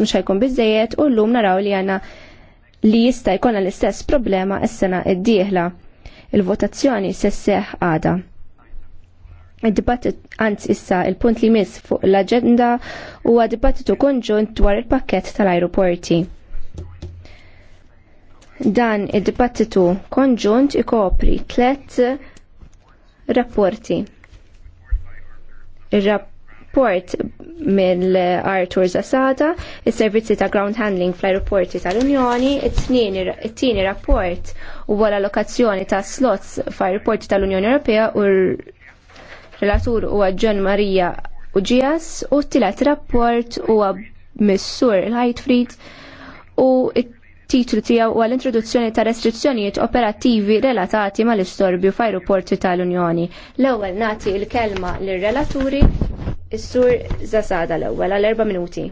mhux ħajkun biżejjed u llum naraw li għandna li jista' jkollna l-istess problema s-sena d-dieħla. Il-votazzjoni se sseħħ għada. Id-dibattit għanz issa il-punt li mis fuq l-aġenda huwa dibattitu konġunt dwar il-pakkett tal-ajruporti. Dan id-dibattitu konġunt ikopri tlet rapporti. il rapporti rapport mill-Artur Zasada, il-servizzi ta' ground handling fl-aeroporti tal-Unjoni, it-tieni rapport u għala allokazzjoni ta' slots fl-aeroporti tal-Unjoni Ewropea u relatur u John Maria Uġijas u t-tilat rapport u missur il-Hightfried u it titlu tiegħu huwa l-introduzzjoni ta' restrizzjonijiet operattivi relatati mal-istorbju f'ajruporti tal-Unjoni. L-ewwel nagħti l-kelma lir-relaturi is-sur Zasada l-ewwel għal erba' minuti.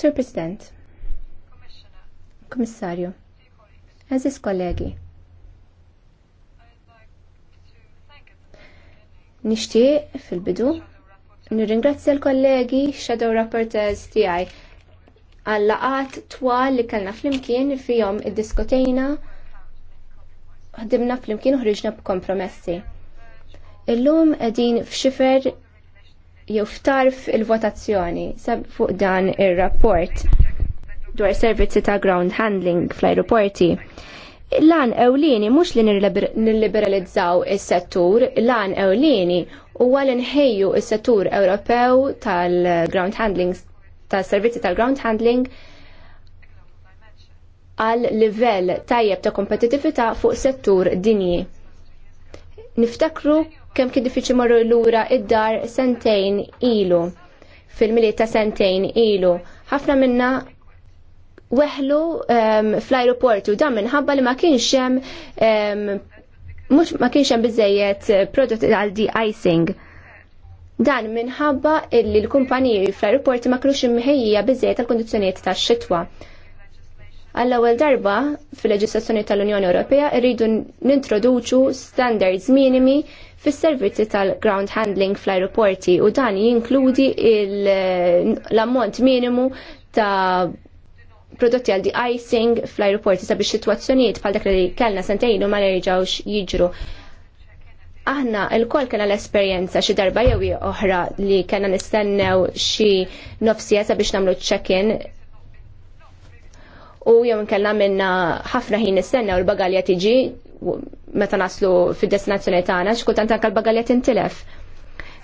Sur President, Commissario, Aziz kollegi, nixtieq fil-bidu Nirringrazzja l-kollegi Shadow Rapporteurs tiegħi għallaqat twal li kellna flimkien fihom iddiskutejna ħdimna flimkien uħriġna b'kompromessi. Illum qegħdin f'xifer jew ftarf il-votazzjoni fuq dan ir-rapport dwar servizzi ta' ground handling fl-aeroporti lan ewlieni mhux li nilliberalizzaw is-settur, l-għan ewlieni huwa li nħejju il settur Ewropew tal-ground handling tas-servizzi tal-ground handling għal livell tajjeb ta' kompetitività fuq settur dinji. Niftakru kemm kien diffiċi marru lura id-dar sentejn ilu, fil-miliet ta' sentejn ilu. Ħafna minna weħlu fl-aeroportu dan minħabba li ma kienx hemm mhux ma kienx hemm biżejjed eh, prodotti għal de-icing. Dan minħabba illi l-kumpaniji fl-aeroporti ma kienux imħejja biżejjed tal-kondizzjonijiet tax-xitwa. Għall-ewwel darba fil-leġislazzjoni tal-Unjoni Ewropea rridu nintroduċu standards minimi fis-servizzi tal-ground handling fl-aeroporti u dan jinkludi l-ammont minimu ta' prodotti għal di icing fl-aeroporti sabiex situazzjoniet bħal dak li kellna sentejn ma nerġawx jiġru. Aħna il kol kena l-esperienza xi darba jew oħra li kena nistennew xi nofsija sabiex nagħmlu check-in u jew nkella minna ħafna ħin nistennew l-bagalja tiġi meta naslu fid-destinazzjoni tagħna x'kultant anke l-bagalja tintilef.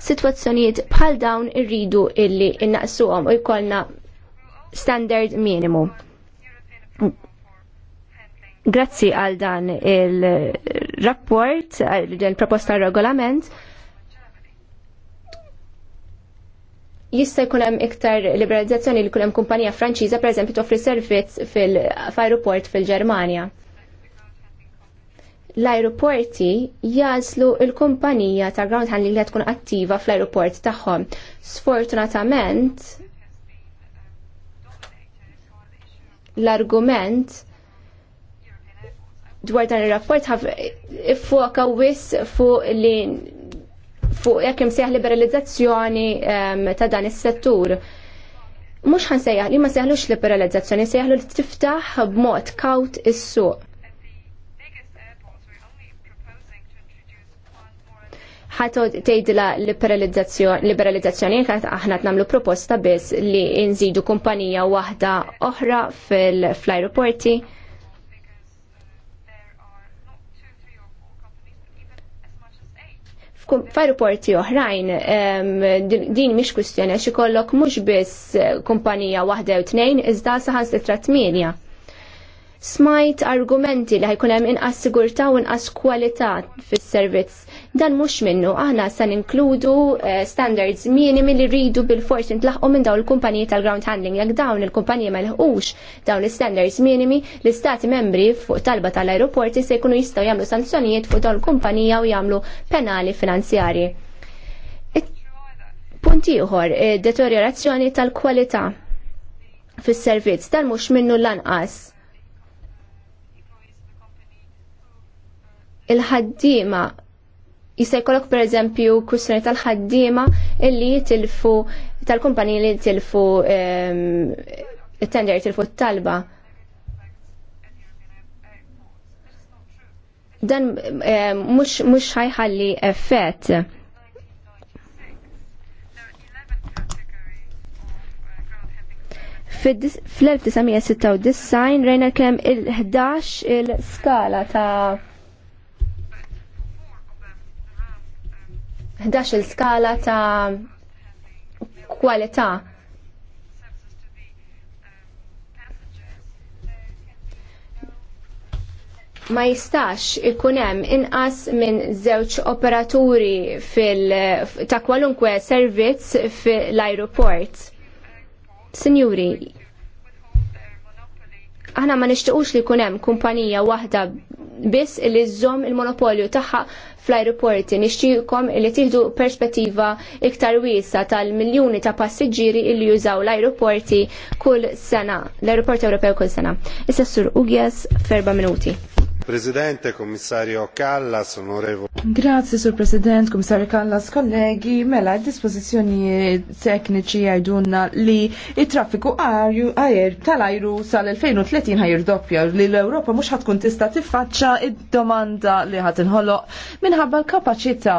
Sitwazzjonijiet bħal dawn irridu illi innaqsuhom u jkollna standard minimu. Grazzi għal dan il-rapport, il-proposta regolament, jista' jkun hemm iktar liberalizzazzjoni li jkun hemm kumpanija Franċiża pereżempju toffri servizz fil-aeroport fil-Ġermanja. L-aeroporti jażlu l-kumpanija ta' ground handling li tkun attiva fl-aeroport tagħhom. Sfortunatament, l-argument dwar dan ir-rapport ħaf iffoka wis fuq li fuq jekk imsejħ liberalizzazzjoni ta' dan is-settur. Mhux ħansejjaħ li ma seħħlux liberalizzazzjoni, sejħlu li tiftaħ b'mod kawt is-suq. ħato tejdila liberalizzazzjoni ħat aħna nagħmlu proposta biss li nżidu kumpanija waħda oħra fil-ajruporti. f'aeroporti oħrajn din mhix kwistjoni għax ikollok mhux biss kumpanija waħda u tnejn iżda saħan sitra tminja. Smajt argumenti li ħajkun hemm inqas sigurtà u inqas kwalità fis-servizz Dan mhux minnu aħna se ninkludu eh, standards minimi li rridu bil forsi intlaħqu minn dawn il-kumpaniji tal-ground handling jekk dawn il-kumpaniji ma lħuqux dawn l-standards minimi l-istati membri fuq talba tal-aeroporti se jkunu jistgħu jagħmlu sanzjonijiet fuq dawn il-kumpanija u jagħmlu penali finanzjarji. Punt ieħor, eh, deteriorazzjoni tal-kwalità fis-servizz dan mhux minnu lanqas. il ħaddiema jisajkolok per eżempju kwistjoni tal-ħaddiema illi jitilfu tal-kumpaniji li jitilfu it-tender ehm, jitilfu t-talba. Dan mux ehm, ħajħalli effett. Fl-1996 rejna kem il-11 il-skala ta' 11 skala ta' kwalità. ma jistax ikun hemm inqas minn żewġ operaturi fil ta' kwalunkwe servizz fl-ajruport. Sinjuri, aħna ma nixtiequx li jkun hemm kumpanija waħda biss li żżomm il-monopolju tagħha fl-aeroporti. Nixtiekom li tieħdu perspettiva iktar wiesa tal-miljuni ta' passiġġieri li jużaw l-aeroporti kull sena, l-aeroport Ewropew kull sena. Issa sur Ugjas ferba minuti. Presidente, Commissario Callas, onorevoli. Grazie, Sur President, Commissario Callas, kollegi. Mela, d-dispożizzjonijiet tekniċi jgħidulna li il-traffiku aer, tal-ajru sal-2030 ħajr doppja li l-Europa mux ħatkun tista tiffaċċa id-domanda li ħad inħoloq minħabba l-kapacita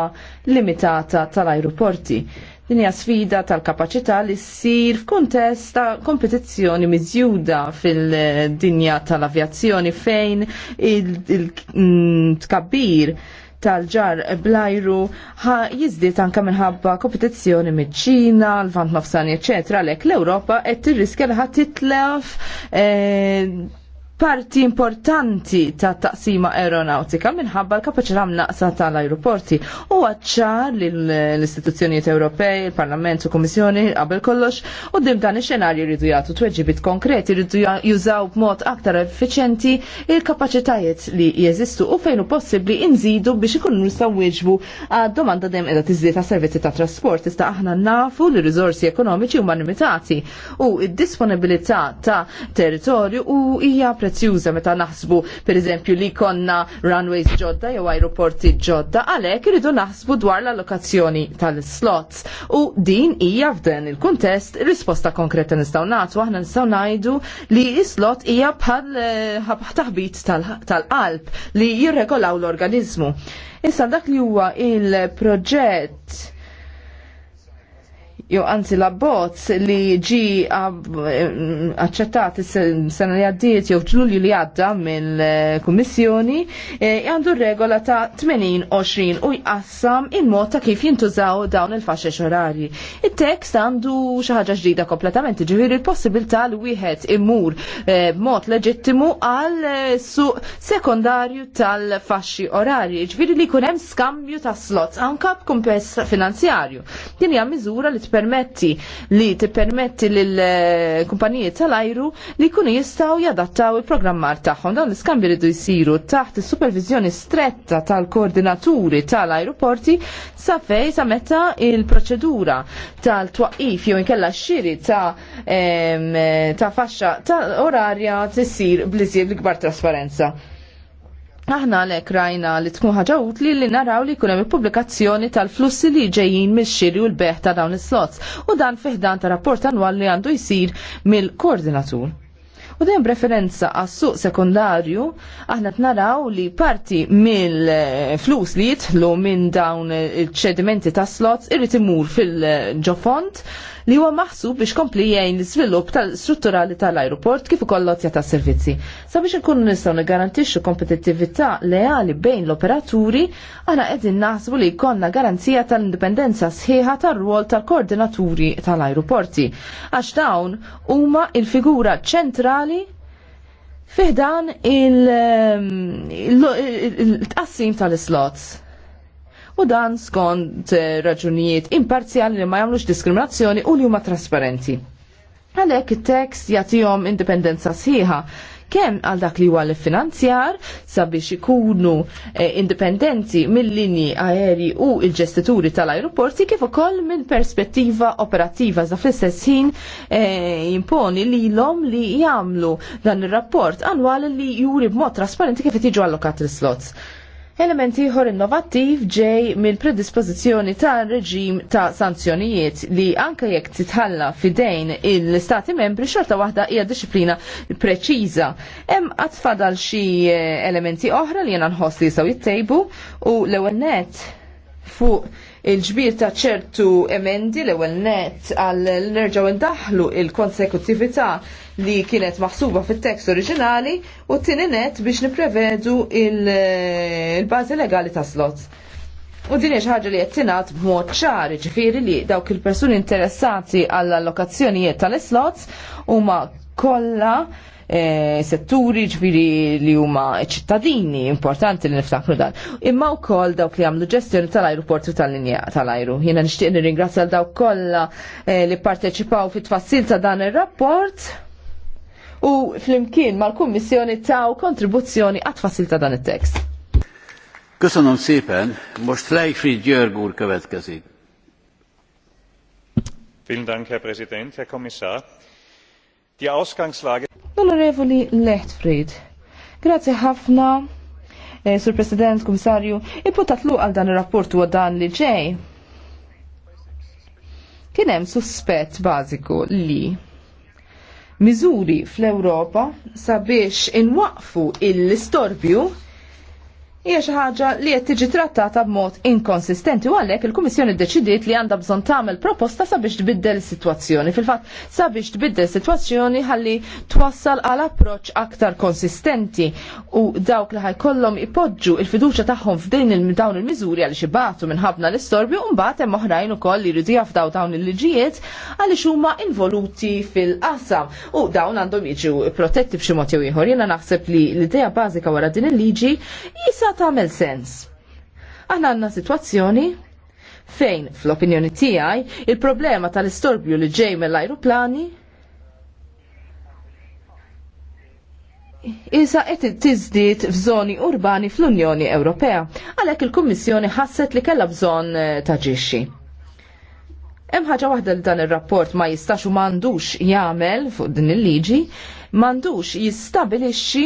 limitata tal-aeroporti. Din hija sfida tal-kapaċità li ssir f'kuntest ta' kompetizzjoni miżjuda fil-dinja tal-avjazzjoni fejn il-tkabbir mm, tal-ġar blajru ħa jizdit anka minħabba kompetizzjoni miċ ċina l-vant nofsani, eccetera, lek l-Europa qed tirriskja li ħad titlef eh, parti importanti ta' taqsima aeronautika minħabba l kapacità naqsa tal-aeroporti. U għacċar l-istituzzjonijiet Ewropej, il-Parlament u Komissjoni qabel kollox u dim dan ix-xenarju jridu jagħtu tweġibit konkreti jridu jużaw b'mod aktar effiċenti il-kapaċitajiet li jeżistu u fejn hu possibbli inżidu biex ikunu nistgħu wieġbu għad-domanda dejjem qiegħda tiżdied ta' servizzi ta' trasport iżda aħna nafu li riżorsi ekonomiċi huma limitati u id-disponibilità ta' territorju u hija prezzjuża meta naħsbu pereżempju li konna runways ġodda jew aeroporti ġodda għalhekk iridu naħsbu dwar l-allokazzjoni tal-slots u din hija f'dan il-kuntest risposta konkreta nistgħu nagħtu aħna nistgħu ngħidu li slot hija bħal eh, taħbit tal-qalb li jirregolaw l-organizmu. Issa dak li huwa il-proġett jew anzi la abbozz li ġi aċċettat is-sena li għaddiet jew ġlulju li għadda mill-Kummissjoni e, għandu regola ta' 80 u jqassam il-mod ta' kif jintużaw dawn il-faxxex orari. Il-tekst għandu xi ħaġa ġdida kompletament, ġifieri l-possibilità li wieħed imur e, b'mod leġittimu għal e, suq sekondarju tal-faxxi orari, ġifieri li jkun hemm skambju ta' slots anke b'kumpess finanzjarju. Din hija miżura li tippermetti li tippermetti lil kumpanijiet tal-ajru li kunu jistaw jadattaw il-programmar tagħhom. dan l-iskambji ridu jsiru taħt il supervizjoni stretta tal-koordinaturi tal-ajruporti sa fej sa meta il-proċedura tal-twaqif jew inkella xiri ta' ta' faxxa ta' orarja tisir bliżjed l-ikbar trasparenza. Aħna lek rajna li tkun ħaġa utli li naraw li kunem il-publikazzjoni tal-flussi li ġejjin mill-xiri u l-beħ ta' dawn is-slots u dan fiħdan ta' rapport annwal li għandu jisir mill-koordinatur. U dejjem referenza għas suq sekundarju, aħna t-naraw li parti mill-flus li jitħlu minn dawn il-ċedimenti ta' slots irrid imur fil-ġofont li huwa maħsub biex kompli jgħin l-iżvilupp tal-strutturali tal-ajruport kif ukoll lotja ta' servizzi. Sabiex inkunu nistgħu niggarantixxu kompetittività leali bejn l-operaturi, għana qegħdin naħsbu li jkollna garanzija tal-indipendenza sħiħa tar-rwol tal-koordinaturi tal-ajruporti għax dawn huma il-figura ċentrali fiħdan il-tqassim il tal-slots u dan skont eh, raġunijiet imparzjali li ma jagħmlux diskriminazzjoni u li huma trasparenti. Għalhekk it-tekst jagħtihom indipendenza sħiħa kemm għal dak li huwa l-finanzjar sabiex ikunu eh, indipendenti mill-linji aeri u il-ġestituri tal-aeroporti kif ukoll minn perspettiva operattiva za fl-istess ħin eh, imponi lilhom li jagħmlu dan ir-rapport annwali li juri b'mod trasparenti kif it jiġu allokat l-slots. Element ieħor innovattiv ġej mill predispożizzjoni ta' reġim ta' sanzjonijiet li anke jekk titħalla fidejn il-Stati membri xorta waħda hija disciplina preċiża. Hemm qatt fadal xi eh, elementi oħra li jena nħoss li jistgħu jittejbu u l-ewwel net fuq il-ġbir ta' ċertu emendi l-ewwel net għal nerġgħu indaħlu il-konsekutività il konsekuttività il konsekutività li kienet maħsuba fit-tekst oriġinali u t-tini net biex niprevedu eh, il-bazi il legali ta' slots. U din hija ħaġa li qed tingħad b'mod ċari ġifieri li dawk il-persuni interessati għall allokazzjonijiet tal-slots huma kollha E, setturi ġifieri li huma ċittadini importanti li niftakru dan. Imma wkoll dawk li għamlu ġestjoni tal ajruportu tal-linja tal-ajru. Jiena nixtieq nirringrazzja dawk kollha e, li parteċipaw fit-tfassil ta' dan ir-rapport u fl-imkien mal-Kummissjoni taw kontribuzzjoni għat-fasil ta' dan il tekst Kusunum Köszönöm szépen, most Leifrid Györg kavet következik. Vielen Dank, Herr Präsident, Herr Kommissar. Die Ausgangslage... Onorevoli Lechtfried, grazie ħafna, eh, Sur President, Kommissarju, imputat lu għal dan il-rapport u dan li ġej. Kienem suspett bażiku li miżuri fl-Ewropa sabiex inwaqfu l-istorbju hija xi ħaġa li qed tiġi trattata b'mod inkonsistenti u għalhekk il-Kummissjoni ddeċidiet li għandha bżonn tagħmel proposta sabiex tbiddel is-sitwazzjoni. Fil-fatt sabiex tbiddel sitwazzjoni ħalli twassal għal approċċ aktar konsistenti u dawk li ħajkollhom ipoġġu il-fiduċja tagħhom f'din dawn il-miżuri għaliex ibatu minħabna l-istorbju u mbagħad hemm oħrajn ukoll li jridu jafdaw dawn il-liġijiet għaliex huma involuti fil-qasam u dawn għandhom jiġu protetti b'xi mod jew ieħor. Jiena naħseb li l-idea bażika wara din il-liġi jisa tagħmel sens. Aħna għandna sitwazzjoni fejn, fl-opinjoni tiegħi, il-problema tal-istorbju li ġej mill-ajruplani Iza qed tiżdied f'żoni urbani fl-Unjoni Ewropea, għalhekk il-Kummissjoni ħasset li kellha bżonn eh, ta' ġixxi. Hemm ħaġa waħda li dan ir-rapport ma jistax u m'għandux jagħmel fuq din il-liġi, m'għandux jistabilixxi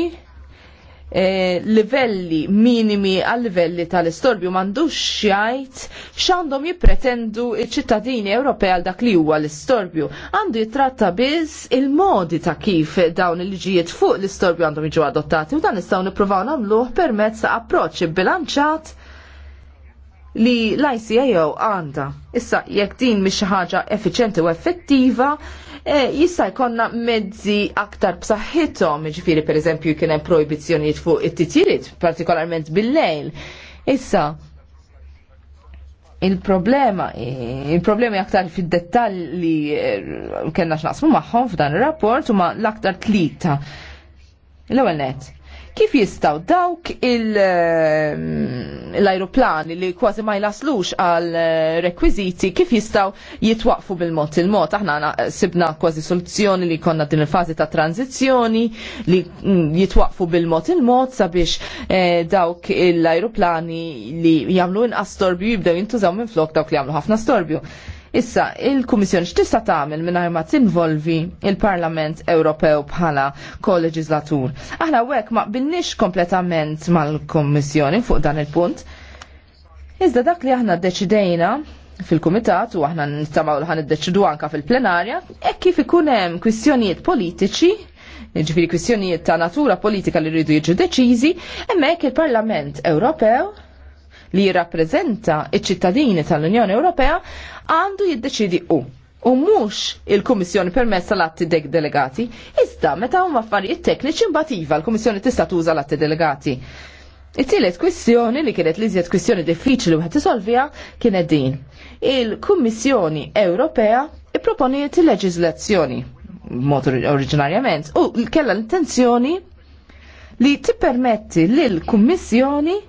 eh, livelli minimi għal livelli tal-istorbju mandux xajt x'għandhom jippretendu il ċittadini Ewropea għal dak li huwa l-istorbju. Għandu jitratta biss il-modi ta' kif dawn il-liġijiet fuq l-istorbju għandhom jiġu adottati u dan nistgħu nippruvaw nagħmluh permezz ta' approċċ bilanċat li l-ICAO għanda. Issa, jekk din mish ħaġa effiċenti u effettiva, E, jista' jkollna mezzi aktar b'saħħithom, jiġifieri pereżempju eżempju hemm projbizzjonijiet fuq it titirit partikolarment bil-lejl. Issa, il-problema, il problema aktar fid dettalli li eh, kellna x'naqsmu magħhom f'dan ir-rapport huma l-aktar tlita. L-ewwel Kif jistaw dawk ehm, l-ajruplani li kważi ma jlaslux għal eh, rekwiziti, kif jistaw jitwaqfu bil-mod il-mod? Aħna sibna kważi soluzzjoni li konna din il-fazi ta' tranzizjoni li mm, jitwaqfu bil-mod il-mod sabiex eh, dawk l-ajruplani li jamlu inqas storbju jibdew jintużaw minn flok dawk li jamlu ħafna storbju. Issa, il-Kummissjoni x'tista' tagħmel mingħajr ma tinvolvi il-Parlament Ewropew bħala koleġislatur. Aħna hekk ma qbilniex kompletament mal-Kummissjoni fuq dan il-punt. Iżda dak li aħna deċidejna fil-kumitat u aħna nistamaw l-ħan id-deċidu anka fil-plenarja, e kif ikun hemm kwistjonijiet politiċi ġifiri kwistjonijiet ta' natura politika li rridu jiġu deċiżi, hemmhekk il-Parlament Ewropew li jirrappreżenta iċ-ċittadini tal-Unjoni Ewropea għandu jiddeċidi u u mux il-Kummissjoni permess tal-atti dek delegati, iżda meta huma affarijiet tekniċi imbattiva l-Kummissjoni tista' tuża l-atti delegati. It-tielet kwistjoni li kienet liżjed kwistjoni diffiċli wieħed isolvija kienet din. Il-Kummissjoni Ewropea ipproponiet il-leġiżlazzjoni mod oriġinarjament u kella l-intenzjoni li tippermetti lill-Kummissjoni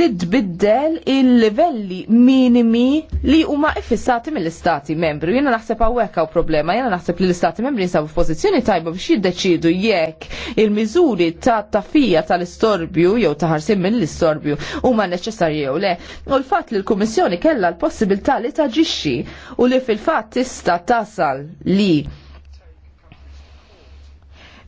li tbiddel il-livelli minimi li huma ifissati mill-istati membri. Jena naħseb hawnhekk hawn problema, jena naħseb li l-istati membri jinsabu f'pożizzjoni tajba biex jiddeċidu jekk il-miżuri ta' tafija tal-istorbju jew ta' ħarsim mill-istorbju huma neċessarji jew le. U l-fatt li l-Kummissjoni kellha l-possibilità li taġixxi u li fil-fatt tista' tasal li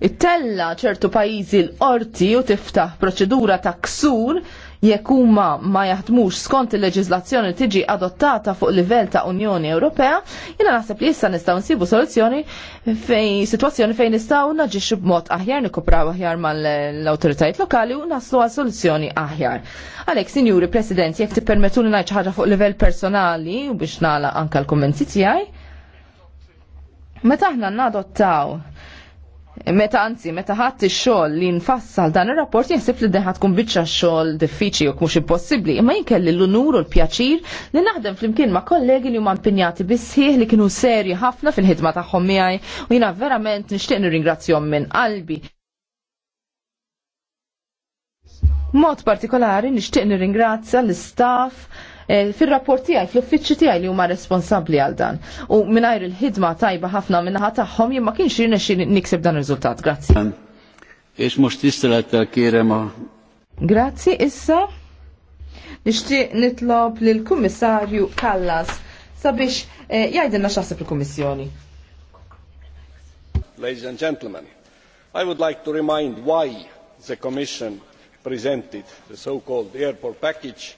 it-tella ċertu pajjiżi l-qorti u tiftaħ proċedura ta' ksur jekk huma ma jaħdmux skont il li tiġi adottata fuq livell ta' Unjoni Ewropea, jiena naħseb li issa nistgħu nsibu soluzzjoni fejn sitwazzjoni fejn nistgħu naġixxu b'mod aħjar nikupraw aħjar mal-awtoritajiet lokali u naslu għal soluzzjoni aħjar. Għalhekk, Sinjuri President, jekk tippermetuni ngħid xi ħaġa fuq livell personali u biex nagħlaq anke l-kummenti tiegħi, Meta aħna nadottaw Meta anzi, meta ħadd ix-xogħol li nfassal dan ir-rapport jaħseb li deħat tkun biċċa xogħol diffiċli u mhux impossibbli, imma jinkelli l-unur u l-pjaċir li naħdem flimkien ma' kollegi li huma impinjati bisħieħ li kienu serji ħafna fil-ħidma tagħhom miegħi u jiena verament nixtieq nirringrazzjahom minn qalbi. Mod partikolari nixtieq nirringrazzja l-istaff Eh, fil-rapport tiegħi fl-uffiċċju tiegħi li huma responsabbli għal dan. U mingħajr il-ħidma tajba ħafna minnaħa tagħhom jien ma kienx jirnexxi nikseb dan il riżultat Grazzi. Ix mhux tistela kierema. Grazzi issa. Nixtieq nitlob lill kummissarju Kallas sabiex eh, jgħidilna xasib il kommissjoni Ladies and gentlemen, I would like to remind why the Commission presented the so-called airport package.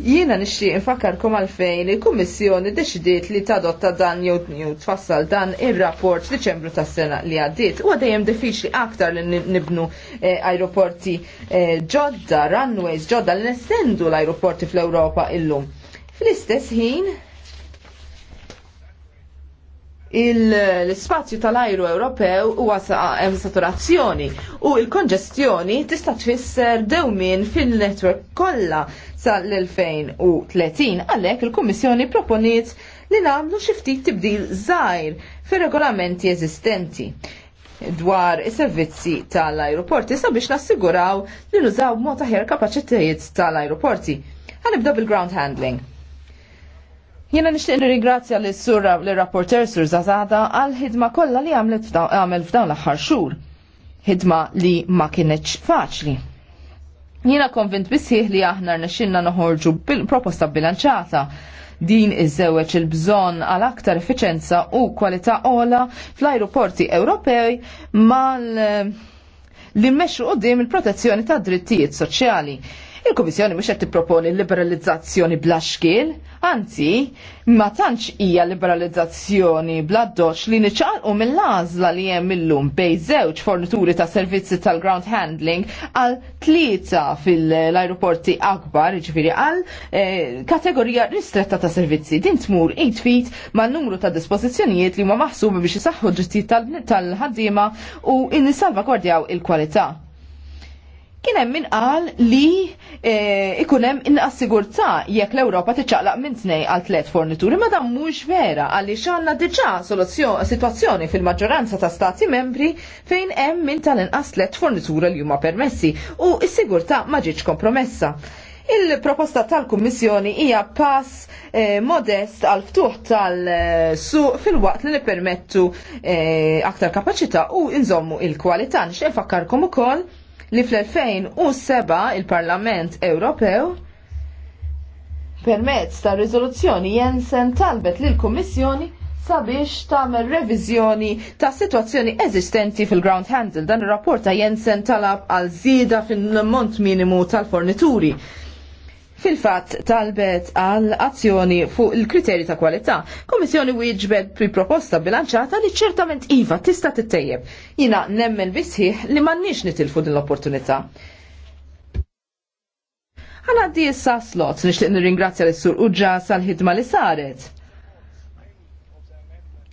Jiena nixtieq infakkarkom għalfejn il-Kummissjoni deċidiet li tadotta dan jew tfassal dan ir-rapport Diċembru tas-sena li għaddiet. U dejjem diffiċli aktar li nibnu eh, aeroporti eh, ġodda, runways ġodda li nestendu l-aeroporti fl-Ewropa illum. Fl-istess ħin, l-spazju tal-ajru Ewropew huwa hemm saturazzjoni u l-konġestjoni tista' tfisser dewmien fil-netwerk kollha sal-2030 għalhekk il-Kummissjoni proponiet li nagħmlu xi ftit tibdil żgħir fir-regolamenti eżistenti dwar is-servizzi tal-ajruporti sabiex nassiguraw li nużaw mod aħjar kapaċitajiet tal-ajruporti. Ħanibda bil-ground handling Jena nishtiq nirigrazzja li s-surra li rapporter sur Zazada għal-ħidma kollha li għamlet għamel f'dawn l-aħħar xhur. Ħidma li ma kienieċ faċli. Jena konvint bisħieħ li aħna rnexxinna noħorġu proposta bilanċata din iż-żewġ il-bżon għal aktar effiċenza u kwalità ola fl-ajruporti Ewropej mal li mmexxu qudiem il-protezzjoni tad drittijiet soċjali il komissjoni mhux qed tipproponi liberalizzazzjoni bla xkien, anzi, ma tantx hija liberalizzazzjoni bla doċ li niċċaqu mill-għażla li hemm illum bej żewġ fornituri ta' servizzi tal-ground handling għal tlieta fil-ajruporti akbar, ġifieri għal eh, kategorija ristretta ta' servizzi. Din tmur 8 feet ma' numru ta' dispożizzjonijiet li huma maħsuba biex isaħħu ġittijiet tal-ħaddiema u inni salvagwardjaw il-kwalità. Kien hemm min qal li eh, ikun hemm inqas sigurtà jekk l-Ewropa tiċċaqlaq minn tnej għal tliet fornituri ma dan mhux vera għaliex għandna diġà sitwazzjoni fil-maġġoranza ta' stati membri fejn hemm min tal-inqas tliet fornitura li huma permessi u s-sigurtà ma ġietx kompromessa. Il-proposta tal-Kummissjoni hija pass eh, modest għal ftuħ tal-suq fil-waqt li nipermettu eh, aktar kapaċità u nżommu il-kwalità. Nixtieq fakkarkom ukoll li fl-2007 il-Parlament Ewropew permezz ta' riżoluzzjoni Jensen talbet lil kummissjoni sabiex tagħmel reviżjoni ta' situazzjoni eżistenti fil-ground handle. Dan ir-rapport ta' Jensen talab għal żieda fil-mont minimu tal-fornituri fil-fatt talbet għal azzjoni fuq il-kriterji ta' kwalità. Komissjoni wieġbet pri proposta bilanċata li ċertament iva tista' tittejjeb. Jina nemmen bisħiħ li m'għandniex nitilfu din l-opportunità. di issa slot nixtieq nirringrazzja l-Sur Uġġa sal-ħidma li saret.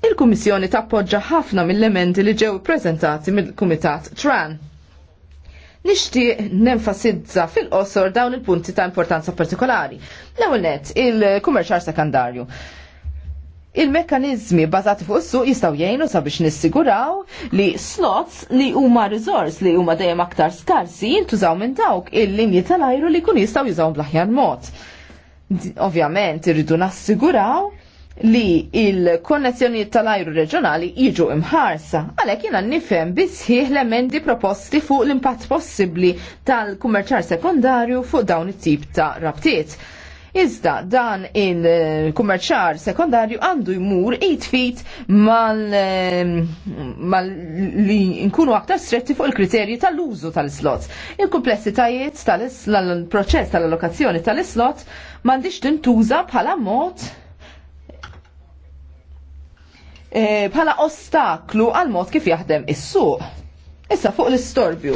Il-Kummissjoni tappoġġa ħafna mill-elementi li ġew prezentati mill-Kumitat Tran. Nixtieq nenfasizza fil-qosor dawn il-punti ta' importanza partikolari. L-ewwel nett, il-kummerċar sekandarju. Il-mekkanizmi bazati fuq is-suq jistgħu jgħinu sabiex nissiguraw li slots li huma riżors li huma dejjem aktar skarsi jintużaw minn dawk il-linji tal-ajru li kun jistgħu jużaw bl-aħjar mod. Ovvjament irridu nassiguraw li il-konnessjonijiet tal-ajru reġjonali jiġu imħarsa. Għalhekk jiena nifhem bisħiħ l-emendi proposti fuq l-impatt possibbli tal-kummerċar sekundarju fuq dawn it-tip ta' rabtiet. Iżda dan il-kummerċar sekundarju għandu jmur 8 feet ehm, mal, li nkunu aktar stretti fuq il-kriterji tal-użu tal-slot. Il-komplessitajiet tal-proċess tal-allokazzjoni tal-slot mandiċ tintuża bħala mod Eh, bħala ostaklu għal mod kif jaħdem is-suq. Issa fuq l-istorbju.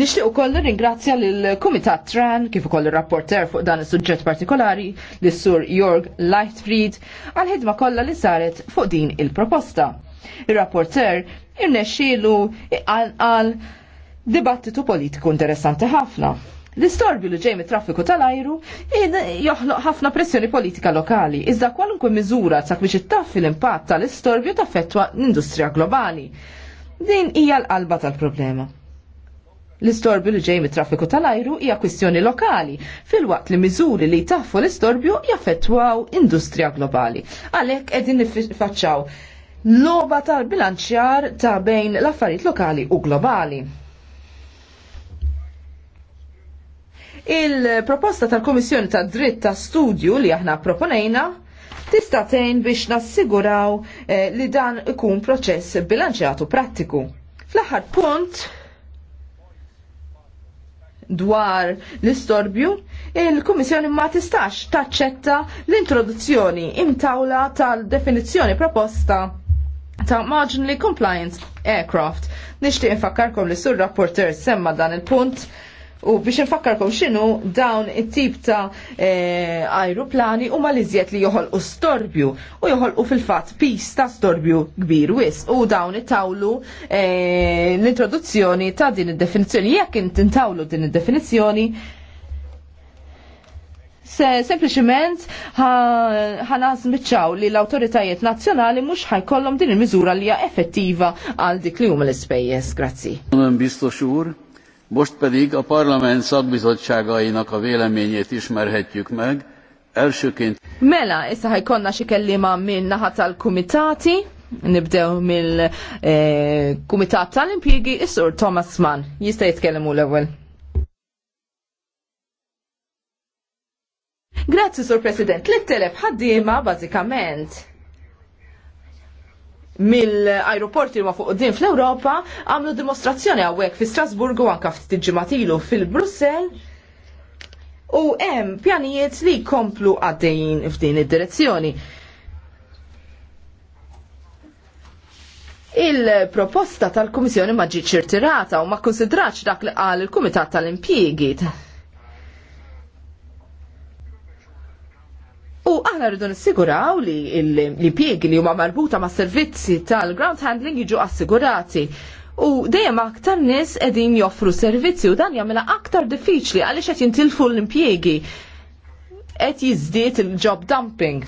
Nixtieq ukoll ringrazzja lill Kumitat Tran kif ukoll ir-rapporter fuq dan is-suġġett partikolari lis sur Jorg Lightfried għal ħidma kollha li saret fuq din il-proposta. Ir-rapporter irnexxielu għal dibattitu politiku interessanti ħafna. L-istorbju li ġej mit-traffiku tal-ajru joħloq ħafna pressjoni politika lokali, iżda kwalunkwe miżura sak biex ittaffi l-impatt tal-istorbju taffettwa l-industrija globali. Din hija l-qalba tal-problema l-istorbju li ġej mit-traffiku tal-ajru hija kwistjoni lokali, fil-waqt li miżuri li taffu l-istorbju jaffettwaw industrija globali. Għalhekk qegħdin nifaċċaw loba tal-bilanċjar ta' bejn l-affarijiet lokali u globali. Il-proposta tal-Komissjoni tad dritt ta' studju li aħna proponejna tista' tgħin biex nassiguraw eh, li dan ikun proċess bilanċjatu prattiku. Fl-aħħar punt dwar l-istorbju, il-Kummissjoni ma tistax taċċetta l-introduzzjoni imtawla tal-definizzjoni proposta ta' marginally compliant aircraft. Nixtieq infakkarkom li sur rapporter semma dan il-punt U biex nfakkarkom xinu dawn it-tip ta' e, aeroplani u mal li joħol u storbju u joħol u fil-fat pista ta' storbju kbir wis u dawn it-tawlu e, l-introduzzjoni ta' din id-definizjoni. Jekk int intawlu din id-definizjoni, se sempliciment ħana mitċaw li l-autoritajiet nazzjonali mux ħajkollom din il-miżura li hija effettiva għal dik li huma l-ispejjeż. Grazzi. Bistu Most pedig a parlament szakbizottságainak a véleményét ismerhetjük meg. Elsőként... Mela, issa ħajkonna xi kellima minn naħa tal-kumitati, nibdew mill-kumitat eh, tal-impjiegi, is-sur Thomas Mann. Jista' jitkellem l-ewwel. Grazzi, Sur President. L-telef ħaddiema bażikament mill-aeroporti ma fuq din fl-Europa għamlu dimostrazzjoni għawek fi Strasburgu anka ftit ġimatilu fil-Brussel u hemm pjanijiet li komplu għaddejjin f'din id-direzzjoni. Il-proposta tal-Kummissjoni ma ġietx irtirata u ma konsidrax dak li qal il-Kumitat tal-Impjiegi aħna rridu nissiguraw li l-impjegi li huma marbuta ma' servizzi tal-ground handling jiġu assigurati. U dejjem aktar nies qegħdin joffru servizzi u dan jagħmilha aktar diffiċli għaliex qed jintilfu l-impjiegi qed jiżdied il-job dumping.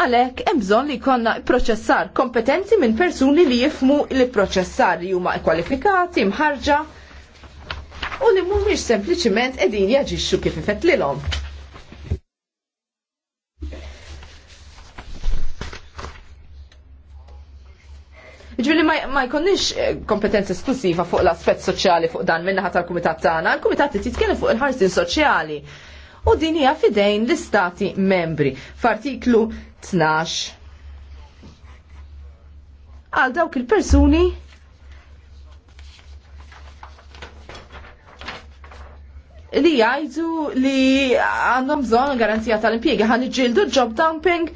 Għalhekk hemm bżonn li jkollna proċessar kompetenti minn persuni li jifmu li proċessar li huma kwalifikati, mħarġa u li mhumiex sempliċiment qegħdin jaġixxu kif ifettlilhom. Ġvili ma jkonniex eh, kompetenza esklusiva fuq l-aspet soċjali fuq dan minnaħa tal-Kumitat tagħna, l kumitat titkellem fuq il-ħarsin soċjali. U din hija fidejn l-istati membri f'artiklu 12. Għal dawk il-persuni li jgħidu li għandhom bżonn garanzija tal-impjegi ħan iġildu job dumping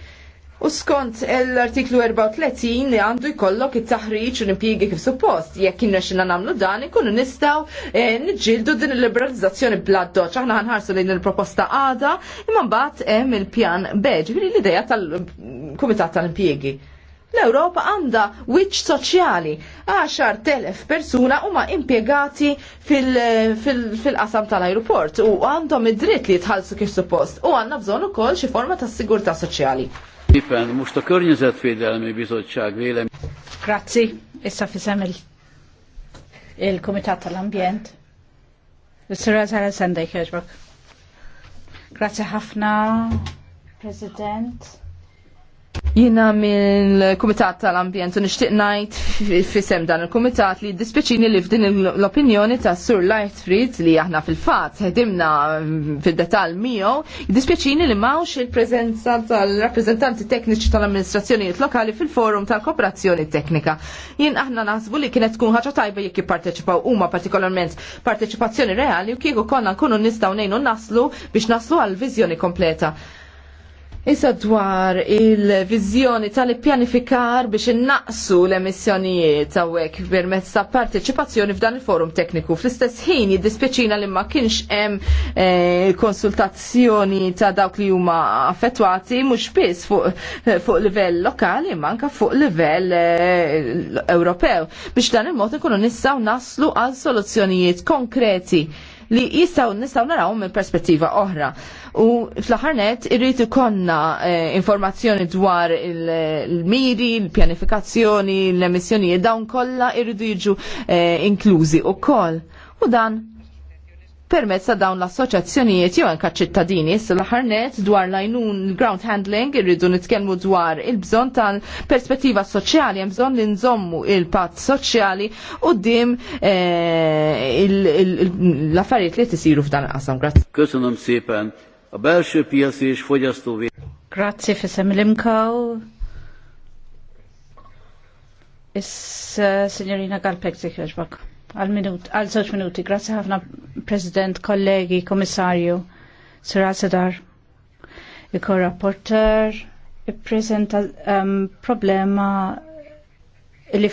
U skont l-artiklu 34 li għandu jkollok it-taħriġ u nimpiegi kif suppost, jekk kienna xina namlu dan, ikunu nistaw eh, nġildu din il-liberalizzazzjoni bla doċ. Aħna ħanħarsu li din il-proposta għada, imma mbagħad hemm il-pjan beġ, ġifieri l-idea tal-Kumitat tal-Impjiegi l-Europa għanda wiċ soċjali. 10.000 persuna huma impiegati fil-qasam tal-aeroport u għandhom id-dritt li jitħallsu kif suppost u għandna bżonn ukoll xi forma ta' sigurtà soċjali. Éppen most a Környezetvédelmi Bizottság vélem. Grazie, issa fizem il, il Komitat tal-Ambjent. Sura Zara Sandej Kjoġbok. Grazie ħafna, President. Jina mill-Kumitat tal-Ambjent u nixtieq ngħid fisem dan il-Kumitat li dispjaċini li f'din l-opinjoni ta' Sur Lightfried li aħna fil-fatt ħedimna mm, fid-detal miegħu, dispjaċini li m'awx il-preżenza tal-rappreżentanti tekniċi tal-amministrazzjonijiet lokali fil-forum tal-kooperazzjoni teknika. Jien aħna naħsbu li kienet tkun ħaġa tajba jekk jipparteċipaw huma partikolarment partecipazzjoni reali u kieku konna nkunu nistgħu ngħinu naslu biex naslu għal viżjoni kompleta. Issa dwar il-vizjoni tal-pjanifikar biex innaqsu l-emissjonijiet għawek permezz ta' parteċipazzjoni f'dan il-forum tekniku. Fl-istess ħin jiddispieċina li ma kienx hemm eh, konsultazzjoni ta' dawk li huma affettwati mhux biss fuq, livell lokali ma anke fuq livell eh, Ewropew biex dan il-mod nkunu nistgħu naslu għal soluzzjonijiet konkreti li jistgħu nistgħu naraw minn perspettiva oħra. U fl-ħarnet irrit ikonna eh, informazzjoni dwar il-miri, il il-pjanifikazzjoni, l-emissjonijiet, il dawn kollha irridu jiġu eh, inklużi u koll. U dan permezz ta' dawn l-assoċjazzjonijiet jew anke ċittadini s l-ħarnet dwar lajnun ground handling irridu nitkellmu dwar il-bżonn tal-perspettiva soċjali hemm bżonn li nżommu il-patt soċjali u dim eh, l-affarijiet li tisiru f'dan il-qasam. Grazzi a belső piaci és Grazie fissem l-imkaw. Is-signorina eh, Galpek Għal-minut, għal minuti, grazie ħafna President, kollegi, komissarju, Sir Asadar, i-prezenta problema li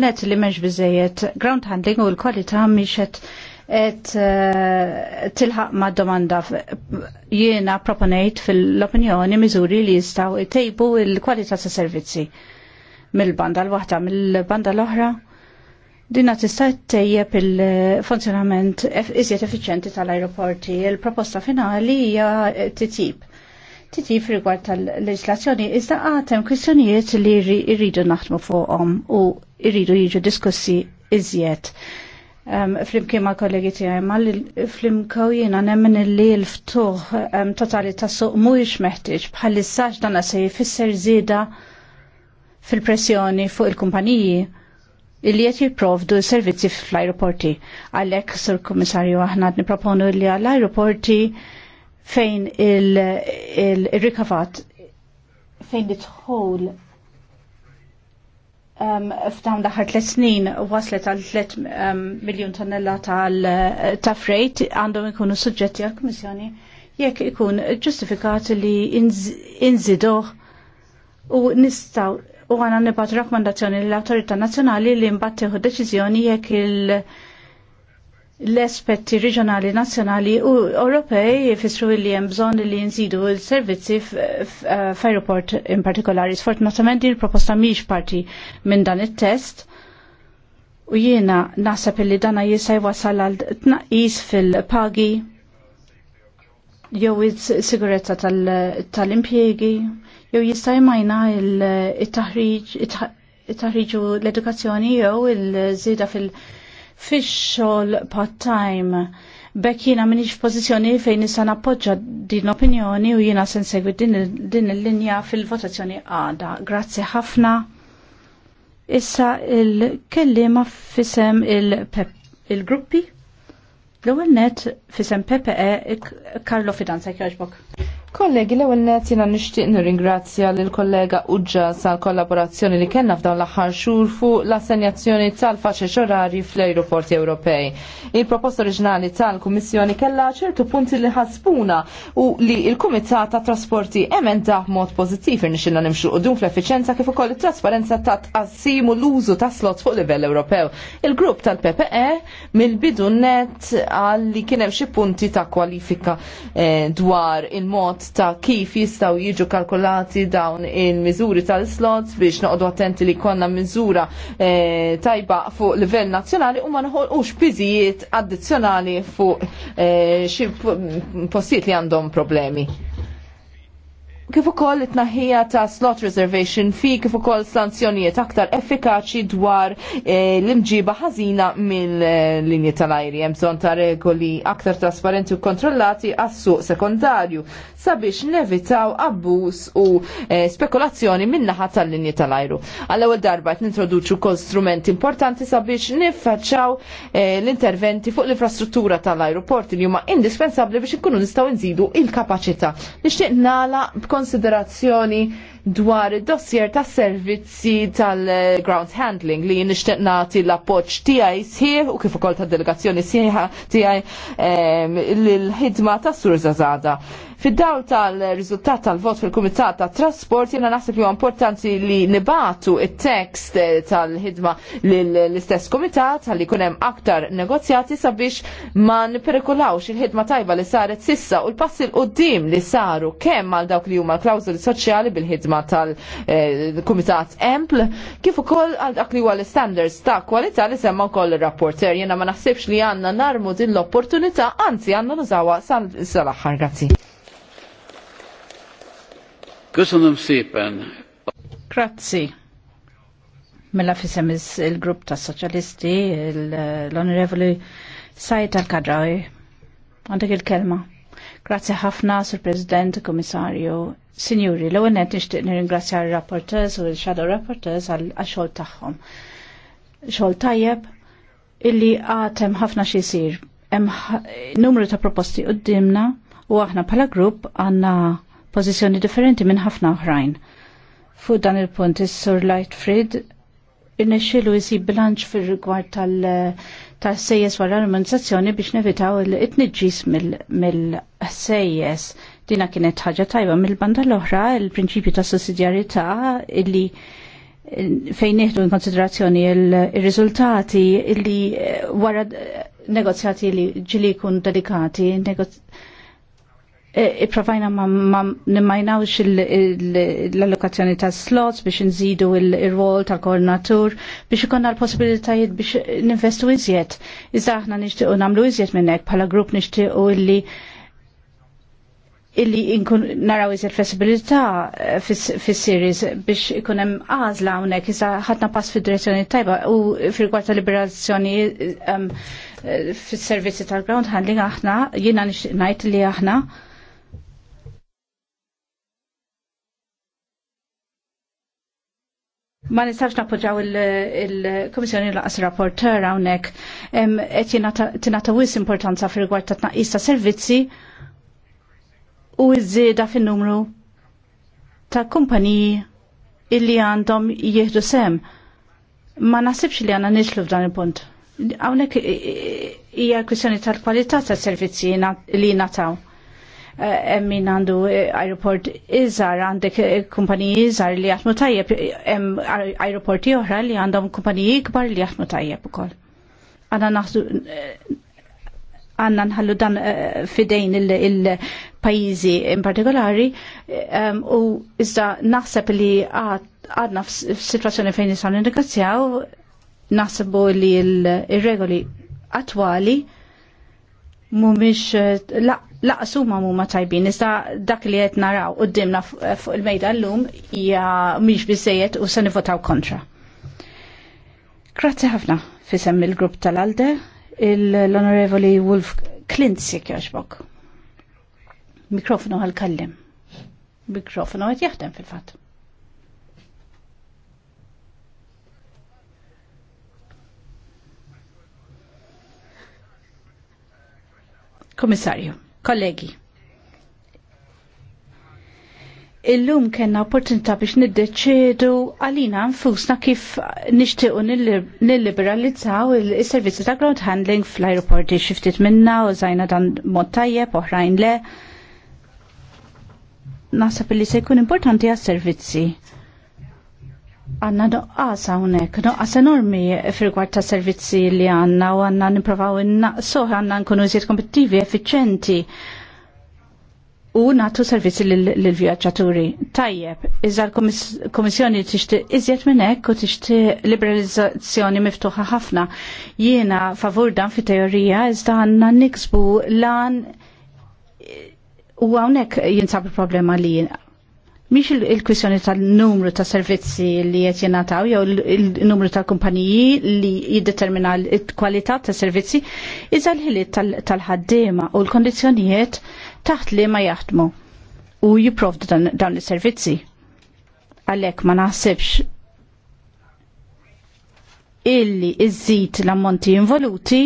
net li meġ bizzejiet ground handling u l-kwalità miexet et eh, tilħaq ma' domanda jiena proponejt fil-opinjoni miżuri li jistaw tejbu il-kwalità ta' servizzi mill-banda l-waħda mill-banda l-oħra Dina tista' tejjeb il-funzjonament iżjed effiċenti tal-aeroporti. Il-proposta finali hija titjib titjib rigward tal-leġislazzjoni, iżda għatem kwistjonijiet li irridu naħdmu fuqhom u irridu jiġu diskussi iżjed flimkien ma' kollegi tiegħi ma' flimkaw nemmen li l-ftuħ totali ta' suq mhuwiex meħtieġ bħal-issax dan se jfisser zida fil-pressjoni fuq il-kumpaniji illi qed jipprovdu servizzi fl-ajruporti. Għalhekk, Sur Kummissarju, aħna nipproponu li għall-ajruporti fejn il-rikavat fejn it-tħol Um, f'dawn l-aħħar tliet snin waslet għal 3 um, miljun tonnella eh, ta' freight għandhom ikunu suġġetti għal kummissjoni jekk ikun ġustifikat li inżidoh u nistaw u għana nibat rakkomandazzjoni l-Autorità Nazzjonali li mbattieħu deċiżjoni jekk il- l-aspetti reġjonali nazzjonali u Ewropej jifissru li hemm bżonn li nżidu l-servizzi f'aeroport in partikolari. Sfortunatament din il-proposta mhix parti minn dan it-test. U jiena naħseb li dana jista' jwasal għal tnaqqis fil-pagi jew is-sigurezza tal-impjegi jew jista' jmajna il-taħriġ it-taħriġu l-edukazzjoni jew il-żieda fil- fix part-time. Bekk jiena minix f'pożizzjoni fejn nisa nappoġġa din opinjoni u jiena sen nsegwi din il-linja fil-votazzjoni għada. Grazzi ħafna. Issa il-kellima fisem il-gruppi. Il l-ewwel net fisem PPE Karlo Fidanza jogħġbok. Kollegi, l-ewel net jena nishtiq nir-ingrazzja l-kollega Uġġa sal kollaborazzjoni li kena f'dawn l-aħħar xhur fuq l-assenjazzjoni tal faċe xorari fl-aeroporti Ewropej. Il-proposta oriġinali tal-Kummissjoni kella ċertu punti li ħaspuna u li il-Kumitat ta' Trasporti da' mod pożittiv irnixilna nimxu dun fl efficienza kif ukoll it-trasparenza ta' tqassimu l-użu ta' slot fuq livell Ewropew. Il-grupp tal-PPE mill-bidu net għal li kien hemm xi punti ta' kwalifika eh, dwar il-mod mod ta' kif jistaw jiġu kalkulati dawn il-miżuri tal-slots biex noqdu attenti li konna miżura eh, tajba fuq livell nazzjonali u ma nħolqux biżijiet addizzjonali fuq e, xi postijiet li għandhom problemi kif ukoll it-tnaħħija ta' slot reservation fi kif ukoll sanzjonijiet aktar effikaċi dwar eh, l-imġiba ħażina mill-linji tal-ajri hemm bżonn ta' regoli aktar trasparenti u kontrollati għas-suq sekondarju sabiex nevitaw abbuż u eh, spekulazzjoni min-naħa tal-linji tal-ajru. Għall-ewwel darba qed nintroduċu wkoll strumenti importanti sabiex niffaċċaw eh, l-interventi fuq l-infrastruttura tal-ajruporti li huma indispensabbli biex inkunu nistgħu nżidu il-kapaċità. Nixtieq nagħlaq konsiderazzjoni dwar id-dossier ta' servizzi tal-ground handling li nixtieq nagħti l-appoġġ tiegħi sħiħ u kif ukoll ta' delegazzjoni sħiħa tiegħi eh, l-ħidma ta' Sur Zazada. Fid-dawl tal-riżultat tal-vot fil-Kumitat tat Trasport jiena naħseb li huwa importanti li nibatu it-tekst eh, tal-ħidma l-istess kumitat ħalli jkun hemm aktar negozjati sabiex ma niperikulawx il-ħidma tajba li saret sissa u l-passi l-qoddim li saru kemm għal dawk li huma l-klawżoli soċjali bil-ħidma tal-Kumitat eh, Empl kif ukoll għal dak li huwa l-standards ta' kwalità li semma wkoll ir-rapporter jiena ma naħsibx li għandna narmu din l-opportunità anzi għandna nużawha sal-aħħar grazi. Köszönöm szépen. Grazzi. Mela fisem il-grupp ta' soċjalisti, l-onorevoli Sajt al kadraj Għandek il-kelma. Grazzi ħafna, Sur President, Komissarju, Sinjuri, l-ewwel nishtiq nixtieq nirringrazzja r-rapporteurs u l-shadow rapporteurs u l shadow rapporteurs għal xogħol tagħhom. Xogħol tajjeb illi għatem ħafna xi jsir. numru ta' proposti qudiemna u aħna pala grupp għanna pożizzjoni differenti minn ħafna oħrajn. Fuq dan il-punt is-Sur Lightfried irnexxielu jsib bilanċ fir-rigward tal- tas-sejjes wara l-armonizzazzjoni biex nevitaw it-tniġġis mill-sejjes. Dina kienet ħaġa tajba mill-banda l-oħra il-prinċipju ta' sussidjarjetà illi fejn nieħdu konsiderazzjoni il-riżultati illi eh, wara negozjati li ġili kun delikati, negozjati Eh, Iprovajna ma nimmajnawx l-allokazzjoni ta' slots biex nżidu il-rol tal-koordinatur biex ikonna l-possibilitajiet biex ninvestu iżjed. Iżda aħna nixtiequ nagħmlu iżjed minnek bħala grupp nixtiequ illi illi inkun naraw iżjed flessibilità eh, fis-series biex ikun hemm għażla hawnhekk iżda ħadna pass fid-direzzjoni tajba u fil-gwar ta' liberazzjoni eh, fis-servizzi tal-ground handling aħna jiena nixtieq ngħid li aħna Ma nistax nappoġġaw il-Komissjoni laqas rapporter hawnhekk qed tingħata wis importanza fir-rigward ta' tnaqqis ta' servizzi u iż-żieda fin-numru ta' kumpaniji illi għandhom jieħdu sem. Ma naħsibx li għandna niġlu f'dan il-punt. Hawnhekk hija kwistjoni tal-kwalità tas-servizzi li nataw Eh, min għandu eh, aeroport iżar, għandek eh, kumpaniji iżar li għatmu tajjeb, hemm aeroporti oħra li għandhom kumpaniji ikbar li jaħdmu tajjeb ukoll. Għanna naħdu għanna nħallu dan fidejn il-pajizi in partikolari u iżda naħseb li għadna f-situazzjoni fejn nisaw negozjaw naħsebu li il-regoli attwali mumiex laqsu ma mumma tajbin, iżda dak li qed naraw qudiemna eh, fuq il-mejda llum hija mhix bizzejet u se nivotaw kontra. Grazzi ħafna fisem il-grupp tal-Alde, l-Onorevoli Wolf Klintsi kjoġbok. Mikrofonu għal-kallim. Mikrofonu għed jaħdem fil-fat. Komissarju. Kollegi, illum kena opportunità biex niddeċedu għalina nfusna kif nishtiqu nilliberalizzaw il-servizzi ta' ground handling fl-aeroporti xiftit minna u zajna dan mod tajjeb oħrajn le. Nasab li se jkun importanti għas-servizzi għanna doqqas għonek, doqqas enormi fil-gwart ta' servizzi li għanna u għanna niprofaw n-naqsu għanna nkunu iżjed kompetitivi, effiċenti u natu servizzi l-vjaġġaturi. Tajjeb, iżda l-Komissjoni t iżjed minn hekk u tixti liberalizzazzjoni miftuħa ħafna. Jiena favur dan fi teorija iżda għandna niksbu lan u hawnhekk jinsab il-problema li Miex il-kwissjoni tal-numru ta' servizzi li qed jingħataw jew il-numru tal-kumpaniji li jiddetermina l-kwalità ta' servizzi iżda l-ħiliet tal-ħaddiema u l-kondizzjonijiet taħt li ma jaħdmu u jipprovdu dawn is-servizzi. Għalhekk ma naħsibx illi iżid l-ammonti involuti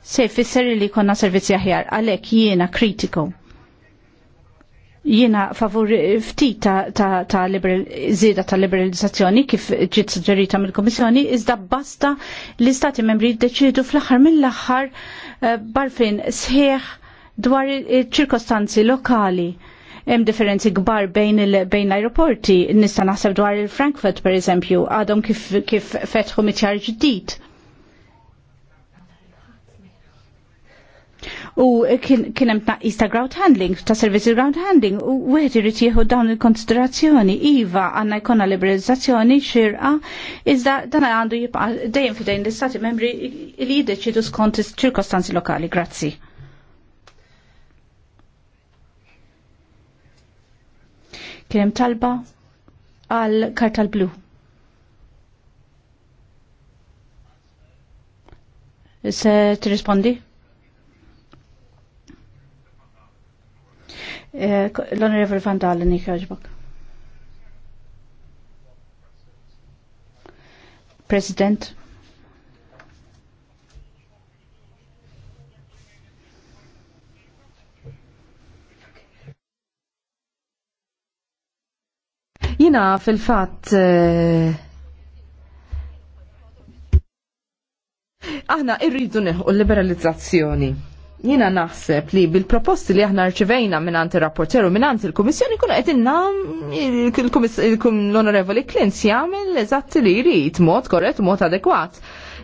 se jfisser li konna servizzi aħjar għalhekk jiena kritiku Jiena favur ftit ta', ta, ta liberal, ta' liberalizzazzjoni kif ġiet suġġerita mill-Komissjoni, iżda basta l-Istati membri jiddeċidu fl-aħħar mill-aħħar eh, barfin sħiħ dwar ċirkostanzi lokali. Hemm differenzi kbar bejn bejn l-aeroporti, nista' naħseb dwar il-Frankfurt pereżempju, għadhom kif kif fetħu mitjar ġdid u kien hemm ta' ground handling, ta' servizi ground handling u wieħed irid jieħu dawn il-konsiderazzjoni. Iva għandna jkollna liberalizzazzjoni xirqa, iżda dan għandu jibqa' dejjem fidejn l-istati membri li jideċidu skont ċirkostanzi lokali. Grazzi. Kien hemm talba għal kartal blu. Se tirrispondi? L-Onorevoli Van Dalen jikħarġbok. President. Jina fil-fat eh, aħna irridu neħu l-liberalizzazzjoni. Jina naħseb li bil-proposti li aħna rċivejna minn il-rapporter u minnant il-Komissjoni kunu qegħdin nam l-Onorevoli Klins jagħmel eżatt li jrid mod korret, mod adekwat.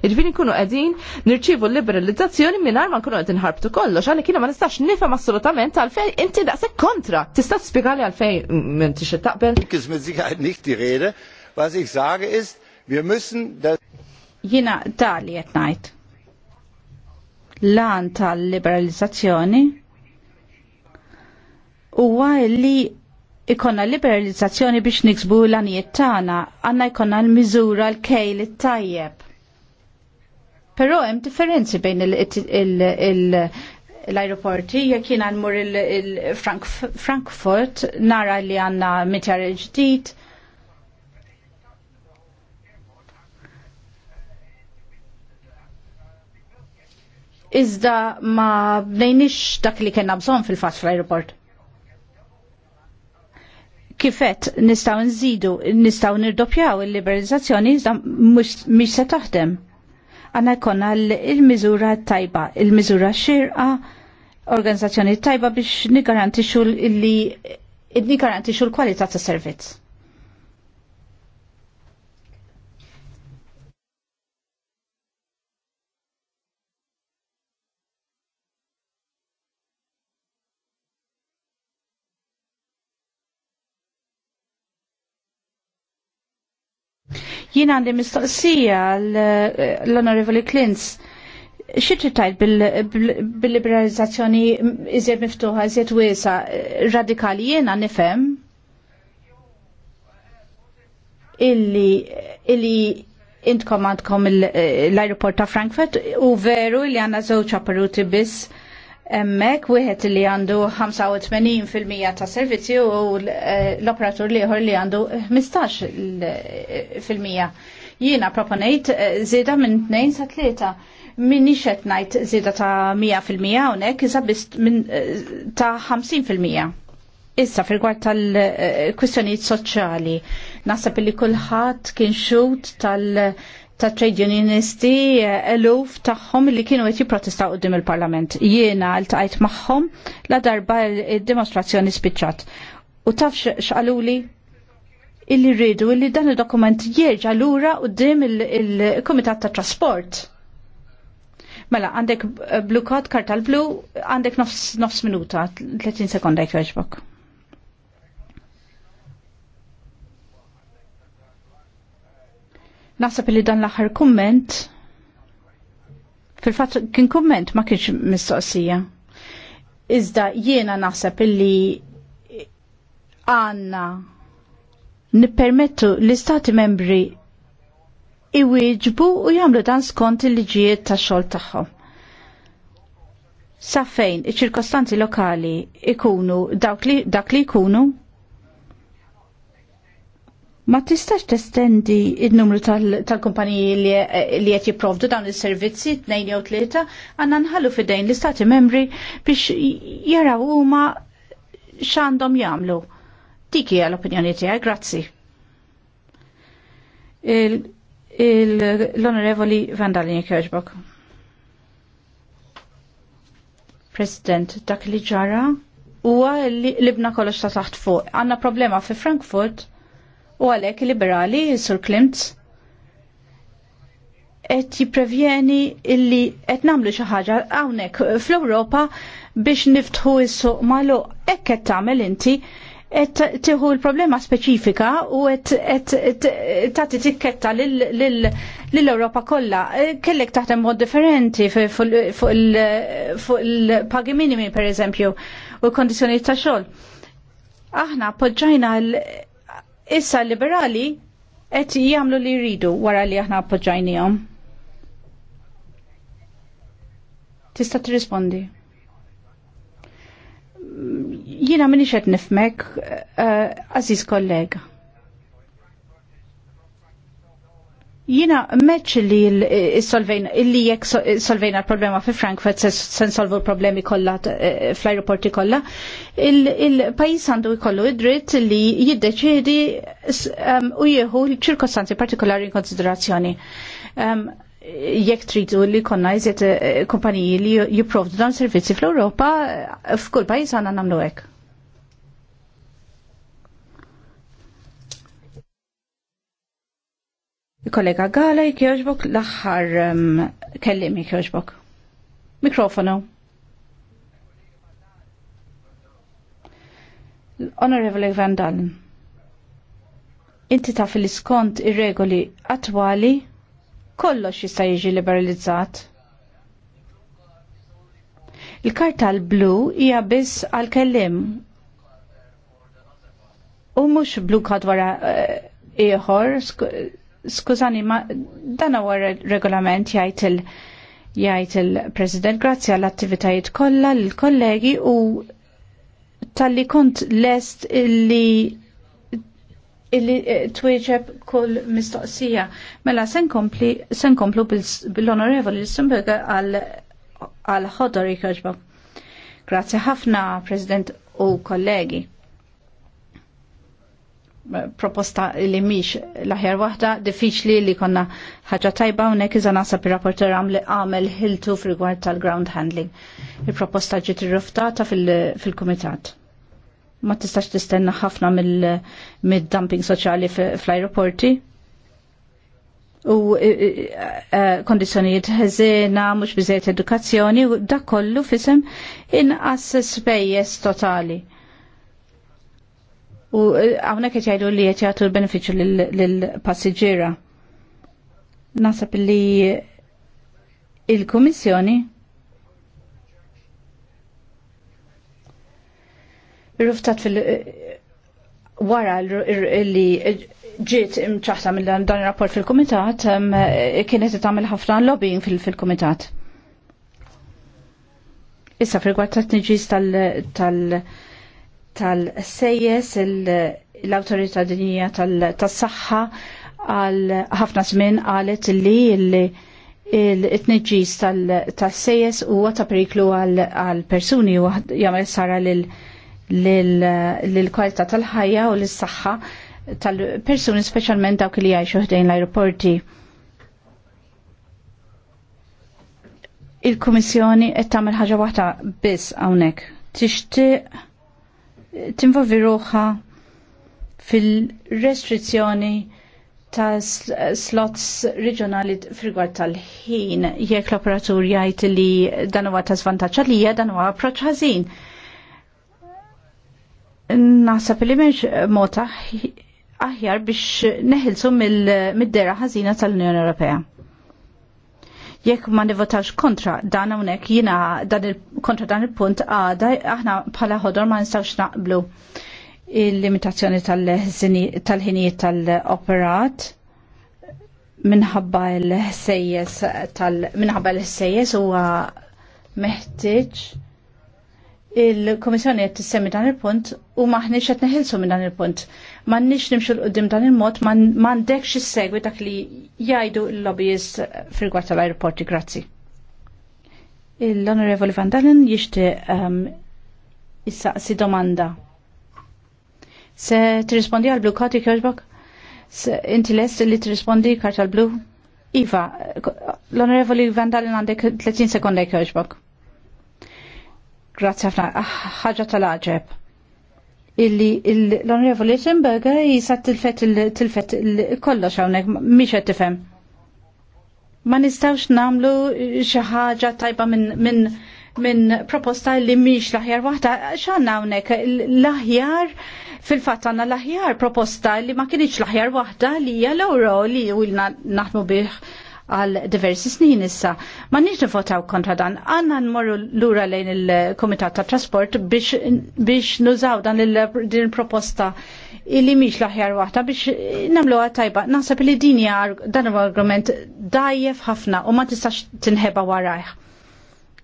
Irfini kunu għedin nirċivu liberalizzazzjoni minn arma kunu għedin ħarbtu kollu, għalhekk kina ma nistax nifem assolutament għalfej inti daqse kontra. Tista' tispjegali għalfejn m'intix taqbel? Kis mit Sicherheit nicht Rede, was ich sage ist, wir müssen das Jina tali għetnajt lan tal-liberalizzazzjoni huwa li ikonna liberalizzazzjoni biex niksbu l-anijiet tagħna għandna jkollna l-miżura l-kejl it-tajjeb. Però hemm differenzi bejn l-aeroporti jekk jiena nmur il-Frankfurt nara li għandna mitjar il-ġdid iżda ma bnejnix dak li kena bżon fil-fat fl-aeroport. Kifet nistaw nżidu, nistaw nirdoppjaw il-liberalizzazzjoni iżda mux se taħdem. Għanna jkonna il-mizura tajba, il-mizura xirqa, organizzazzjoni tajba biex nigarantixu li id-nigarantixu l-kwalità tas servizz. Jien għandi mistoqsija eh, l-Onorevoli Klins. Xie trittajt bil-liberalizzazzjoni iżjed miftuħa, iżjed wiesa, eh, radikali jiena nifhem illi illi intkom għandkom eh, l-aeroport ta' Frankfurt u veru li għanna żewġ apparuti biss Emmek wieħed li għandu 85% ta' servizzi u eh, l-operatur liħor li għandu 15%. Jiena proponejt eh, zida minn 2 sa' 3 minn xet najt zida ta' 100% unek zabist minn eh, ta' 50%. Issa fil-gwart tal-kwistjonijiet soċjali, nasab li kullħat kien xut tal- ta' trade unionisti eh, eluf tagħhom li kienu qed jipprotestaw qudiem il-Parlament. Jiena ltqajt magħhom la darba il dimostrazzjoni spiċċat. U taf li? illi rridu illi dan il-dokument jieġa lura qudiem il-Kumitat il ta' Trasport. Mela, għandek blu kod, kartal blu, għandek nofs, minuta, 30 sekonda jek Nasab li dan l-aħħar kumment fil-fatt kien kumment ma kienx mistoqsija. Iżda jiena naħseb illi għanna nippermettu l-istati membri iwieġbu u jagħmlu dan skont il-liġijiet tax-xogħol tagħhom. Sa fejn iċ-ċirkostanzi lokali ikunu dak li jkunu Ma tistax testendi il-numru tal-kumpaniji li qed jipprovdu dawn is-servizzi tnejn jew tlieta għandna nħallu fidejn l-istati membri biex jaraw huma x'għandhom jagħmlu. Dik hija l-opinjoni tiegħi, grazzi. L-Onorevoli Vandalini Kirchbok. President, dak li ġara huwa li bna kollox ta' taħt fuq. Għandna problema fi Frankfurt u għalhekk liberali Sur Klimt qed jiprevjeni illi qed nagħmlu xi ħaġa hawnhekk fl-Ewropa biex niftħu jissu suq malu hekk qed tagħmel inti qed tieħu l-problema speċifika u qed tagħti tikketta l ewropa kollha. Kellek taħdem mod differenti fuq il-pagi minimi pereżempju u l-kondizzjonijiet ta' xogħol. Aħna podġajna l- Issa liberali qed jagħmlu li jridu wara li aħna appoġġajnihom. Tista' tirrispondi. Jiena minix qed nifmek, uh, eh, aziz kollega. Jina meċ li li jek solvejna l-problema fi Frankfurt sen solvu l-problemi kollha eh, fl-aeroporti kollha, il-pajis għandu jkollu id-dritt li jiddeċidi u jieħu ċirkostanzi partikolari in konsiderazzjoni. Jekk tridu li konna jizet eh, kumpaniji li jiprovdu dan servizzi fl-Europa, eh, f'kull pajis għanna namlu hekk. Il-kollega Gala jkjoġbok l-axħar um, kellim jkjoġbok. Mikrofonu. Onorevole Van Dalen. Inti ta' fil iskont ir-regoli attwali kollox jista' jiġi liberalizzat. Il-karta l-blu hija biss għal kellim u mhux blu kadwara wara eh, ieħor Skużani, ma dan huwa regolament jgħid il- jgħid il-President grazzi għall attivitajiet kollha lill-kollegi u tal-li kont lest illi illi eh, twieġeb kull mistoqsija. Mela sen komplu bil-onorevoli sumbega għal ħodor jkħġba. Grazzi ħafna, President u kollegi proposta li miex laħjar wahda diffiċli li konna ħaġa tajba unnek iżan nasab il-rapporter li għamel hiltu fil-gwart tal-ground handling. Il-proposta ġiet irruftata fil-komitat. Ma tistax tistenna ħafna mill-dumping soċjali fl-aeroporti. U kondizjonijiet ħeżena, mux biżejt edukazzjoni, u dak kollu fisem inqas spejjes totali u eh, għawnek jgħidu li jgħatu l-beneficju l-passiġġiera. Nasab li il-Komissjoni ruftat fil- eh, wara li ġiet imċaħta mill dan il-rapport fil-komitat, eh, kienet tagħmel ħafna lobbying fil-komitat. Issa fil-gwattat nġis tal- tal-sejjes l-Autorità Dinija tas-Saħħa għal ħafna żmien qalet li il-tniġġis tal-sejjes huwa ta' periklu għal persuni u jagħmel sara lill-kwalità tal-ħajja u lis-saħħa tal-persuni speċjalment dawk li jgħixu ħdejn l-aeroporti. Il-Kummissjoni qed tagħmel ħaġa waħda biss hawnhekk. Tixtieq tinvolvi ruħa fil-restrizzjoni ta' slots reġjonali frigward tal-ħin jekk l-operatur jgħid li dan huwa ta' li għalija dan huwa approċċ ħażin. Naħseb li m'hemmx mod aħjar biex neħilsu mid-dera ħażina tal-Unjoni Ewropea jekk ma nivotax kontra dan hawnhekk jiena dan kontra dan il-punt għada aħna bħala ħodor ma nistgħux naqblu il-limitazzjoni tal-ħinijiet tal-operat minħabba l-ħsejjes tal minħabba l-ħsejjes huwa meħtieġ il-Komissjoni qed tissemmi dan il-punt u maħniex qed neħilsu minn dan il-punt. Mannix nimxu l-qoddim dan il-mod, mandekx is-segwi dak li jajdu l lobbyist fil tal-aeroporti. Grazzi. L-Onorevoli Van Dalen jishti um, ehm, issaqsi domanda. Se tirrispondi għal-blu kati kjoġbok? Inti lest li tirrispondi karta l-blu? Iva, l-Onorevoli Van Dalen għandek 30 sekonda kjoġbok. Grazzi ħafna, ah, ħagġa tal-ħġeb illi l-Onorevoli Limberger jisa tilfet kollox hawnhekk mhix qed tifhem. Ma nistawx namlu xi ħaġa tajba minn min, proposta li miex laħjar waħda, xanna hawnhekk l-aħjar fil-fatt għandna l-aħjar proposta li ma kienx l-aħjar waħda li hija l-ewro li bih għal diversi snin issa. Ma nix nifotaw kontra dan, għanna nmorru l-ura lejn il-Komitat ta' Trasport biex, nużaw dan il-proposta illi miex laħjar waħda biex namlu tajba. Nasab li dinja dan l-argument dajjef ħafna u ma tistax tinħeba warajħ.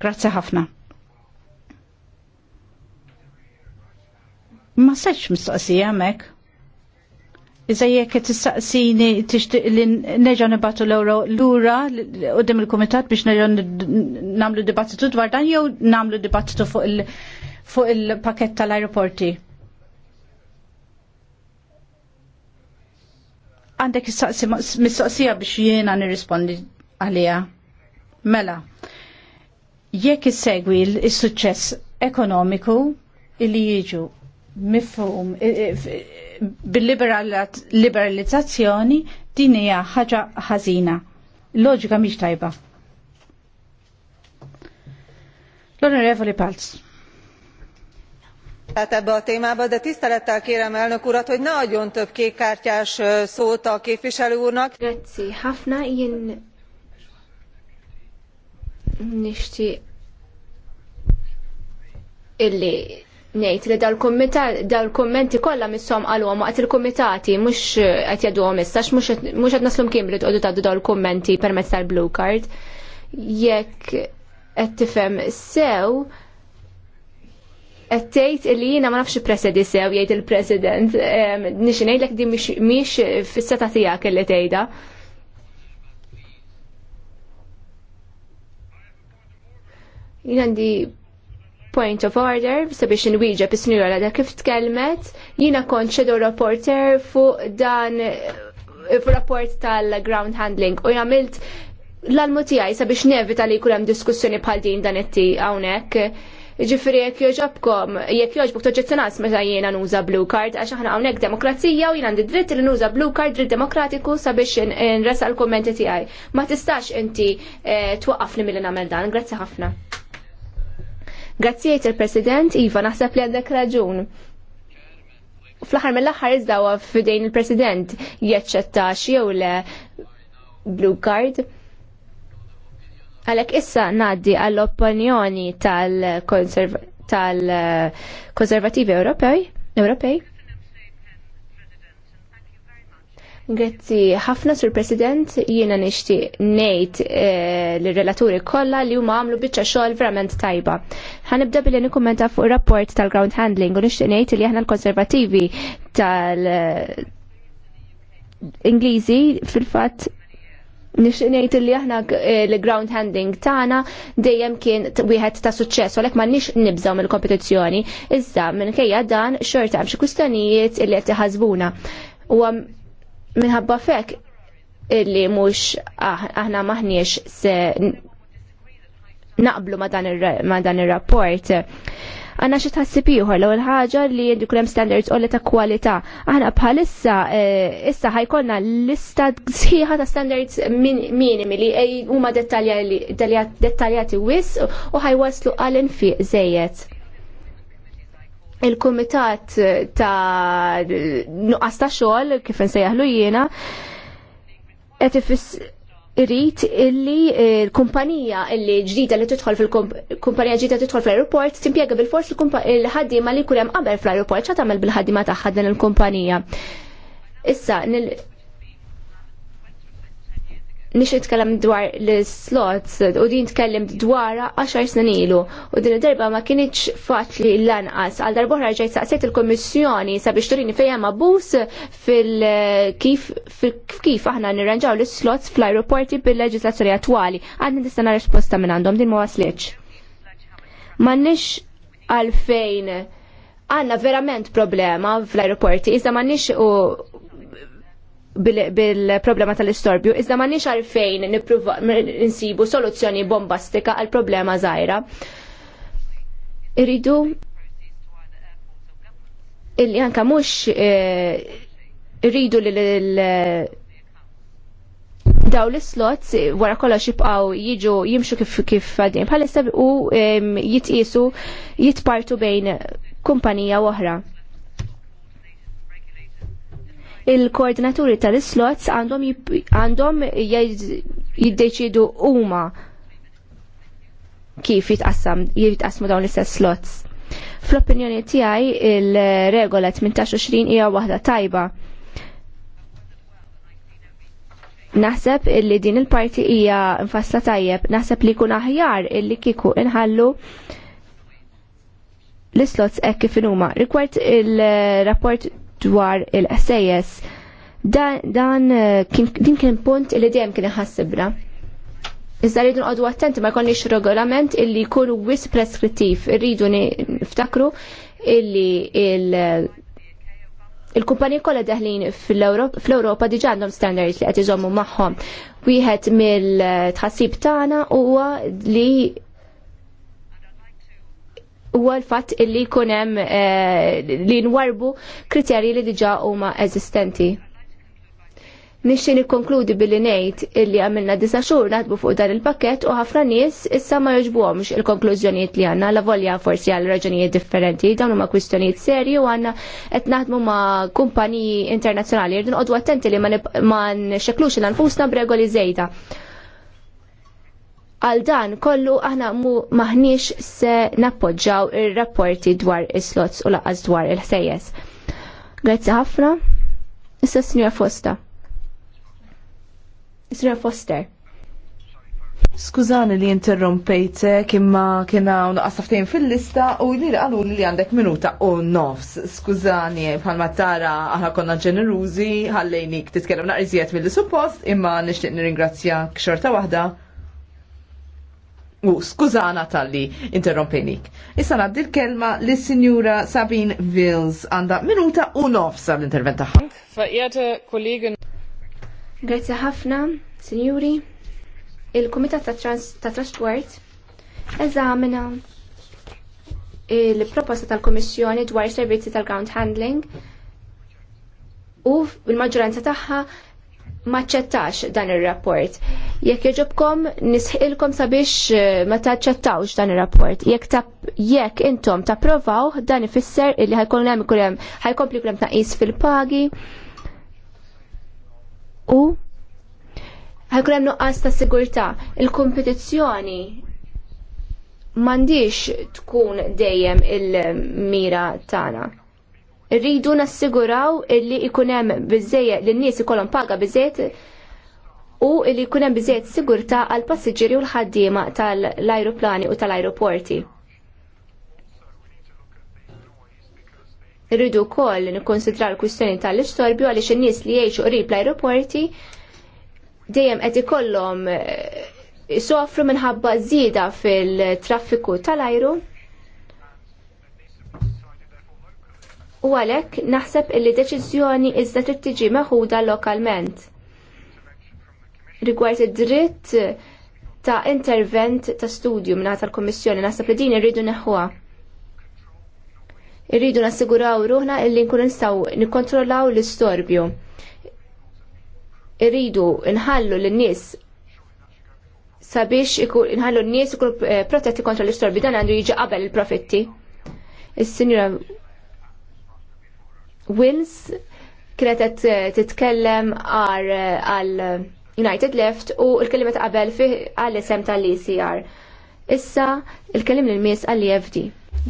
Grazie ħafna. Ma seċ mistoqsija mek. Iżda jekk tistaqsini tixtieq li neġa' nibatu l-ewro lura qudiem il-kumitat biex neġa' nagħmlu dibattitu dwar dan jew nagħmlu dibattitu fuq il fuq il-pakett tal-aeroporti. Għandek mistoqsija biex jiena nirrispondi għalija. Mela, jekk issegwi l-suċċess ekonomiku li jiġu mifhum bil-liberalizzazzjoni din hija ħaġa ħażina. Loġika mhix tajba. L-Onorevoli Palz. Tehát ebbe a témába, de tisztelettel kérem elnök urat, hogy ne adjon több kékkártyás szót a képviselő úrnak. Gretzi, Hafna, ilyen nisti illi Nejt li dal-kommenti kollha missom għal-għom għat il-komitati mux għat jadu għom istax mux għat naslum kim li tqoddu taddu dal-kommenti permezz tal-blue card. Jekk għat tifem sew, għat tejt li jina ma nafx presedi sew jgħid il-president. l-għak di miex fissata tijak li tejda. Jina għandi Point of order, sabiex inwieġa pisnira la da kif tkelmet, jina kont shadow rapporter fuq dan eh, fuq rapport tal-ground handling u jgħamilt l-almutijaj sabiex nevita li kulem diskussjoni bħal din dan it-ti għawnek. Ġifiri, jek joġobkom, jek joġbuk toġġetzinas meta jiena nuża blue card, għax aħna hawnhekk demokrazija u jiena għandi dritt li nuża blue card, dritt demokratiku sabiex nresa l-kommenti tiegħi. Ma tistax inti li eh, milli nagħmel dan, grazzi ħafna. Grazzijiet il-President, Iva, naħseb li għandek raġun. Fl-ħar mill-ħar izdawa f'dejn il-President jaċċettax jew le blue card. Għalek issa naddi għall-opinjoni tal-konservativi tal eh, Ewropej. Ewropej. Grazzi ħafna sur President, jiena nixtieq ngħid eh, lir-relaturi kollha li huma għamlu biċċa xogħol verament tajba. Ħanibda billi nikkummenta fuq ir-rapport tal-ground handling u nixtieq ngħid li aħna l-konservativi tal- eh, Ingliżi fil-fatt nixtieq ngħid li aħna eh, l-ground handling tagħna dejjem kien wieħed ta' suċċess għalhekk m'għandniex nibżgħu mill-kompetizzjoni. Iżda minkejja dan xorta hemm xi kwistjonijiet li qed iħasbuna minħabba fekk illi mux ah, aħna maħniex se naqblu ma dan il-rapport. Għanna xi tħassib ieħor l-ewwel ħaġa li jendu krem standards li ta' kwalità. Aħna bħalissa eh, issa l lista sħiħa ta' standards minimi li eh, huma dettaljati wis u ħajwaslu għal infiq żejjed il-Kumitat ta' nuqqas ta' xogħol kif insejjaħlu jiena qed irrit illi eh, l-kumpanija illi ġdida li tidħol fil-kumpanija ġdida tidħol fl-aeroport timpjega bil-fors l-ħaddiema li hemm qabel fl-aeroport x'a tagħmel bil-ħaddiema tagħha din il-kumpanija. Issa, nix nitkellem dwar l-slots u din nitkellem dwara 10 snin ilu u din darba ma kienieċ faċli l-lanqas għal darbohra ġejt saqsejt il-kommissjoni sabiex turini ma bus fil-kif kif aħna nirranġaw l-slots fl-aeroporti bil-leġislazzjoni attwali għadni nistana risposta minn għandhom din ma wasliċ Ma nix għalfejn għanna verament problema fl-aeroporti iżda ma nix u bil-problema tal-istorbju, iżda ma nix għarfejn nsibu soluzzjoni bombastika għal problema zaħira. Irridu illi anka mux eh, irridu li daw l-slots wara kollox jibqaw jiġu jimxu kif kif għadin bħalissa u jitqisu jitpartu bejn kumpanija oħra il-koordinaturi tal-slots għandhom jiddeċidu huma kif jitqassam jitqassmu dawn l-istess slots. Fl-opinjoni tiegħi il-regola 18-20 hija waħda tajba. Naħseb illi din il-parti hija nfassla tajjeb, naħseb li jkun aħjar illi kieku inħallu l-slots hekk kif huma. Rikward il-rapport dwar il sas Dan eh, din kien punt li dejjem kien iħassibna. Iżda rridu nqogħdu attenti ma jkollniex regolament illi jkunu wis preskrittiv. Irridu niftakru illi il- il-kumpaniji kollha daħlin fl-Ewropa diġà għandhom standards li qed iżommu magħhom. Wieħed mill-tħassib tagħna huwa li huwa l-fatt illi jkun hemm eh, li nwarbu kriterji li diġà huma eżistenti. Nixxin nikkonkludi billi ngħid illi għamilna disa xhur naħdbu fuq dan il-pakkett u ħafna nies issa ma jogħġbuhomx il-konklużjonijiet li għandna la volja forsi għal raġunijiet differenti dawn huma kwistjonijiet serji u għandna qed naħdmu ma' kumpaniji internazzjonali irdu nqogħdu attenti li ma nxeklux il-anfusna b'regoli żejda. Għal dan kollu aħna mu maħniex se nappoġġaw ir-rapporti dwar is-slots u laqas dwar il-ħsejjes. Grazzi ħafna. Issa sinja Fosta. Sinjora Foster. Skużani li interrompejte eh, imma kiena nuqqasaftejn fil-lista u li għalu li għandek minuta u nofs. Skużani bħalma tara aħna konna ġenerużi ħallejnik titkellem naqriżiet mill-suppost imma nixtieq nirringrazzjak xorta waħda U skużana tal-li interrompenik. Issa naddi l-kelma li sinjura Sabine Vils għanda minuta u nofsa l-intervent taħħa. Faqjata kollegin. Grazie ħafna, sinjuri. Il-Kumitat ta' Trasport eżamina il-proposta tal-Komissjoni dwar servizzi tal-ground handling u il maġġoranza tagħha maċċettax dan ir-rapport. Jekk jogħġobkom nisħilkom sabiex eh, ma taċċettawx dan ir-rapport. Jekk ta jekk intom tapprovaw dan ifisser illi ħajkun hemm ikun hemm ħajkompli kulem tnaqis fil-pagi. U ħajkun hemm nuqqas ta' sigurtà. Il-kompetizzjoni m'għandix tkun dejjem il-mira tagħna rridu nassiguraw illi ikun hemm biżejjed li n-nies ikollhom paga biżejjed u illi jkun hemm biżejjed sigurtà għall passiġġieri u l-ħaddiema tal-ajruplani u tal-ajruporti. Irridu wkoll nikkonsidra l-kwistjoni tal-istorbju għaliex in-nies li jgħixu qrib l-ajruporti dejjem qed ikollhom eh, isofru minħabba żieda fil-traffiku tal-ajru u għalhekk naħseb illi deċiżjoni iżda trid tiġi meħuda lokalment. Rigward id-dritt ta' intervent ta' studju minna tal-Kommissjoni naħseb li din irridu neħwa. Irridu nassiguraw ruħna illi nkun nistaw nikkontrollaw l-istorbju. Irridu nħallu l-nies sabiex nħallu l-nies ikun eh, protetti kontra l-istorbju dan għandu jiġi qabel il-profitti. Is-sinjura Wills kienet titkellem għal United Left u l-kelimet qabel għal isem tal-ECR. Issa il-kelim l-mis għal EFD.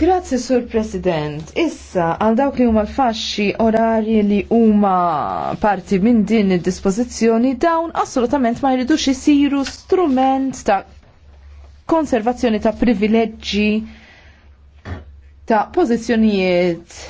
Grazzi, Sur President. Issa, għal dawk li huma l-faxxi orari li huma parti minn din id-dispożizzjoni dawn assolutament ma jridux isiru strument ta' konservazzjoni ta' privileġġi ta' pożizzjonijiet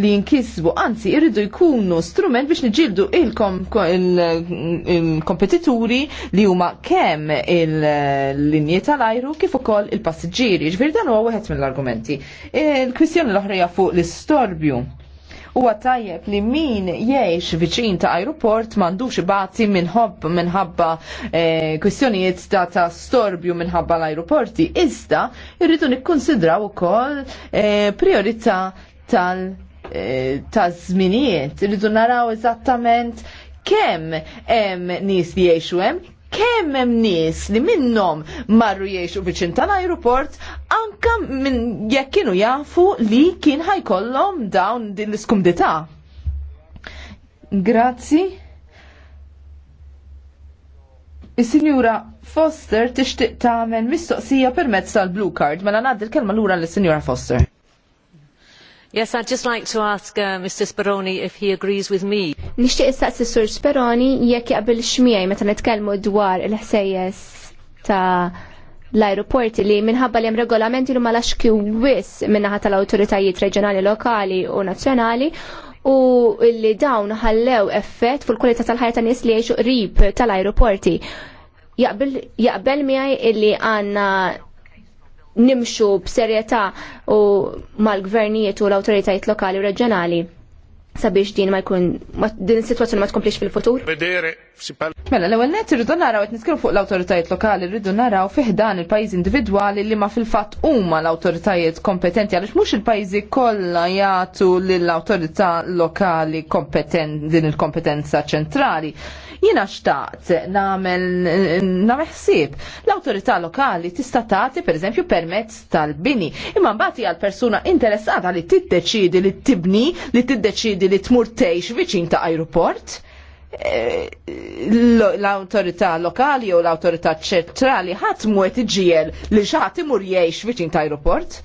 li jinkisbu, anzi irridu jkunu strument biex niġildu il-kompetituri li huma kemm il-linji tal-ajru kif ukoll il-passiġġieri. Ġifieri dan huwa wieħed mill-argumenti. Il-kwistjoni l-oħrija fuq l-istorbju. Huwa tajjeb li min jgħix viċin ta' ajruport m'għandux ibati minħobb minħabba eh, kwistjonijiet ta' ta' storbju minħabba l-ajruporti. Iżda irridu nikkonsidraw ukoll eh, priorità tal- E, ta' żminijiet, irridu naraw eżattament kemm hemm nies li jgħixu hemm, kemm hemm nies li minnhom marru jgħixu viċin tal-ajruport anke minn jekk kienu jafu li kien ħajkollhom dawn din l-iskumdità. Grazzi. Is-Sinjura Foster tixtieq tagħmel mistoqsija permezz tal-Blue Card mela ngħaddi l-kelma lura lis-Sinjura Foster. Yes, I'd just like to ask uh, Mr. Speroni if he agrees with me. Nixtieq s Sur Speroni jekk jaqbel xmiegħi meta nitkellmu dwar il-ħsejjes ta' l-aeroporti li minħabba li hemm regolamenti li ma laxki wis minnaħa tal-awtoritajiet reġjonali lokali u nazzjonali u li dawn ħallew effett fuq il-kwalità tal-ħajja tan nies li jgħixu qrib tal-aeroporti. Jaqbel miegħi illi għandna nimxu b'serjetà u mal-gvernijiet u l-awtoritajiet lokali u reġjonali sabiex din ma jkun din is-sitwazzjoni ma tkomplix fil-futur? Mela l-ewwel net irridu naraw qed fuq l-awtoritajiet lokali, rridu naraw fih dan il-pajjiż individwali li ma fil-fatt huma l-awtoritajiet kompetenti għaliex mhux il-pajjiżi kollha jagħtu lill-awtorità lokali kompetenti din il-kompetenza ċentrali. Jiena xtaqt nagħmel namħsib L-awtorità lokali tista' tagħti pereżempju permezz tal-bini. Imma mbagħad għal persuna interessata li tiddeċidi li tibni, li tiddeċidi li tmur viċin ta' ajruport eh, l-autorità lokali jew l-autorità ċentrali ħadd mu qed iġiel li xi ħadd imur jgħix viċin ta' aeroport.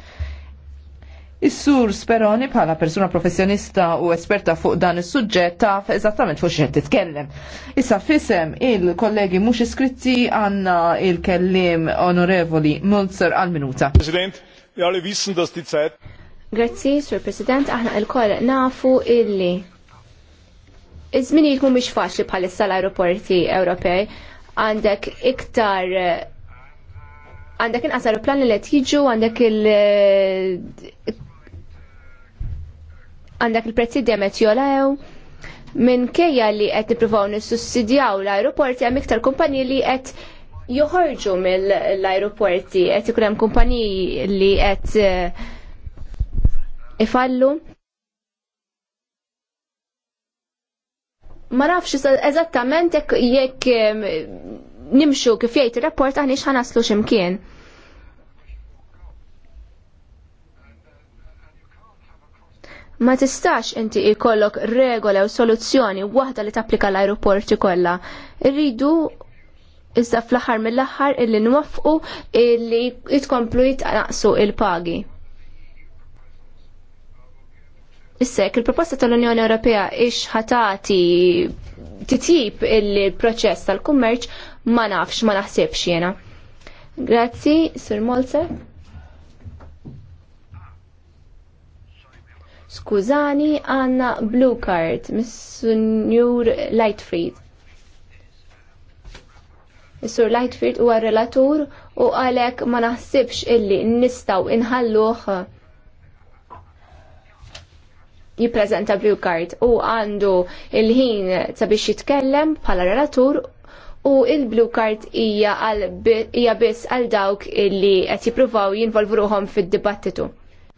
Is-sur Speroni bħala persuna professjonista u esperta fuq dan is-suġġett taf eżattament fuq xejn titkellem. Issa fisem il-kollegi mhux iskritti għandna il-kellim onorevoli Mulzer għal minuta. President, għalli wissen dass di Zeit. Grazzi, Sur President, aħna il-koll nafu illi Iż-żminijiet mhumiex faċli bħalissa l-aeroporti Ewropej għandek iktar għandek inqas aeroplan li qed jiġu, għandek il għandek il-prezzi demet jolaw minn kejja li qed niprofaw nissussidjaw l-ajruporti hemm iktar kumpanji li qed joħorġu mill-ajruporti qed ikun hemm kumpaniji li qed eh, ifallu. Ma nafx eżattament jekk eh, nimxu kif jgħid il rapport aħniex aslu x'imkien. Ma tistax inti jkollok regola u soluzzjoni waħda li tapplika l-aeroporti kollha. Irridu iżda fl-aħħar mill-aħħar illi nwaffqu illi jitkomplu jitnaqsu il-pagi. Issek, il-proposta tal-Unjoni Ewropea ix ħatati titjib il-proċess tal-kummerċ ma nafx, ma naħsibx jena. Grazzi, Sir Molzer. Skużani, għanna blue card, mis-Sunjur Lightfried. Is-Sur Lightfried huwa relatur u għalek ma naħsibx illi nistaw inħalluħ jiprezenta blue card u għandu il-ħin sabiex jitkellem bħala relatur u il-blue card hija biss għal dawk illi qed jippruvaw jinvolvu ruhom fid-dibattitu.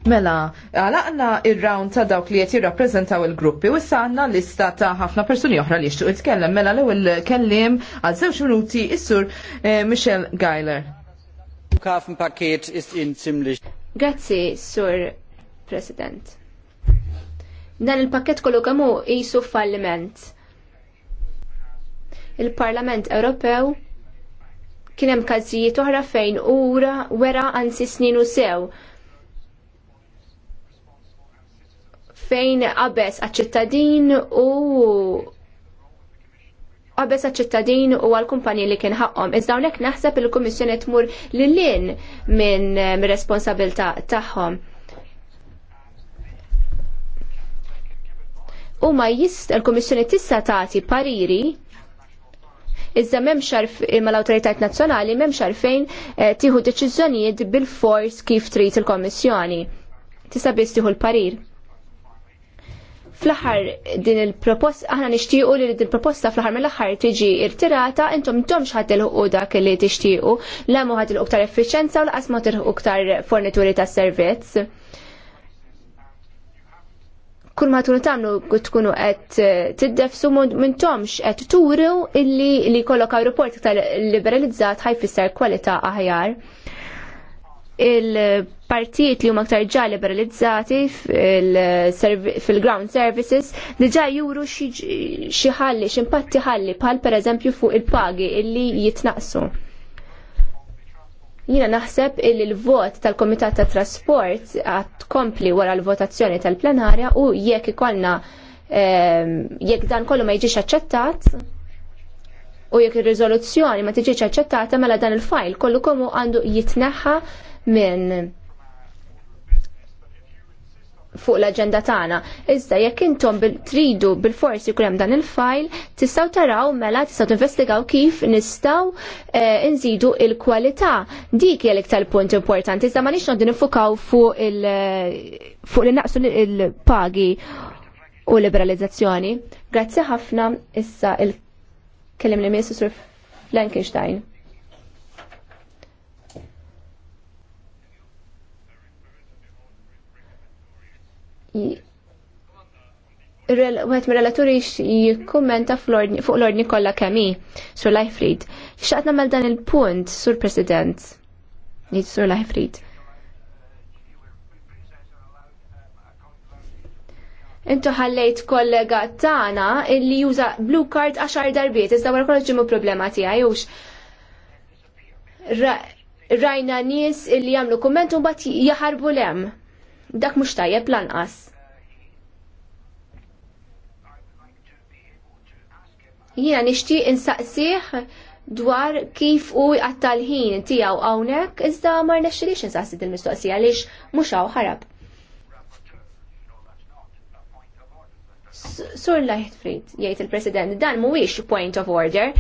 Mela, għalaqna il-round ta' dawk li jett jirrapprezentaw il-gruppi u issa għanna lista ta' ħafna persuni oħra li jixtuq jitkellem. Mela l-ewel kellim għal żewġ minuti is-Sur eh, Michel Geiler. Kafen ist in Grazzi, sur President. Dan il-pakket kollu kamu jisu falliment. Il-Parlament Ewropew kienem kazzijiet oħra fejn ura wera għansi snin u sew fejn qabes għaċ-ċittadin u qabes għal-ċittadin u għal-kumpanji li kien ħaqhom. Iżda hawnhekk naħseb il-Kummissjoni tmur lilin minn responsabilta tagħhom. U ma jist il-Kummissjoni tista' tagħti pariri iżda memx xarf mal autoritajt nazzjonali memx xarfejn eh, tieħu deċiżjonijiet bil-fors kif trid il komissjoni Tista' biss tieħu l-parir fl-aħħar din il-proposta, aħna nixtiequ li din il-proposta fl-aħħar mill-aħħar tiġi irtirata, intom tomx ħadd il dak li tixtiequ, l għamu ħadd il-uktar effiċenza u laqas il tilħu uktar fornituri ta' servizz. Kull ma tkunu tagħmlu tkunu qed tiddefsu minn tomx qed turu illi li jkollok aeroport iktar liberalizzat ħajfisser kwalità aħjar. il partijiet li huma aktar ġa liberalizzati fil-ground services diġà juru xi ħalli x'impatti ħalli bħal pereżempju fuq il-pagi illi jitnaqsu. Jina naħseb illi l-vot tal-Komitat ta' Trasport għat kompli wara l-votazzjoni tal-plenarja u jekk ikollna ehm, jekk dan kollu ma jiġix aċċettat, u jekk ir-riżoluzzjoni ma tiġiex aċċettata mela dan il-fajl kollu komu għandu jitneħħa minn fuq l-agenda tagħna. Iżda jekk intom tridu bil-forsi jkun hemm dan il-fajl, tistgħu taraw mela tistgħu tinvestigaw kif nistgħu eh, nżidu il-kwalità. Dik hija l-iktar punt importanti, iżda ma nix noqgħdu nifukaw fuq il fuq li naqsu il-pagi u liberalizzazzjoni. Grazzi ħafna issa il-kellim li miesu Sur Frankenstein. għet mir relaturi jikkummenta fuq l-ordni kollha kemmi sur Lajfrid. Xaqt nagħmel dan il-punt sur President. Jgħid sur Lajfrid. Intu ħallejt kollega tagħna illi juża blue card għaxar darbiet, iżda wara kollox ġimmu problema tiegħi rajna nies illi jagħmlu kumment u jaharbu jaħarbu lem dak mhux tajjeb lanqas. Jiena nixtieq insaqsih dwar kif u għattalħin tijaw għawnek, iżda mar nexxilix insaqsi din mistoqsija lix mux għaw ħarab. Sur Lightfried, jgħid il-President, dan mhuwiex point of order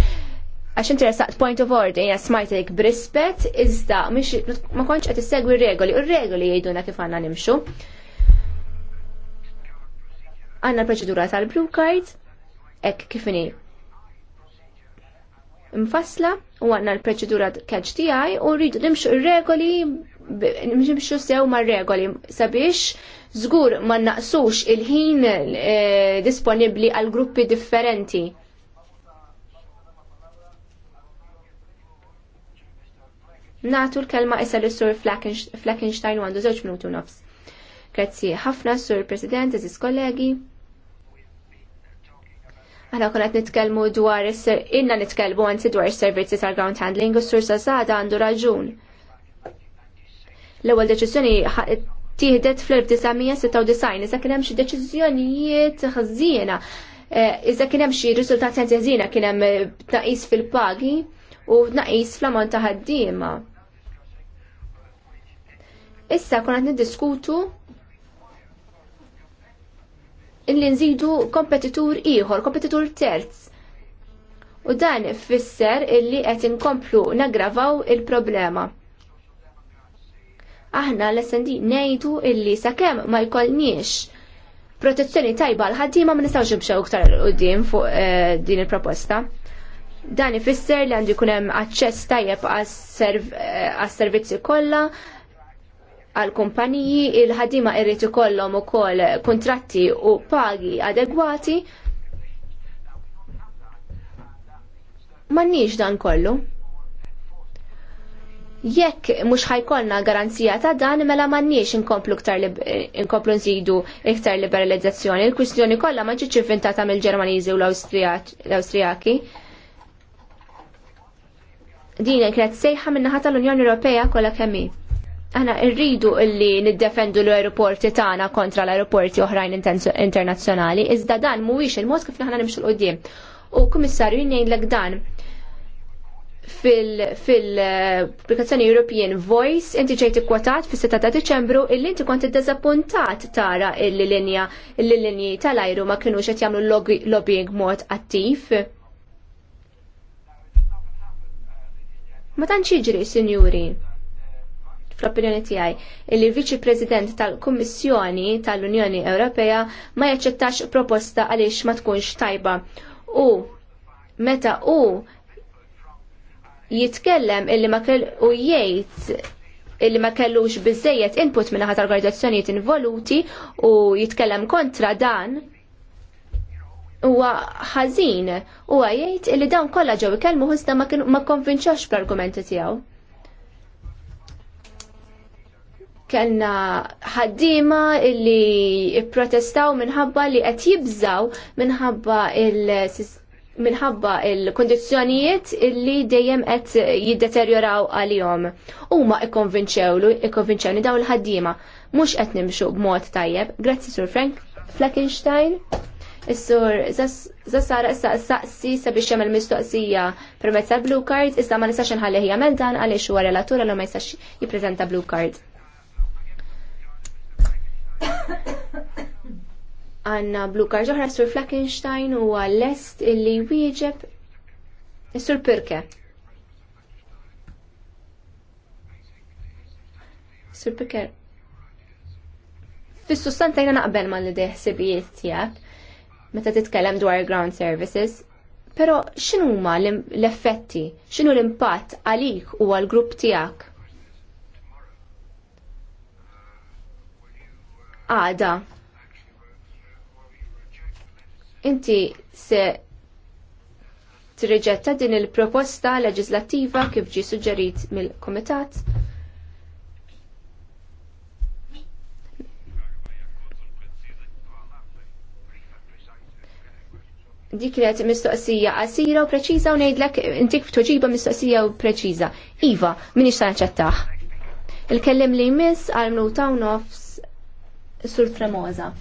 għax interessaqt point of order, jgħas smajtek brispet, izda, ma konċ għat segwi regoli, u regoli jgħiduna kif għanna nimxu. Għanna proċedura tal-blue card, ek kifini mfassla, u għanna l-proċedura catch TI, u rridu nimxu regoli, nimxu sew ma regoli, sabiex, zgur ma naqsux il-ħin eh, disponibli għal gruppi differenti Natu l-kelma issa l sur Flakenstein u għandu zewġ minutu nofs. Grazzi ħafna sur President, eżis kollegi. Għana konet nitkelmu dwar is-ser, inna nitkelmu għanzi dwar is-servizzi tal-ground handling u s-sur Sazada għandu raġun. L-ewwel deċiżjoni tiħdet fl-1996 iżda kien hemm xi deċiżjonijiet ħżiena. Eh, iżda kien hemm xi riżultati ħżiena kien hemm fil-pagi u naqis fl-ammont ta' ħaddiema. Issa kon qed niddiskutu illi nżidu kompetitur ieħor, kompetitur terz. U dan fisser illi qed inkomplu nagravaw il-problema. Aħna l-SND ngħidu illi sakemm ma jkollniex protezzjoni tajba l-ħaddiema ma nistgħux nimxew iktar qudiem fuq eh, din il-proposta. Dan ifisser li għandu jkun hemm aċċess tajjeb għas-servizzi eh, kollha, għal kumpaniji il-ħadima irrid ikollhom ukoll kontratti u pagi adegwati. M'għandniex dan kollu. Jekk mhux ħajkollna garanzija ta' dan mela m'għandniex inkomplu inkomplu nżidu iktar liberalizzazzjoni. Il-kwistjoni kollha ma ġietx inventata mill-Ġermaniżi u l-Awstrijaki. Din kienet sejħa min-naħa tal-Unjoni Ewropea kollha kemm Aħna rridu illi niddefendu l-aeroporti tagħna kontra l-aeroporti oħrajn internazzjonali, iżda dan mhuwiex il-mod kif aħna nimxu l-qudiem. U kummissarju jgħidlek dan fil publikazzjoni European Voice inti ġejt ikkwotat fis-6 ta' Diċembru illi inti kont iddeżappuntat tara l-linja l-linji tal-ajru ma kienux qed jagħmlu lobbying mod attiv. Ma tantx jiġri, sinjuri fl-opinjoni tiegħi illi l-Viċi President tal-Kummissjoni tal-Unjoni Ewropea ma jaċċettax proposta għaliex ma tkunx tajba. U meta u jitkellem illi ma kell u jgħid illi ma kellux bizzejiet input minna ħat organizzazzjonijiet involuti u jitkellem kontra dan huwa ħażin u jgħid illi dawn kollha ġew ikellmu ħusna ma konvinċax bl-argumenti tiegħu. kellna ħaddiema illi protestaw minħabba li qed jibżaw minħabba il minħabba il-kondizjonijiet illi dejjem qed jiddeterjoraw għalihom. Huma ikkonvinċewlu, ikkonvinċewni daw il-ħaddiema mhux qed nimxu b'mod tajjeb. Grazzi Sur Frank Fleckenstein. Is-sur Zassara issa saqsi sabiex jagħmel mistoqsija permezz tal-blue card, iżda ma nistax inħalli hija dan għaliex huwa relatura li ma jistax jippreżenta blue card. Għanna blu karġ sur Flakenstein u għall-est illi wieġeb sur Pirke. Sur Pirke. Fis-sustanza jina naqbel ma l-ideħ sibijiet tijak, meta titkellem dwar ground services, pero xinu ma l-effetti, xinu l-impatt għalik u għal-grupp tijak? għada. Inti se tirriġetta din il-proposta leġislattiva kif ġi suġġerit mill-Komitat. Dik li mistoqsija qasira u preċiża u ngħidlek intik toġiba mistoqsija u preċiża. Iva, minix sa naċċettaħ. Il-kellim li jmiss għal mnuta u nofs Sur Tremosa.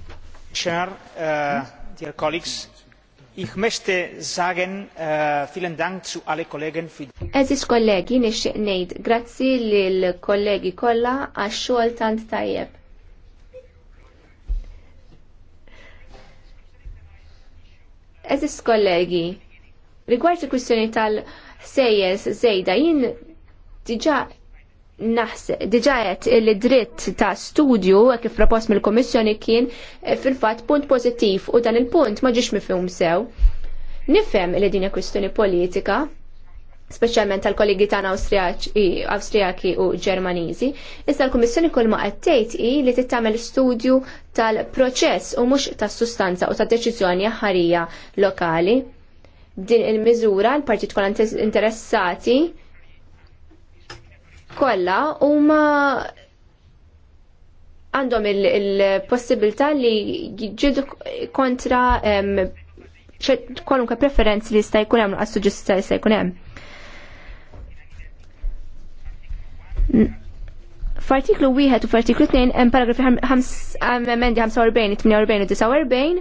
Chair, uh, dear colleagues, ich möchte sagen, uh, vielen Dank zu alle Kollegen für Eżis kollegi, nixtieq ngħid grazzi l kollegi kolla għax-xogħol tant tajjeb. Eżis kollegi, rigward il-kwistjoni tal-sejjes zejda, jien diġa naħseb diġajet li dritt ta' studju kif propost mill-Komissjoni kien eh, fil-fatt punt pożittiv u dan il-punt ma ġiex mifhum sew. Nifhem li din hija kwistjoni politika, speċjalment tal-kollegi tagħna Awstrijaki u Ġermaniżi, issa l-Kummissjoni kull ma qed tgħid hi li tittamel studju tal-proċess u mhux tas-sustanza u tad-deċiżjoni ħarija lokali. Din il-miżura l-partit kollha interessati u huma għandhom il-possibilità li jġidu kontra kwalunkwe preferenz li sta' jkun hemm għas suġġista li jkun hemm. F'artiklu wieħed u f'artiklu 2 hemm paragrafi emendi 45, 48 u 49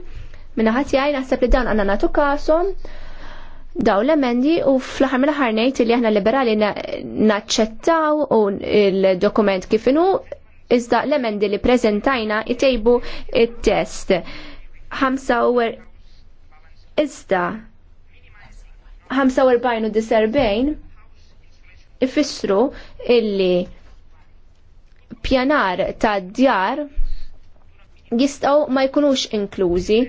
minna ħadd jgħid naħseb li dan għandna nagħtu kasom daw l-emendi u fl-ħar mill-ħar li aħna liberali naċċettaw u l-dokument kif inhu iżda l-emendi li prezentajna itejbu il test er-, Iżda 45 u 49 ifissru illi pjanar ta' djar jistgħu ma jkunux inklużi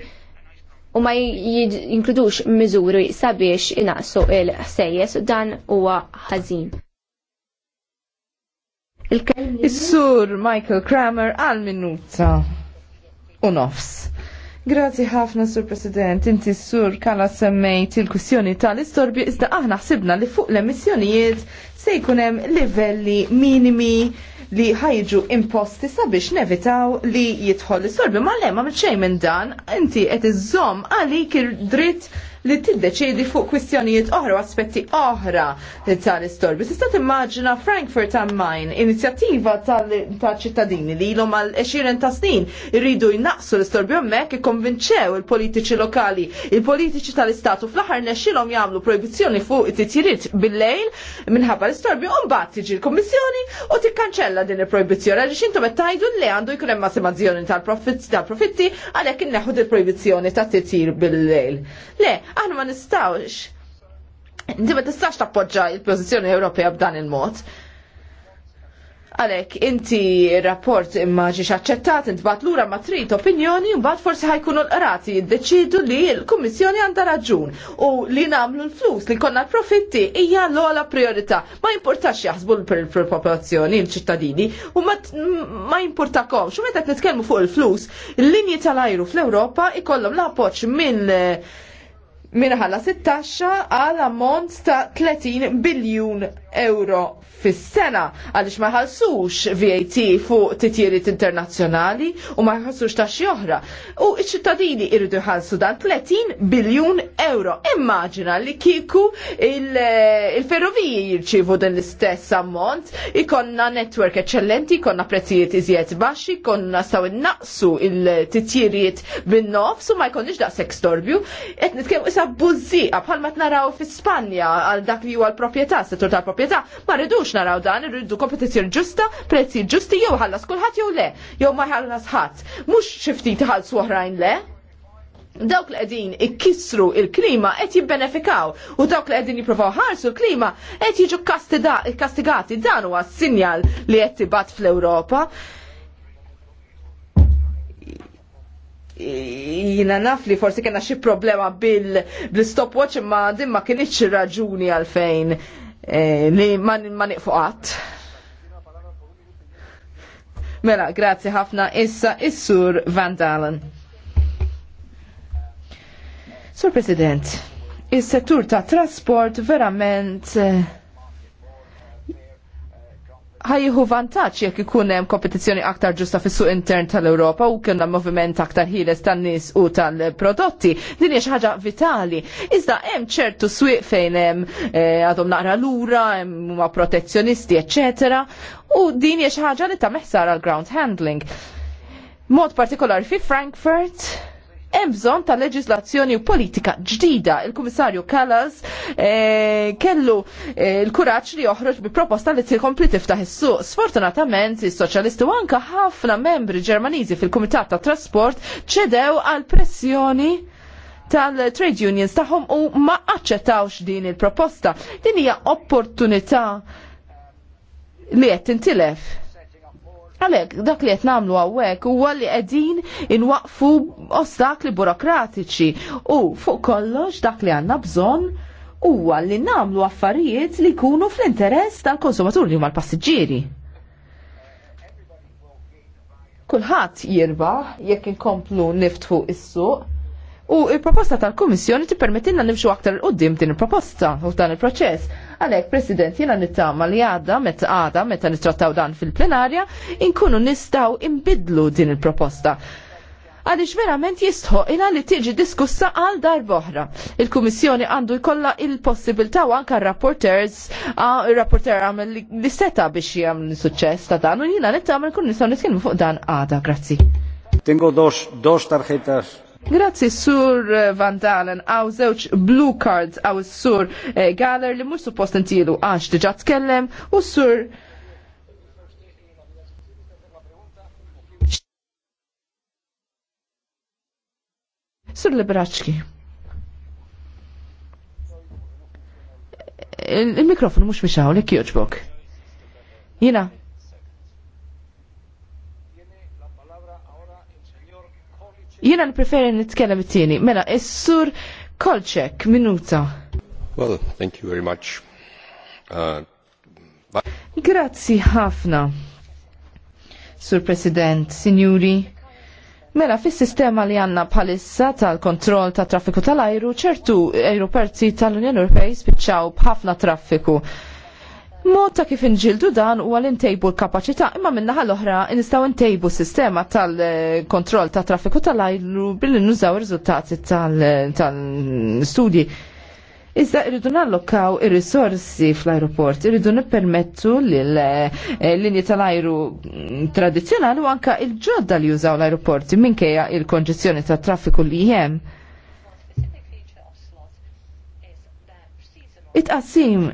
u ma jinkludux miżuri sabiex inaqsu il-ħsejjes dan huwa ħażin. Is-sur Michael Kramer għal minuta u nofs. Grazzi ħafna, Sur President. Inti, s Sur, kalla semmejt il-kussjoni tal-istorbi, iżda aħna ħsibna li fuq l-emissjonijiet se jkun hemm livelli minimi li ħajġu imposti sabiex nevitaw li jidħol is-sorbi. Ma le, ma xejn minn dan, inti qed iżżomm għalik il dritt li tiddeċiedi fuq kwistjonijiet oħra u aspetti oħra tal-istorbi. Tista' timmaġina Frankfurt am Main, inizjattiva tal-ċittadini li ilhom għal 20 ta' snin irridu jnaqsu l-istorbi hemmhekk ikkonvinċew il-politiċi lokali, il-politiċi tal-istatu fl-aħħar nexxilhom jagħmlu proibizzjoni fuq it-titjiriet bil-lejl minħabba l-istorbi u mbagħad tiġi l-Kummissjoni u tikkanċella din il-proibizzjoni għaliex intom qed tgħidu li għandu jkun hemm massimazzjoni tal-profitti tal-profitti għalhekk inneħħu il-proibizzjoni ta' titjir bil-lejl. Le, Aħna ma nistawx. Inti ma tistax tappoġġa il-pożizzjoni Ewropea b'dan il-mod. Għalek, inti rapport imma ġiex aċċettat, l lura ma trid opinjoni, mbagħad forsi ħajkunu l-qrati jiddeċidu li l-Kummissjoni għandha raġun u li nagħmlu l-flus li konna l-profitti hija l-ogħla priorità. Ma importax jaħsbu l-popolazzjoni, l-ċittadini, u ma importakom, U meta nitkellmu fuq il-flus, il-linji tal-ajru fl-Ewropa ikollom l-appoġġ minn minħalla 16 għal ammont ta' 30 biljun euro fis-sena għaliex ma jħallsux VAT fuq titjiriet internazzjonali u ma jħallsux ta' xi oħra. U ċ-ċittadini jridu jħallsu dan 30 biljun euro. Immaġina li kieku il-ferroviji jirċivu din l-istess ammont, ikonna netwerk eċċellenti, ikonna prezzijiet iżjed baxxi, ikonna staw innaqsu il-titjiriet bin-nofs u ma jkollniex daqshekk storbju. Qed nitkellmu ta' buzziqa bħalma naraw fi Spanja għal dak li huwa l-proprjetà, settur tal propieta ma rridux naraw dan, irridu kompetizzjoni ġusta, prezzi ġusti jew ħallas kulħadd jew le, jew ma ħallas ħadd. Mhux xi ftit ħallsu oħrajn le dawk li qegħdin ikkissru il-klima qed jibbenefikaw u dawk li qegħdin jippruvaw ħarsu l-klima qed jiġu kastigati dan huwa sinjal li qed tibgħat fl-Ewropa. jina naf li forsi kena xi problema bil-stopwatch bil imma din ma kienieċ raġuni għalfejn eh, li ma niqfuqat. Mela, grazzi ħafna. Issa, issur Van Dalen. Sur President, il-settur ta' trasport verament eh, ħajjieħu vantaġġ jekk ikun hemm kompetizzjoni aktar ġusta fis-suq intern tal-Ewropa u kellna moviment aktar ħieles tan-nies u tal-prodotti. Din hija xi ħaġa vitali. Iżda hemm ċertu swieq fejn hemm eh, għadhom naqra lura, hemm huma protezzjonisti, eċetera. U din hija xi ħaġa li ta' meħsar għal ground handling. Mod partikolari fi Frankfurt, hemm bżonn ta' leġislazzjoni u politika ġdida. Il-Kummissarju Kallas eh, kellu eh, l-kuraġġ li joħroġ bi proposta li tilkompli tiftaħ is-suq. Sfortunatament, is-soċjalisti u anke ħafna membri Ġermaniżi fil-Kumitat ta' Trasport ċedew għal pressjoni tal-trade unions tagħhom u ma aċċettawx din il-proposta. Din hija opportunità li qed tintilef Għalek, dak li qed nagħmlu hawnhekk huwa li qegħdin inwaqfu ostakli burokratiċi u fuq kollox dak li għandna bżonn huwa li nagħmlu affarijiet li jkunu fl-interess tal-konsumaturi huma l-passiġġieri. Kulħadd jirbaħ jekk inkomplu niftħu is-suq u il-proposta tal-Kummissjoni tippermettilna nimxu aktar il-qoddim din il-proposta u dan il-proċess Għalek, President, jena nittama li għada, meta għada, meta nittrattaw dan fil-plenarja, inkunu nistaw imbidlu din il-proposta. Għalix verament jistħu ina li tiġi diskussa għal dar boħra. Il-Kummissjoni għandu jkolla il-possibilta u anka rapporters, rapporter għam li seta biex jgħamil suċċess ta' dan u jina nittamil kun nistaw nitkellmu fuq dan għada, grazzi. Tengo dos, dos tarjetas Grazzi sur eh, Van Dalen, għaw zewċ blue cards għaw sur eh, Galler li mux suppost intilu għax diġa tkellem u sur Sur Lebraċki. Il-mikrofonu mux miexaw li kjoġbok. Jina, Jiena nippreferi nitkellem it-tieni. Mela, s sur Kolċek, minuta. Well, thank you very much. Uh, Grazzi ħafna. Sur President, Signuri, Mela, fis sistema li għanna bħalissa tal-kontroll ta' traffiku tal-ajru, ċertu aeroperti tal-Unjoni Ewropej spiċċaw bħafna traffiku. Mod ta' kif inġildu dan huwa għal ntejbu l-kapaċità imma minna l-oħra nistgħu ntejbu sistema tal-kontroll ta' traffiku tal-ajlu billi nużaw ir-riżultati tal-studji. Iżda irridu nallokaw ir-risorsi fl-aeroport, irridu nippermettu l-linji eh, tal-ajru tradizzjonali u anka il-ġodda li jużaw l-aeroporti minkejja il-konġezzjoni tat traffiku li hemm. it qassim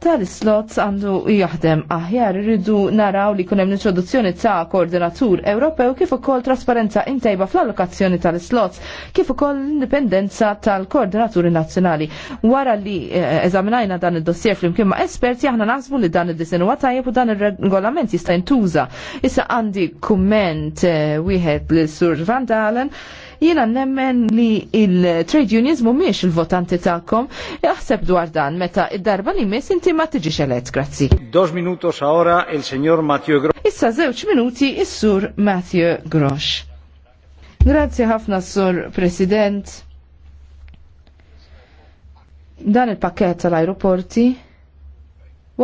tal-slots għandu jaħdem aħjar irridu naraw li kunem l-introduzzjoni ta' koordinatur Ewropew kif ukoll trasparenza intejba fl-allokazzjoni tal-slots kif ukoll l-indipendenza tal-koordinaturi nazzjonali. Wara li eh, eżaminajna dan id-dossier flimkien ma' esperti aħna naħsbu li dan id-disin huwa tajjeb u dan ir-regolament jista' jintuża. Issa għandi kumment eh, wieħed li Sur Van Dalen Jiena nemmen li il-trade unions mhumiex il-votanti tagħkom. Jaħseb dwar dan meta id-darba li mis inti ma tiġix elett, grazzi. Dos minutos ora il-Senjor Matthew Grosh. Issa żewġ minuti is-Sur Matthew Grosh. Grazzi ħafna Sur President. Dan il-pakket tal-aeroporti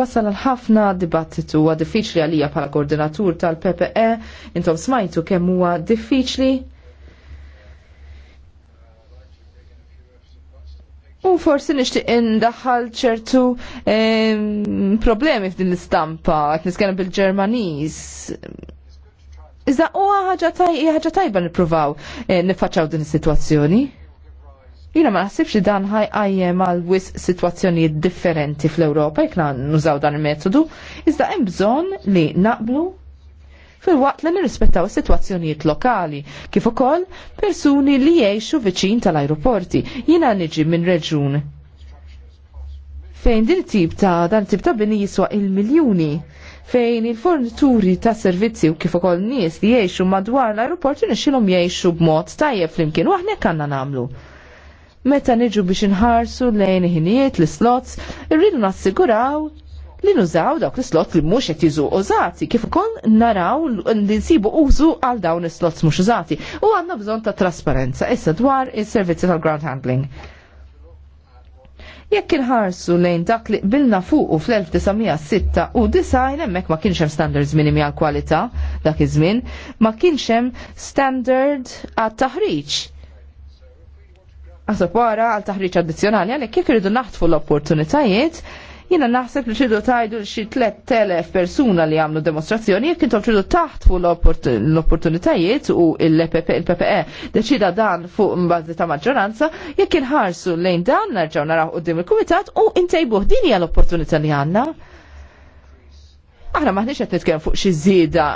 wasal għal ħafna dibattitu huwa diffiċli għalija bħala koordinatur tal-PPE, intom smajtu kemm huwa diffiċli U forsi nixtieq indaħal ċertu problemi f'din l-istampa, qed niskena bil-Ġermaniż. Iżda huwa ħaġa tajba nippruvaw eh, nifaċċaw din is-sitwazzjoni. Jina ma naħsibx li dan ħajqajjem għal wis sitwazzjonijiet differenti fl-Ewropa jekk nużaw dan il-metodu, iżda hemm bżonn li naqblu fil-waqt li nirrispettaw is-sitwazzjonijiet lokali, kif ukoll persuni li jgħixu viċin tal-ajruporti. Jiena niġi minn reġun fejn din tip ta' dan tip ta' bini jiswa il-miljuni fejn il-fornituri ta' servizzi u kif ukoll nies li jgħixu madwar l-aeroport nixxilhom jgħixu b'mod tajjeb flimkien u aħna kanna nagħmlu. Meta niġu biex inħarsu lejn ħinijiet l-slots, irridu nassiguraw li nużaw dawk l-slot li mhux qed jiżu użati, kif ukoll naraw li nsibu użu għal dawn l-slots mhux użati. U għandna bżonn ta' trasparenza issa dwar is-servizzi tal-ground handling. Jekk inħarsu lejn dak li fuq u fl-1906 u design hemmhekk ma kienx hemm standards minimi għal kwalità dak iż-żmien, ma kienx hemm standard għat taħriġ Għasab wara għal taħriġ addizzjonali għalhekk kif irridu naħtfu l-opportunitajiet Jina naħseb li ċidu tajdu xi 3000 persuna li għamlu demonstrazzjoni, jek intom ċidu taħt fuq l-opportunitajiet u il-PPE e deċida dan fuq mbazzi ta' maġġoranza, jekk inħarsu lejn dan narġaw naraw dim il komitat u intajbuħ din hija l-opportunità li għandna. Aħna maħniex qed nitkellem fuq xi żieda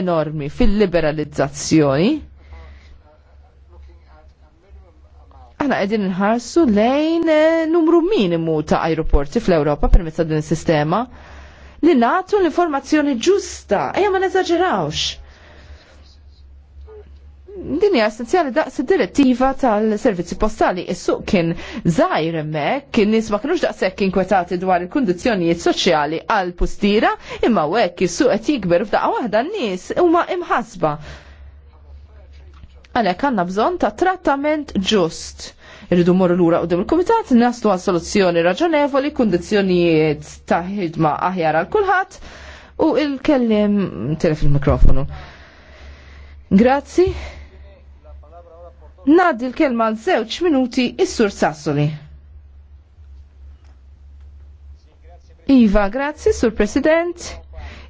enormi fil-liberalizzazzjoni aħna qegħdin nħarsu lejn eh, numru minimu ta' ajruporti fl-Ewropa per mezz din is-sistema li nagħtu l-informazzjoni ġusta, ejja ma neżaġerawx. Din hija essenzjali daqs id-direttiva tal-servizzi postali is-suq kien żgħir hemmhekk, in-nies ma kinux daqshekk inkwetati dwar il-kundizzjonijiet soċjali għal pustira, imma hekk is-suq qed jikber f'daqqa waħda n-nies huma imħasba Għalhekk għandna bżonn ta' trattament ġust. Irridu morru lura u il-Kumitat naslu għal soluzzjoni raġonevoli, kundizzjonijiet ta' ħidma aħjar għal kulħadd u il-kellim telef il-mikrofonu. Grazzi. Naddi l-kelma għal żewġ minuti is-Sur Sassoli. Iva, grazzi, Sur President.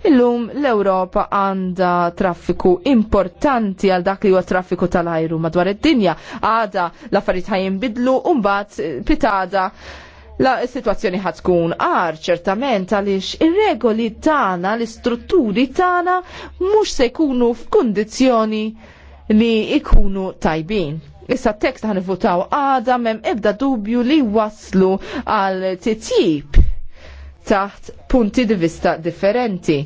Illum l-Ewropa għandha traffiku importanti għal dak li huwa traffiku tal-ajru madwar id-dinja. Għada l-affarijiet ħajinbidlu u mbagħad eh, pitada La situazzjoni ħad tkun għar ċertament għaliex ir-regoli tagħna, l-istrutturi tagħna mhux se jkunu f'kundizzjoni li ikunu tajbin. Issa t-tekst ħan votaw għada mem ebda dubju li waslu għal titjib taħt punti di vista differenti.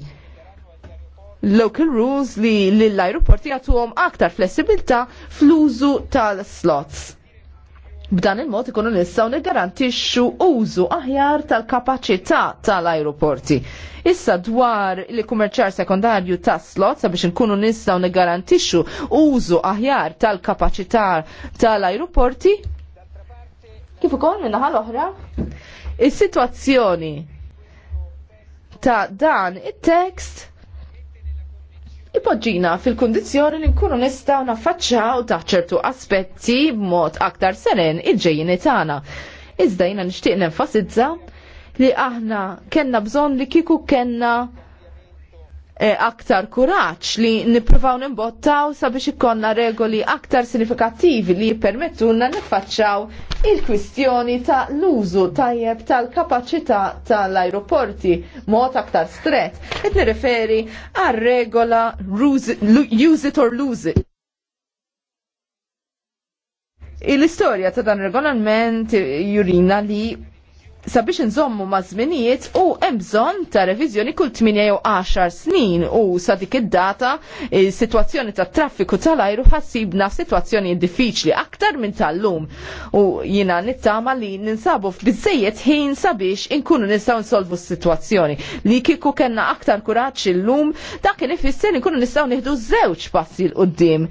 Local rules li l-aeroporti jagħtuhom aktar flessibilità fl-użu tal-slots. B'dan il-mod ikunu nistgħu nigarantixxu użu aħjar tal-kapaċità tal-aeroporti. Issa dwar li kummerċar sekondarju ta' slot sabiex inkunu nistgħu nigarantixxu użu aħjar tal-kapaċità tal-aeroporti. Kif ukoll minnaħa l-oħra? Is-sitwazzjoni ta' dan it-tekst ipoġġina fil-kondizjoni li nkunu nistgħu naffaċċaw taħt ċertu aspetti b'mod aktar seren il-ġejjini tagħna. Iżda jiena nixtieq nenfasizza li aħna kellna bżonn li kieku kellna Eh, aktar kuraċ li nipruvaw nimbottaw sabiex ikkonna regoli aktar sinifikattivi li jippermettulna nifacċaw il-kwistjoni ta' l-użu tajjeb tal-kapacità tal-aeroporti mod aktar stret. Et nirreferi għal regola use it or lose it. Il-istoria ta' dan regolament jurina li sabiex nżommu ma' żminijiet u hemm bżonn ta' reviżjoni kull 8 jew 10 snin u sa dik id-data is-sitwazzjoni tat traffiku tal-ajru ħassibna sitwazzjoni diffiċli aktar minn tal-lum u jiena nittama li ninsabu f'biżejjed ħin sabiex inkunu nistgħu nsolvu s-sitwazzjoni li kieku kellna aktar kuraġġ illum dak kien ifisser inkunu nistgħu nieħdu żewġ passi l qudiem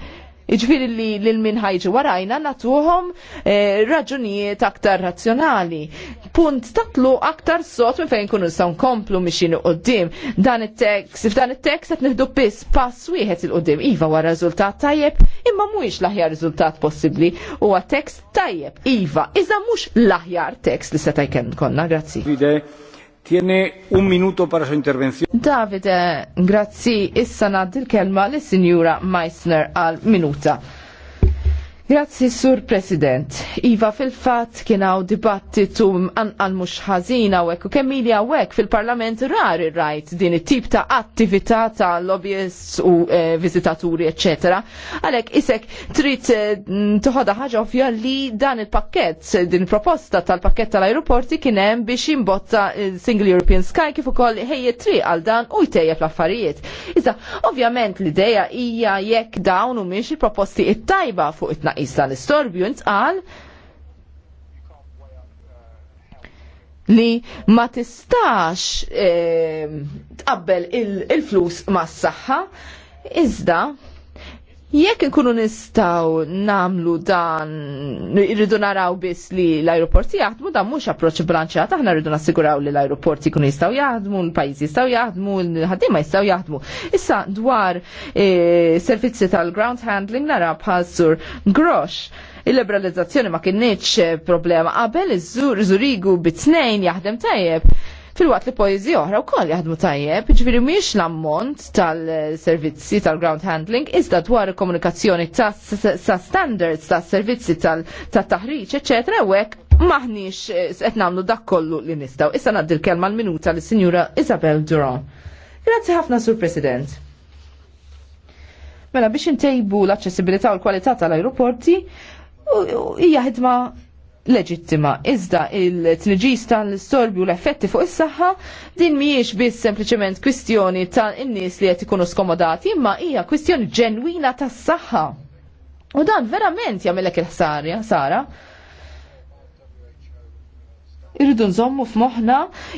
Iġviri li l-min ħajġi warajna natuħom eh, raġunijiet aktar razzjonali. Punt tatlu aktar sot minn fejn kunu saw nkomplu mixin u qoddim. Dan il-tekst, f'dan il-tekst għet nihdu biss pass wieħed il-qoddim. Iva wa rizultat tajjeb, imma mhuwiex l-aħjar riżultat possibbli. Huwa tekst tajjeb, iva, iza mhux l-aħjar tekst li setaj jkun konna, grazzi. Tiene un minuto para su intervenzione. Davide, grazzi, issa nad il-kelma l-Sinjura Meissner għal minuta. Grazzi, Sur President. Iva, fil-fat kienaw dibattitu għal mux ħazina u ekku kemmili hekk fil-parlament rar rajt din it-tip ta' attività ta' lobbyists u eh, vizitaturi, ecc. Għalek, isek trid eh, toħodha toħoda ħaġa ovvja li dan il-pakket, din proposta tal-pakket tal-aeroporti kienem biex imbotta eh, Single European Sky kif ukoll ħejje tri għal dan u jtejjeb l-affarijiet. Iza, ovvjament l-ideja hija jekk dawn u miex il-proposti it-tajba fuq it tnaqqis tal-istorbju intqal li ma tistax eh, tqabbel il-flus il ma s-saxħa, iżda Jekk ikunu nistaw namlu dan, irridu naraw biss li l-aeroporti jaħdmu, dan mhux approċċ blanċjat, aħna rridu nassiguraw li l-aeroporti jkunu jistgħu jaħdmu, l-pajjiżi jistgħu jaħdmu, l-ħaddiema jistgħu jaħdmu. Issa dwar e, servizzi tal-ground handling nara bħal sur grosh. Il-liberalizzazzjoni ma kinitx problema qabel iż-żur żurigu bit-tnejn jaħdem tajjeb fil wat li pojzi oħra wkoll jaħdmu tajjeb, ġviri miex l-ammont tal-servizzi tal-ground handling iżda dwar il-komunikazzjoni ta' standards ta' servizzi tal-taħriġ, eċetera, hekk maħniex eh, qed nagħmlu dak kollu li nistaw. Issa ngħaddi l-kelma l-minuta lis sinjura Isabel Duran. Grazzi ħafna, Sur President. Mela biex intejbu l-aċċessibilità u l-kwalità tal-ajruporti, hija ħidma leġittima. Iżda il-tniġis tal-sorbju l-effetti fuq is-saħħa din mhijiex biss sempliċement kwistjoni tal innis li qed ikunu skomodati, imma hija kwistjoni ġenwina tas-saħħa. U dan verament jagħmilek il-ħsarja, Sara. Irridu nżommu f'moħħna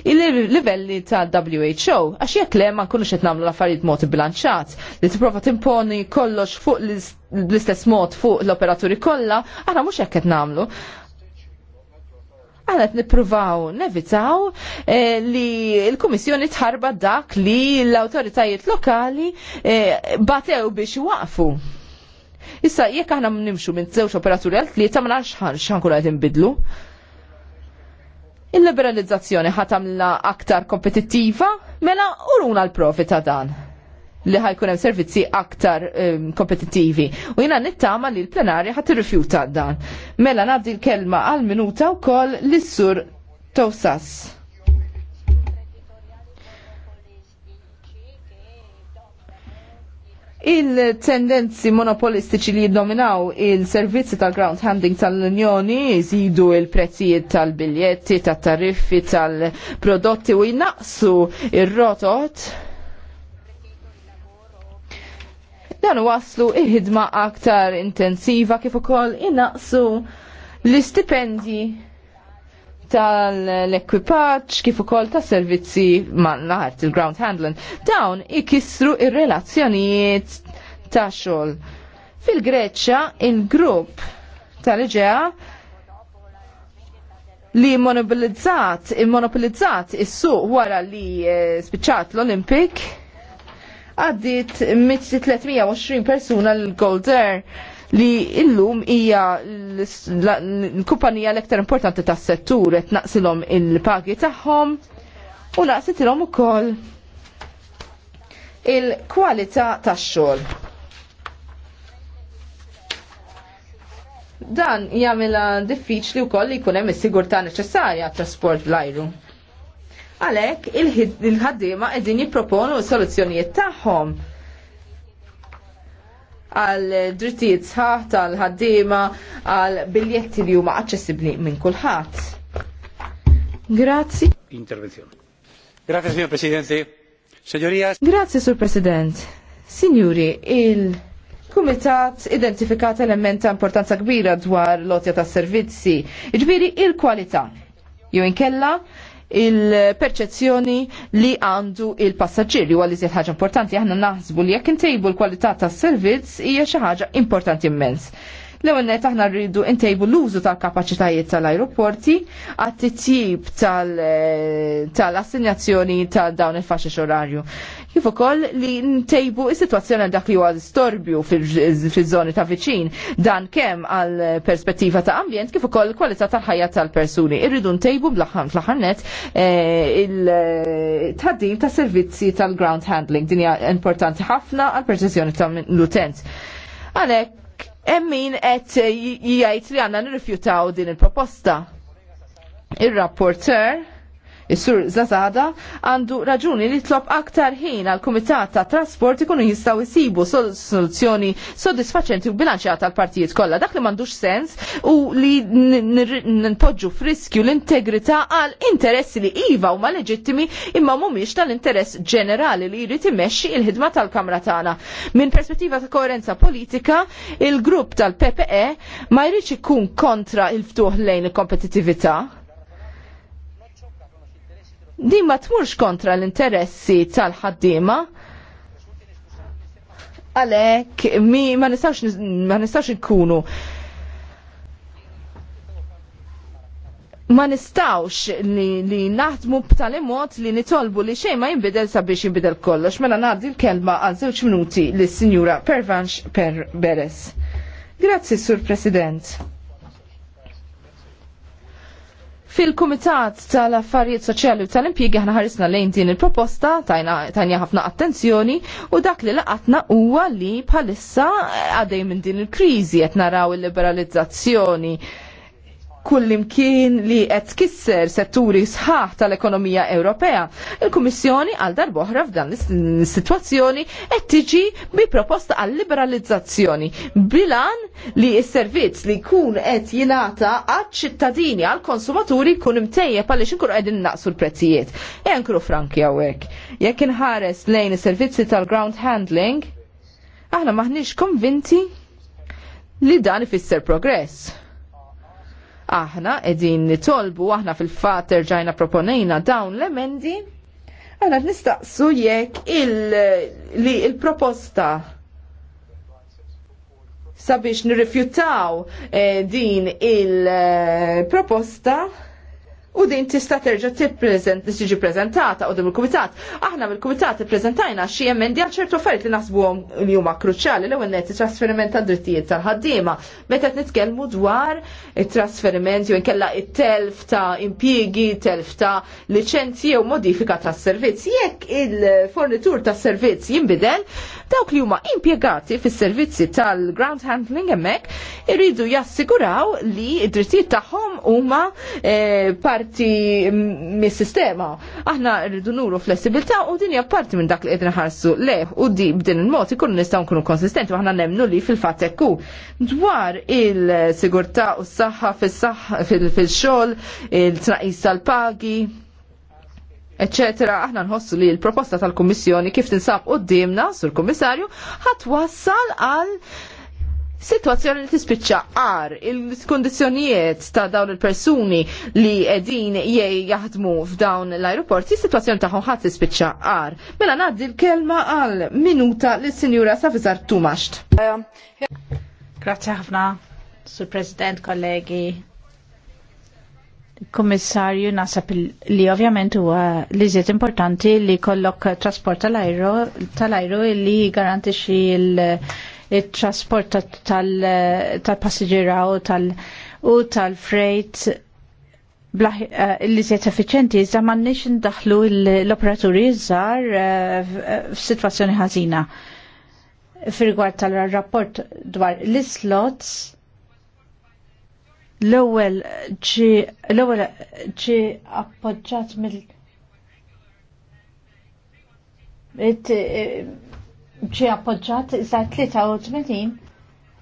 il-livelli tal-WHO għax jekk le ma nkunux qed nagħmlu l-affarijiet mod bilanċat li tipprova timponi kollox fuq l-istess mod fuq l-operaturi kollha, aħna mhux hekk qed nagħmlu Aħna qed nippruvaw nevitaw eh, li l-Kummissjoni tħarba dak li l-awtoritajiet lokali eh, batew biex waqfu. Issa jekk aħna nimxu minn żewġ operaturi għal li ma nafx ħan xankun qed inbidlu. Il-liberalizzazzjoni ħatamla aktar kompetittiva mela uruna l-profit ta' dan li ħajkun hemm servizzi aktar kompetittivi. U jiena nittama li l-plenarja ħat irrifjuta dan. Mela nabdi l-kelma għal minuta wkoll lis-sur Tosas. Il-tendenzi monopolistiċi li jiddominaw il-servizzi tal-ground handling tal-Unjoni jizidu il-prezzijiet tal-biljetti, tal-tariffi, tal-prodotti u jnaqsu il-rotot dan waslu il-ħidma aktar intensiva kif ukoll innaqsu l-istipendji tal-ekwipaġġ kif ukoll tas servizzi mal naħar il-ground handling. Dawn ikissru ir-relazzjonijiet ta' xogħol. Fil-Greċja il-grupp tal iġea li monopolizzat, il-monopolizzat is-suq wara li eh, spiċċat l-Olimpik għaddit 320 persuna l-Gold Air li illum hija l-kumpanija l-ektar importanti tas settur qed naqsilhom il-pagi tagħhom u naqsitilhom ukoll il-kwalità tax-xogħol. Dan jagħmilha diffiċli wkoll li jkun hemm is-sigurtà neċessarja għat-trasport l ajru Għalek il-ħaddima qegħdin jipproponu soluzzjonijiet tagħhom għal drittijiet sħaħ tal-ħaddima għal biljetti li huma aċċessibbli minn kulħadd. Grazzi. Intervenzjoni. Grazie, signor Presidente. Signorías. Grazie, Sur President. Signori, il Kumitat identifikat element ta' importanza kbira dwar lotja ta' servizzi, ġbiri il-kwalità. Jo inkella, il-perċezzjoni li għandu il passagġiri u għalli ħaġa importanti aħna naħsbu li jekk intejbu l-kwalità tas-servizz hija xi ħaġa importanti immens. L-ewwel net aħna rridu ntejbu l-użu tal-kapaċitajiet tal-ajruporti għat tip tal-assinjazzjoni tal eh, dawn il-faxix orarju. Kif ukoll li ntejbu is-sitwazzjoni għal dak li huwa distorbju fiż-żoni ta' viċin dan kemm għal perspettiva ta' ambjent kif ukoll kwalità tal-ħajja tal-persuni. Irridu ntejbu fl-aħħar net eh, il eh, tħaddim ta' servizzi tal-ground handling. Din hija importanti ħafna għal perċezzjoni tal-utent. Għalhekk emmin et jgħajt li għanna nirrifjutaw din il-proposta. Il-rapporter Is-sur Zazada għandu raġuni li tlob aktar ħin għal kumitat ta' trasport ikunu jistaw jisibu soluzzjoni soddisfaċenti u bilanċjata tal partijiet kollha. Dak li m'għandux sens u li npoġġu friskju l-integrità għal interessi li iva huma leġittimi imma mhumiex tal-interess ġenerali li jrid imexxi il-ħidma tal-Kamra tagħna. Minn perspettiva ta' koerenza politika, il-grupp tal-PPE ma jridx ikun kontra il-ftuħ lejn il-kompetitività Din ma tmurx kontra l-interessi tal-ħaddiema, għalek mi ma nistax ma nistax nkunu ma nistawx li, li naħdmu b'tali mod li nitolbu li xejn ma jinbidel sabiex jinbidel kollox. Mela ngħaddi l-kelma għal żewġ minuti lis sinjura Pervanx Per Beres. Grazzi, Sur President. Fil-Kumitat tal-Affarijiet Soċjali u tal-Impjiegi aħna ħarisna lejn din il-proposta tajna ħafna attenzjoni u dak li laqatna huwa li bħalissa għadej minn din il-kriżi qed naraw il-liberalizzazzjoni il liberalizzazzjoni kullimkien li qed tkisser setturi sħaħ tal-ekonomija Ewropea. Il-Kummissjoni għal darboħra f'dan is-sitwazzjoni qed tiġi bi proposta għal liberalizzazzjoni bilan li s-servizz li jkun qed jingħata għaċ-ċittadini għal konsumaturi jkun imtejjeb għaliex inkunu qegħdin naqsu l-prezzijiet. E nkru franki hawnhekk. Jekk inħares lejn is-servizzi tal-ground handling, aħna maħniex konvinti li dan ifisser progress Aħna edin nitolbu, aħna fil-fat rġajna proponejna dawn l-emendi, għana nistaqsu jekk il-proposta il sabiex nirrifjutaw eh, din il-proposta eh, u din tista' terġa' tippreżent tiġi preżentata qudiem il-kumitat. Aħna mill-kumitat ippreżentajna xi emendi għal ċertu affarijiet li naħsbuhom li huma kruċjali l-ewwel it trasferiment ta' drittijiet tal-ħaddiema. Meta qed nitkellmu dwar it-trasferiment jew inkella it-telf ta' impjiegi, telf ta' liċenzji jew modifika tas-servizz. Jekk il-fornitur tas-servizz jinbidel, dawk li huma impjegati fis-servizzi tal-ground handling hemmhekk iridu jassiguraw li id-drittijiet tagħhom huma eh, parti mm, mis-sistema. Aħna rridu nuru flessibilità u din hija parti minn dak li qed naħarsu le u di b'din il-mod ikunu nistgħu nkunu konsistenti u aħna nemnu li fil-fatt hekk Dwar il-sigurtà u s-saħħa fil-xogħol, il tnaqqis tal-pagi, eccetera, aħna nħossu li l-proposta tal-Kummissjoni kif tinsab d-dimna sur Kommissarju, ħadd wassal għal Situazzjoni li tispiċċa għar il-kondizjonijiet ta' dawn il-persuni li edin jaħdmu f'dawn l-aeroporti, situazzjoni tagħhom ħadd tispiċċa għar. Mela ngħaddi l-kelma għal minuta lis sinjura Safizar Tumaxt. Grazie ħafna, Sur President, kollegi, Kommissarju, nasab li ovvjament huwa li żiet importanti li kollok trasport tal-ajru tal-ajru li jgarantixxi il-trasport tal-passiġġiera u tal-freight li żiet effiċenti iżda m'għandniex indaħħlu l-operaturi żgħar f'sitwazzjoni ħażina. Fir-rigward tal-rapport dwar l-islots, l-ewwel ġi l-ewwel ġi appoġġjat mill eh, ġi appoġġjat sa 83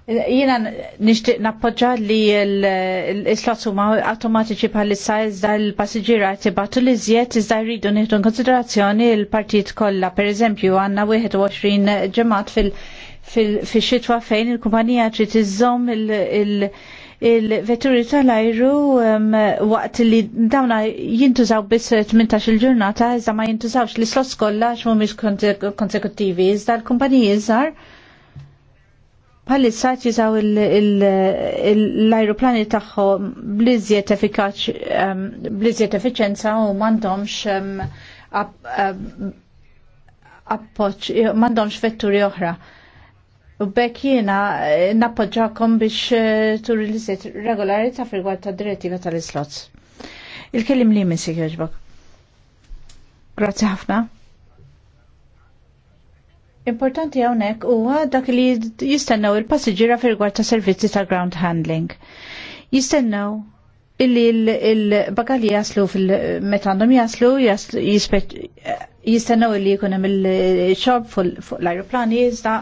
jiena nixtieq nappoġġa li l-islat huma awtomatiċi bħalissa iżda l-passiġġiera tibatu li żjed iżda jridu nieħdu konsiderazzjoni l-partit kollha. Pereżempju għandna 21 ġemat fil-xitwa fejn il-kumpanija trid iżżomm il il-vetturi tal-ajru waqt li dawna jintużaw biss 18 il-ġurnata, iżda ma jintużawx li kolla kollha x'mhumiex konsekuttivi, iżda l-kumpaniji iżgħar bħalissa jizaw l-aeroplani tagħhom bliżjed effikaċ, bliżjed efficienza u m'għandhomx appoċ, m'għandhomx vetturi oħra. U bekk jiena eh, nappoġġakom biex eh, turi li set regolari ta' fil-gwad ta' direttiva tal-islots. Il-kellim li minn sikjoġbok. Grazzi ħafna. Importanti hawnhekk huwa dak li jistennew il-passiġġiera fil-gwad ta' servizzi ta' ground handling. Jistennew illi il-bagali jaslu fil-meta għandhom jaslu, jistennaw illi jikunem il-xob fuq l-aeroplani, iżda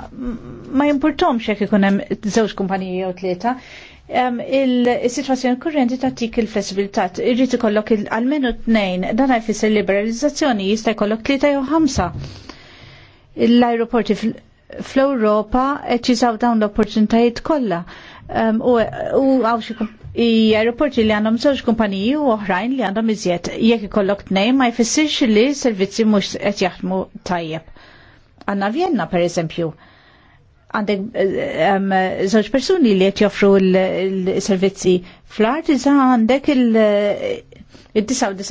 ma jimportom xek jikunem zewġ kumpaniji jew tlieta. Il-situazzjoni kurrenti tik il-flessibilità, irrid ikollok almenu tnejn, dan għaj il-liberalizzazzjoni jista' jkollok tlieta jew ħamsa. L-aeroporti fl-Europa qed jiżaw dawn l-opportunitajiet kollha. U għaw aeroporti li għandhom żewġ kumpaniji u oħrajn li għandhom iżjed. Jekk ikollok tnejn ma jfissirx li servizzi mhux qed jaħdmu tajjeb. Għandna Vienna pereżempju għandek eh, żewġ persuni li qed joffru l-servizzi fl-art iżda għandek il-99.6 eh,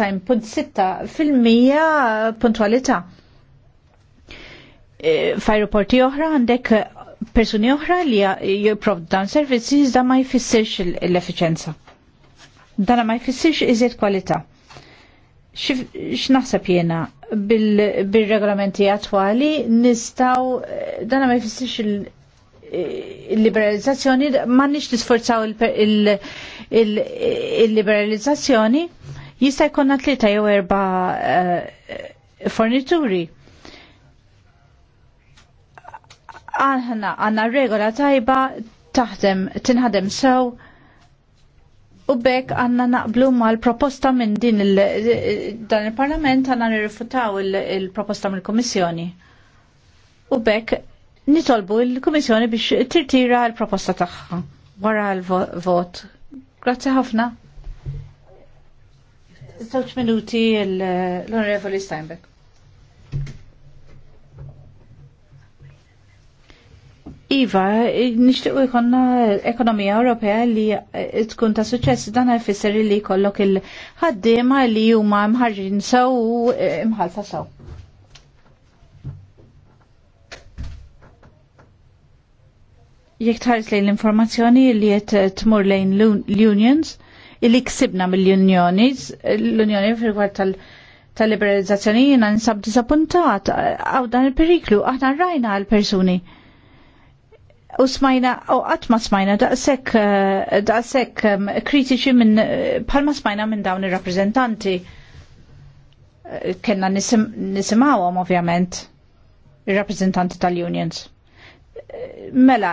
fil-mija puntwalità. Eh, F'ajruporti oħra għandek persuni oħra li jiprov dan servizzi iżda ma jfissirx l-efficienza. Dan ma jfissirx iżjed kwalità. X'naħseb jiena bil-regolamenti attwali nistaw dan ma jfissirx il-liberalizzazzjoni ma nix nisforzaw il-liberalizzazzjoni jista' jkollna tlieta jew erba' eh, fornituri aħna għanna regola tajba taħdem tinħadem sew u bekk għanna naqblu mal-proposta minn din il dan il-parlament għanna nirrifutaw il-proposta il mill-komissjoni. U bekk nitolbu il-komissjoni biex tirtira il-proposta tagħha wara l-vot. Grazzi ħafna. Żewġ minuti l-Onorevoli Steinbeck. Iva, nishtiqu ikonna ekonomija Ewropea li eh, tkun ta' suċess dan jfisser li kollok il-ħaddiema li huma mħarġin sew u eh, mħalsa sew. Jekk tħarż lejn l-informazzjoni li qed tmur lejn l-unions, li ksibna mill unjoni l-unjoni fil-gwar tal- tal-liberalizzazzjoni jiena nisab disappuntat għaw dan il-periklu, aħna rajna għal-persuni. U smajna, u għatma smajna, daqsek, eh, daqsek eh, kritiċi minn, eh, palma smajna minn dawn il-rappresentanti. Kenna nisimawom, ovvjament, il-rappresentanti tal-unions. Mela,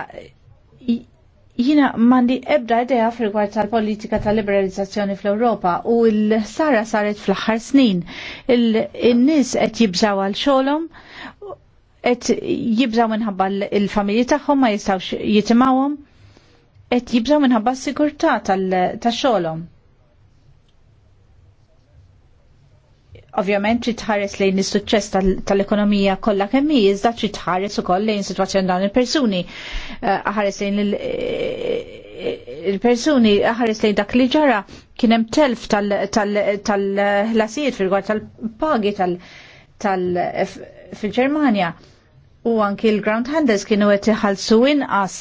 jina mandi ebda ideja fil tal-politika tal-liberalizzazzjoni fl-Europa u l-sara saret fl ħar snin. Il-nis qed jibżaw għal xolom, et jibżaw minħabba il-familji tagħhom ma jistawx jitimawhom et jibżaw minħabba s-sigurtà tax-xogħolhom. Ovvjament trid tħares lejn is-suċċess tal-ekonomija kollha kemm hi, iżda trid tħares ukoll lejn sitwazzjoni dawn il-persuni. Eh, ħares lejn eh, il-persuni, ħares lejn dak li ġara kien hemm telf tal-ħlasijiet fil-gwar tal-pagi tal-fil-Ġermanja. tal tal, tal tal tal, ġermanja u anki l-ground handles kienu qed iħallsu inqas.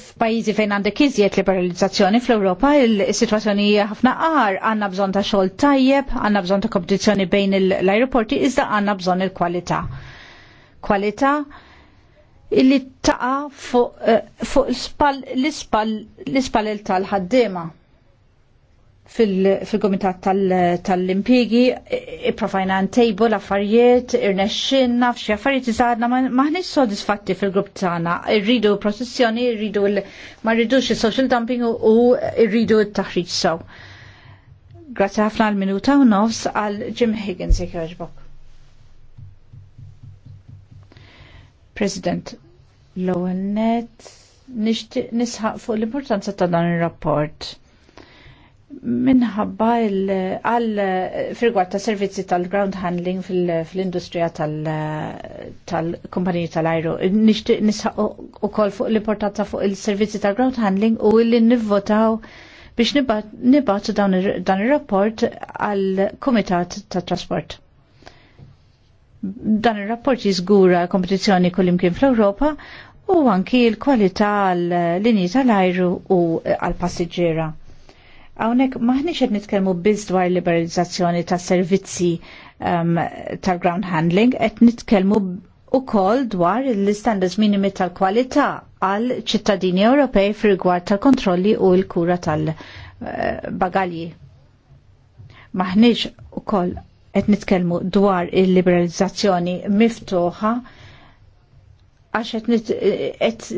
F'pajjiżi fejn għandek iżjed liberalizzazzjoni fl-Ewropa, il-sitwazzjoni hija ħafna qar, għandna bżonn ta' xogħol tajjeb, għandna bżonn ta' kompetizzjoni bejn l-ajruporti, iżda għandna bżonn il-kwalità. Kwalità illi taqa' fuq eh, l-ispall l-ispall tal-ħaddiema fil-Komitat tal-Impigi, iprofajna ntejbu l-affarijiet, irnexxinna f'xi affarijiet ma maħniex sodisfatti fil-grupp tagħna. Irridu processjoni, irridu ma rridux is-social dumping u rridu t-taħriġ so. Grazzi ħafna għal minuta u nofs għal Jim Higgins jekk jogħġbok. President, l-ewwel net nisħaq fuq l-importanza ta' dan ir-rapport minħabba għal firgwat ta' servizzi tal-ground handling fil-industrija tal-kumpaniji tal-ajru. Nishtiq nisħaq u kol fuq l-importanza fuq il-servizzi tal-ground handling u illi nivvotaw biex nibbatu dan il-rapport għal komitat ta' trasport. Dan il-rapport jizgura kompetizjoni kullimkien fl-Europa u anki l-kwalità l linji tal-ajru u għal passiġġiera Hawnhekk maħniex qed nitkellmu biss dwar liberalizzazzjoni ta' servizzi um, tal-ground handling, qed nitkellmu kol dwar l-istandards minimi tal-kwalità għal ċittadini Ewropej fil-gwar tal-kontrolli u l-kura tal-bagalji. Maħniex ukoll qed nitkellmu dwar il-liberalizzazzjoni miftuħa għax qed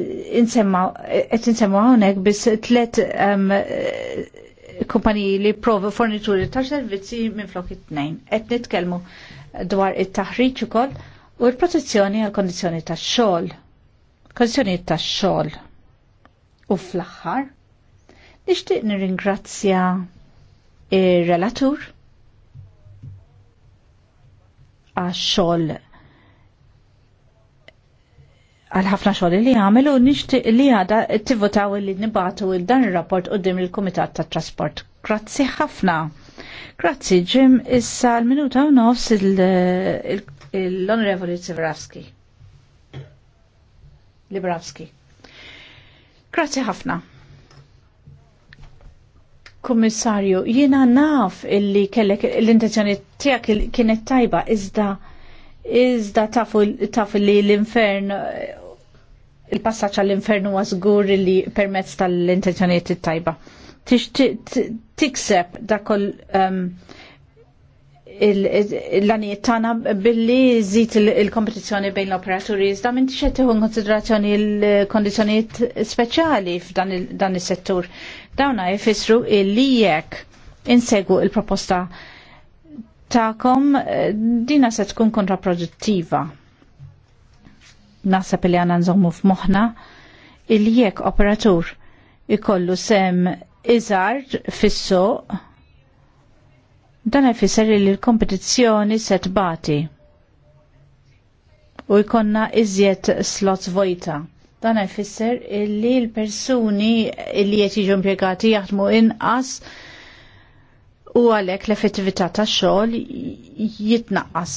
insemma hawnhekk biss tliet um, kumpaniji li provu fornituri ta' servizzi minn flok it-tnejn. Et nitkellmu dwar it-taħriġ ukoll u l-protezzjoni għal kondizzjoni ta' xogħol. Kondizjoni ta' xogħol. U fl-aħħar, nixtieq nirringrazzja ir-relatur għax xogħol għal ħafna xogħol li għamel u nixtieq li għada tivvotaw li nibatu il dan ir-rapport qudiem il-Kumitat tat-Trasport. Grazzi ħafna. Grazzi Jim, issa l-minuta u nofs l-Onorevoli Zivrawski. Librawski. Grazzi ħafna. Kommissarju, jiena naf illi kellek l-intenzjoni tiegħek kienet tajba iżda iżda tafu li l-infern il-passaċ għall-infernu għazgur li permezz tal-intenzjoniet tajba. Tikseb dakol um, l-għaniet tana billi zit il-kompetizjoni bejn l-operaturi, iżda minn tixet tiħu konsiderazzjoni l-kondizjoniet speċjali f'dan il-settur. Dawna jfissru li jekk insegu il-proposta ta'kom eh, dina se tkun kontraproduttiva naħseb li għana nżommu f'moħħna il jekk operatur ikollu sem iżgħar fis-suq dan ifisser li l-kompetizzjoni se bati u jkonna iżjed slots vojta. Dan ifisser li l-persuni li qed jiġu impjegati jaħdmu inqas u għalhekk l-effettività tax-xogħol jitnaqqas.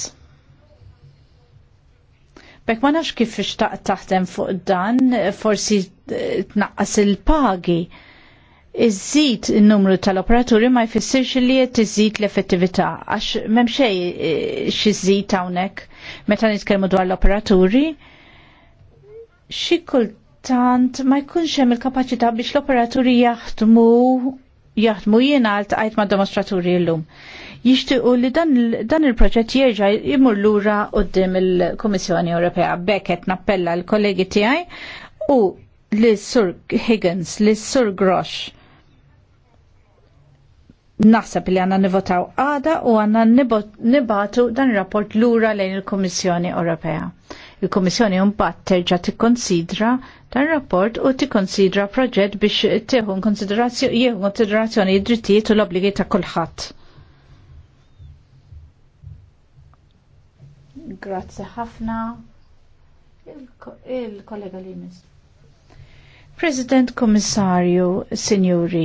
Bek ma nafx kif ixtaq taħdem fuq dan, forsi eh, tnaqqas il-pagi. Iżżid il-numru tal-operaturi ma jfissirx li jett iżid l-effettività għax m'hemm xejn eh, xi żid hawnhekk meta nitkellmu dwar l-operaturi. Xi kultant ma jkunx hemm il-kapaċità biex l-operaturi jaħdmu jaħdmu jiena għajt ma' demonstraturi llum jixtiequ li dan il-proġett jerġa' jimur lura qudiem il-Kummissjoni Ewropea beket qed nappella l-kollegi tiegħi u li Sur Higgins, li Sur Grosh naħseb li għanna nivotaw għada u għanna nibatu dan rapport lura lejn il-Komissjoni Ewropea. Il-Komissjoni mbagħad terġa' tikkonsidra dan rapport u tikkonsidra proġett biex tieħu konsiderazzjoni jieħu konsiderazzjoni drittijiet u l-obbligi ta' kulħadd. Grazzi ħafna. Il-kollega il Limis. President Komissarju, Signori,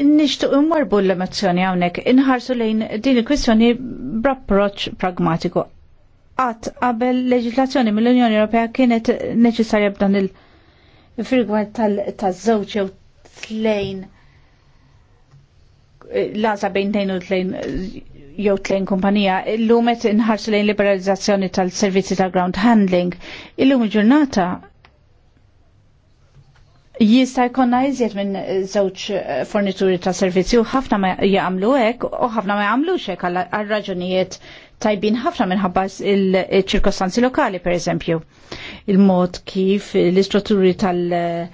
nishtuq imwarbu l-emozzjoni għawnek, inħarsu lejn din il-kwistjoni brapproċ pragmatiku. Għat qabel leġislazzjoni mill-Unjoni Ewropea kienet neċessarja b'dan il-frigwant tal-żewġ jew tlejn laza bejn tejn u tlejn jew tlejn kumpanija, illum qed inħarsu lejn liberalizzazzjoni tal-servizzi ta' ground handling. Illum il-ġurnata jista' jkollna iżjed minn żewġ eh, fornituri ta' servizzi u ħafna ma jagħmlu hekk u ħafna ma jagħmlux hekk għal raġunijiet tajbin ħafna minħabba il-ċirkostanzi lokali, per eżempju. Il-mod kif l-istrutturi tal-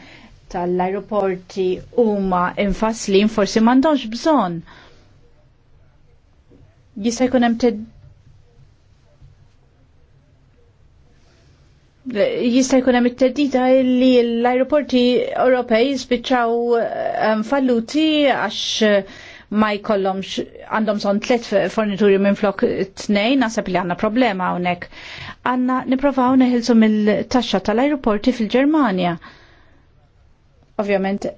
tal-aeroporti huma infaslin forsi m'għandhomx bżonn jista' jkun hemm jista' jkun hemm it-teddida li l-ajruporti Ewropej spiċċaw ehm, falluti għax eh, ma jkollhomx għandhom son tliet fornituri minn flok tnejn naħseb li għandna problema hawnhekk. Għandna nipprovaw neħilsu mill-taxxa tal-ajruporti fil-Ġermanja. Ovvjament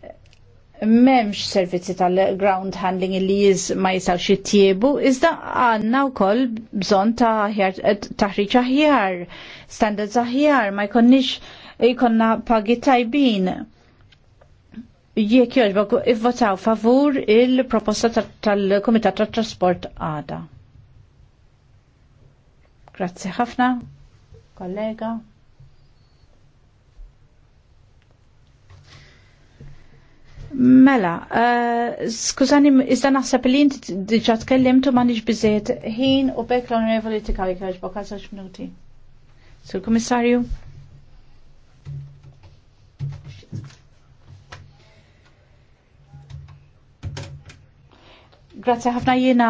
memx servizzi tal-ground handling li jiz ma jisaw xittiebu, iżda għanna u koll bżon taħriċ aħjar, standards aħjar, ma jkonnix jkonna pagi tajbin. Jek joġbok, ivvotaw favur il-proposta tal-Komitat tal-Trasport għada. Grazie ħafna, kollega. Mela, uh, skużani, iżda naħseb li inti diġa tkellimtu ma nix bizziet ħin u bekk l-onorevoli tikaw jgħax bokazax minuti. Sur komissarju? Grazie ħafna jiena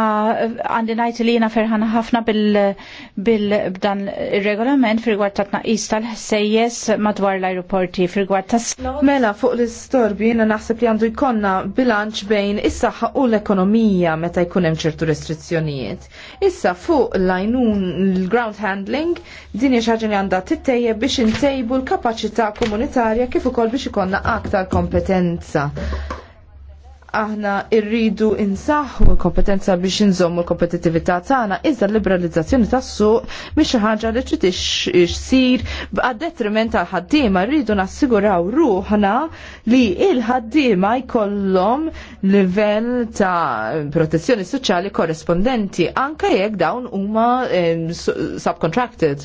għandi ngħid li jiena ferħana ħafna bil-bdan ir-regolament fil-gwad ta' tnaqis tal-ħsejjes madwar l-ajruporti fil tas Mela fuq l-istorbi jiena naħseb li għandu jkollna bilanċ bejn is-saħħa u l-ekonomija meta jkun hemm ċertu restrizzjonijiet. Issa fuq l-għajnun l-ground handling din hija xi ħaġa li għandha tittejjeb biex intejbu l-kapaċità komunitarja kif ukoll biex ikollna aktar kompetenza aħna irridu insaħħu l-kompetenza biex inżommu l-kompetitività tagħna iżda l-liberalizzazzjoni tas-suq mhix xi ħaġa li trid issir għad-detriment tal-ħaddiema rridu nassiguraw ruħna li il-ħaddiema jkollhom livell ta' protezzjoni soċjali korrespondenti anke jekk dawn huma subcontracted.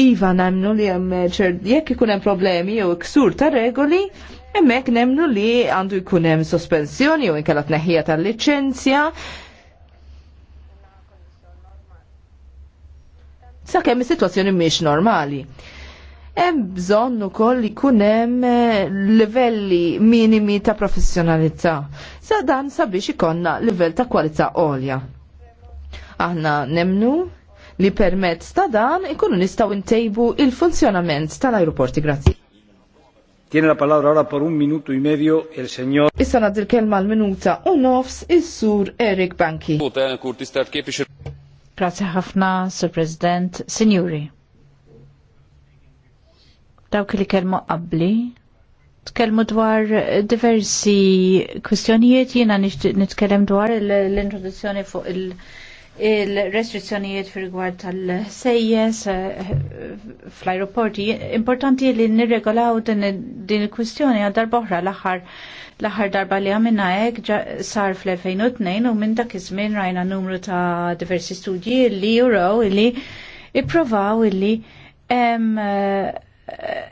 Iva, namnu li jem ċert, jekk ikun hemm problemi jew ksur ta' regoli, Emmek nemnu li għandu jkun hemm sospensjoni u inkella tneħħija tal-liċenzja. Sakemm is-sitwazzjoni mhix normali. Hemm bżonn ukoll li jkun hemm eh, livelli minimi ta' professjonalità. Sa dan sabiex ikonna livell ta' kwalità għolja. Aħna nemnu li permezz ta' dan ikunu nistgħu ntejbu il-funzjonament tal-ajruporti. Grazzi. Tiene la palabra ahora por un minuto y medio el señor. Issa nadil kelma l-minuta u nofs is-sur Erik Banki. Eh, Grazie ħafna, Sir President, Signori. Dawk li kelmu qabli, tkellmu dwar diversi kwistjonijiet jiena nitkellem dwar l-introduzzjoni fuq il- il-restrizzjonijiet fil rigward tal-sejjes eh, fl-aeroporti. Importanti li nirregolaw din il-kwistjoni għaddar boħra l-aħħar l-aħħar darba li għamina hekk sar fl-2002 u minn dak iż-żmien rajna numru ta' diversi studji li juraw li ippruvaw li hemm eh,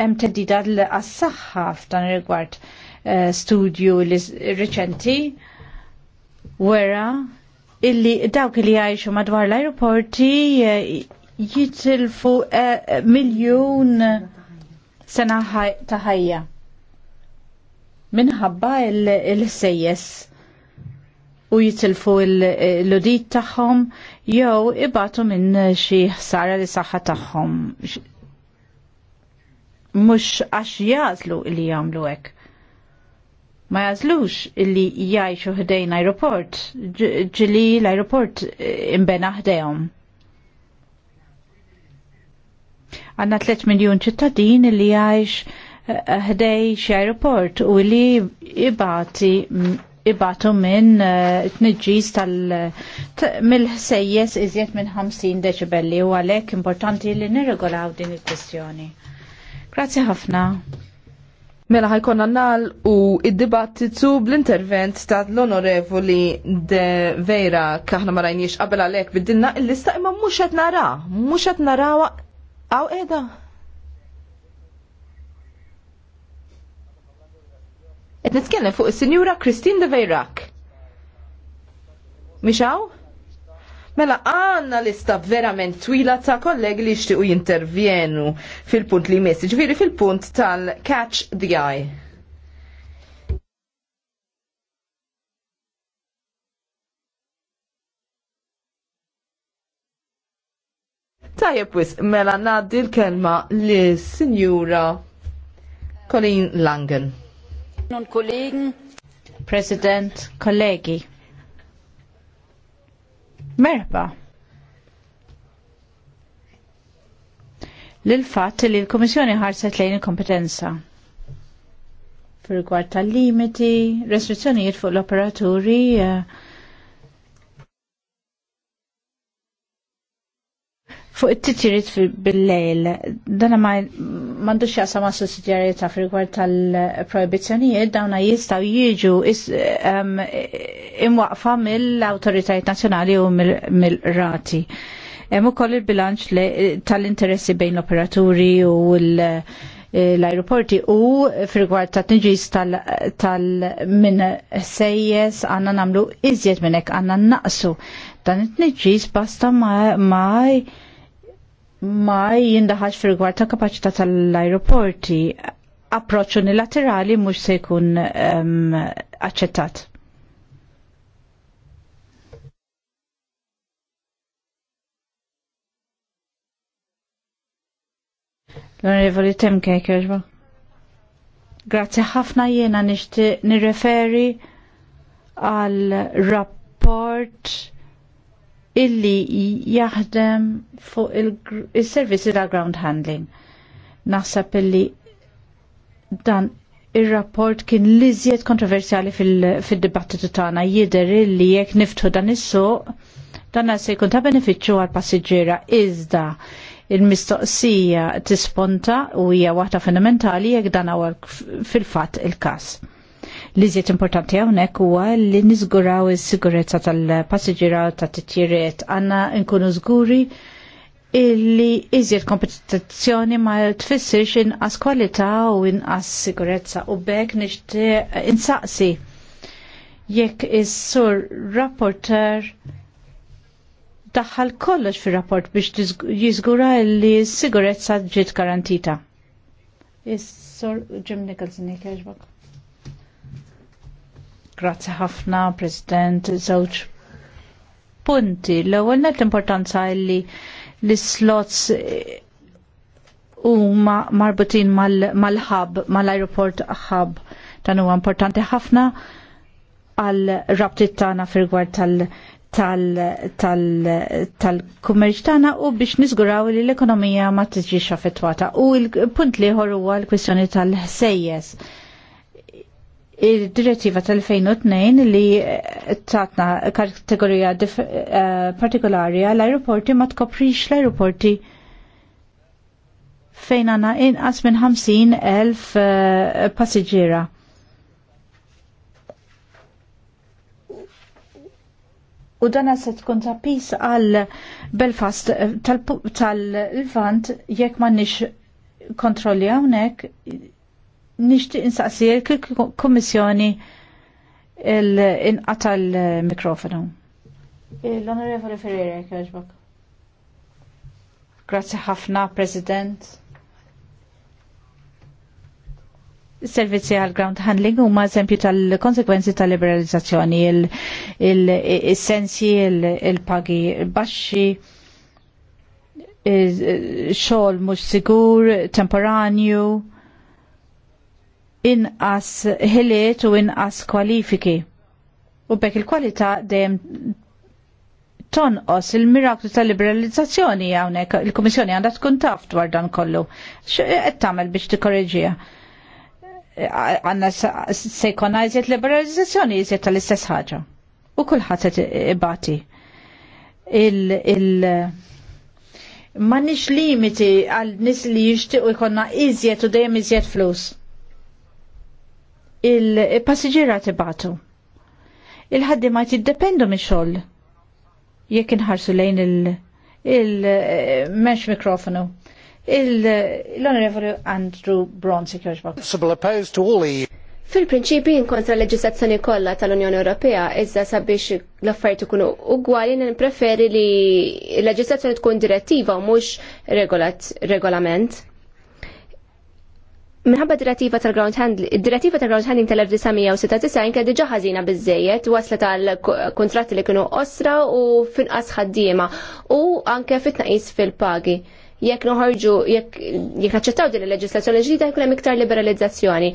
hemm teddida għas-saħħa f'dan rigward eh, studju li riċenti wera illi dawk li jgħixu madwar l-aeroporti eh, jitilfu eh, miljon sena ta' ħajja minħabba il-sejjes u jitilfu l-udit tagħhom jew ibatu minn xi ħsara li saħħa tagħhom Mux għax jażlu li jagħmlu hekk ma jazlux illi jajxu ħdejn aeroport, ġili l-aeroport eh, imbena ħdejhom. Għanna 3 miljon ċittadin illi jajx eh, ħdej xi aeroport u illi ibati ibatu minn eh, tniġġis tal mill-ħsejjes iżjed minn 50 deċibelli u għalhekk importanti li nirregolaw din il-kwestjoni. Grazzi ħafna. Mela ħajkonna nal u id-dibattitu bl-intervent ta' l-onorevoli de Vera kaħna ma rajniex qabel għalek bid-dinna il-lista imma muxet qed nara, muxet qed għaw edha. Qed nitkellem fuq is-Sinjura Christine de Vejrak. Mishaw? Mela għanna lista verament twila ta' kollegi li jixtiequ jintervjenu fil-punt li messi ġviri fil-punt tal-catch the eye. Tajjeb wis, mela naddi l-kelma li sinjura Colleen Langen. Non kollegen. President, kollegi. Merba. Lil-fatt li l-Komissjoni ħarset lejn il-kompetenza fir rigward tal-limiti, restrizzjonijiet fuq l-operaturi uh, Fuq it-titjiriet bil-lejl, dana mandu jasa ma' sussidjarieta fil rigward tal-prohibizjonijiet, dawna jistaw jieġu imwaqfa mill-autoritajiet nazjonali u mill-rati. Hemm ukoll il-bilanċ tal-interessi bejn l-operaturi u l- l-aeroporti u fil-rigward ta' tinġis tal-min sejjes għanna namlu iżjed minnek għanna naqsu. Dan it-tinġis basta ma' ma jindaħax fil rigward ta' kapacità tal-aeroporti approċċ unilaterali mhux se jkun aċċettat. L-Onorevoli Temke, kjerġba. Grazie ħafna jiena nixti nirreferi għal rapport illi jaħdem fuq il-servizzi ta' ground handling. Naħseb illi dan il-rapport kien liżjed kontroversjali fil-dibattitu fil tagħna jidher illi jekk niftħu dan is-suq dan se jkun ta' benefiċċju għal passiġġiera iżda il-mistoqsija tisponta u hija waħda fundamentali jekk dan għal fil-fatt il-każ. Li ziet importanti hawnhekk huwa li niżguraw is-sigurezza tal-passiġġiera tat-titjiriet għandna nkunu żguri illi iżjed kompetizzjoni ma tfissirx inqas kwalità u inqas sigurezza u bekk nixtieq insaqsi jekk is-sur rapporter daħal kollox fir rapport biex jiżgura li s-sigurezza ġiet garantita. Is-sur Jim Nicholson jekk Grazzi ħafna, President, żewġ punti. L-ewwel net l-importanza li l-slots eh, huma marbutin mal-ħab, mal ajruport ħab dan huwa importanti ħafna għal rabtit tagħna fir tal- tal- tal-kummerċ tagħna u biex niżguraw li l-ekonomija ma tiġix affettwata. U l-punt liħor huwa l-kwistjoni tal-ħsejjes. tal tal ħsejjes il-direttiva tal-2002 li tatna kategorija eh, partikolari għal aeroporti ma tkoprix l-aeroporti fejn għana inqas minn 50.000 eh, passiġġiera. U dan se tkun ta' pis għal Belfast eh, tal-Levant jekk ma nix kontrolli hawnhekk nixtieq insaqsir kummissjoni il-inqata l-mikrofonu. L-Onorevole Ferreira, kħeġbak. Grazie ħafna, President. Servizzi għal ground handling huma eżempju tal-konsekwenzi tal-liberalizzazzjoni, il-sensi, il-pagi baxxi, xogħol mhux sigur, temporanju inqas ħiliet u inqas kwalifiki. U bekk il-kwalità dejjem tonqos il-miraklu tal-liberalizzazzjoni hawnhekk il-Kummissjoni għandha tkun taf dwar dan kollu. X'qed tagħmel biex tikkoreġija? Għanna se jkollna iżjed liberalizzazzjoni iżjed tal-istess ħaġa. U kulħadd qed ibati. il, il limiti għal nis li jishtiqu jkonna iżjed u dejjem iżjed flus il-passiġira tibatu. Il-ħaddima tiddependu mi xoll. Jekk inħarsu lejn il- il-menx mikrofonu. Il-Honorable Andrew Bronsik kjoġbak. E Fil-prinċipi inkontra l-leġislazzjoni kollha tal-Unjoni Ewropea, iżda sabiex l-affarijiet ikunu ugwali nippreferi li l-leġislazzjoni tkun direttiva u mhux regolament. Minħabba direttiva tal-ground handling, direttiva tal-ground handling tal-1996 kien diġa ħażina biżejjed wasla tal-kontratti li kienu osra u finqas ħaddiema u anke fit-tnaqis fil-pagi. Jekk noħorġu, jekk naċċettaw din il-leġislazzjoni ġdida jkun hemm iktar liberalizzazzjoni.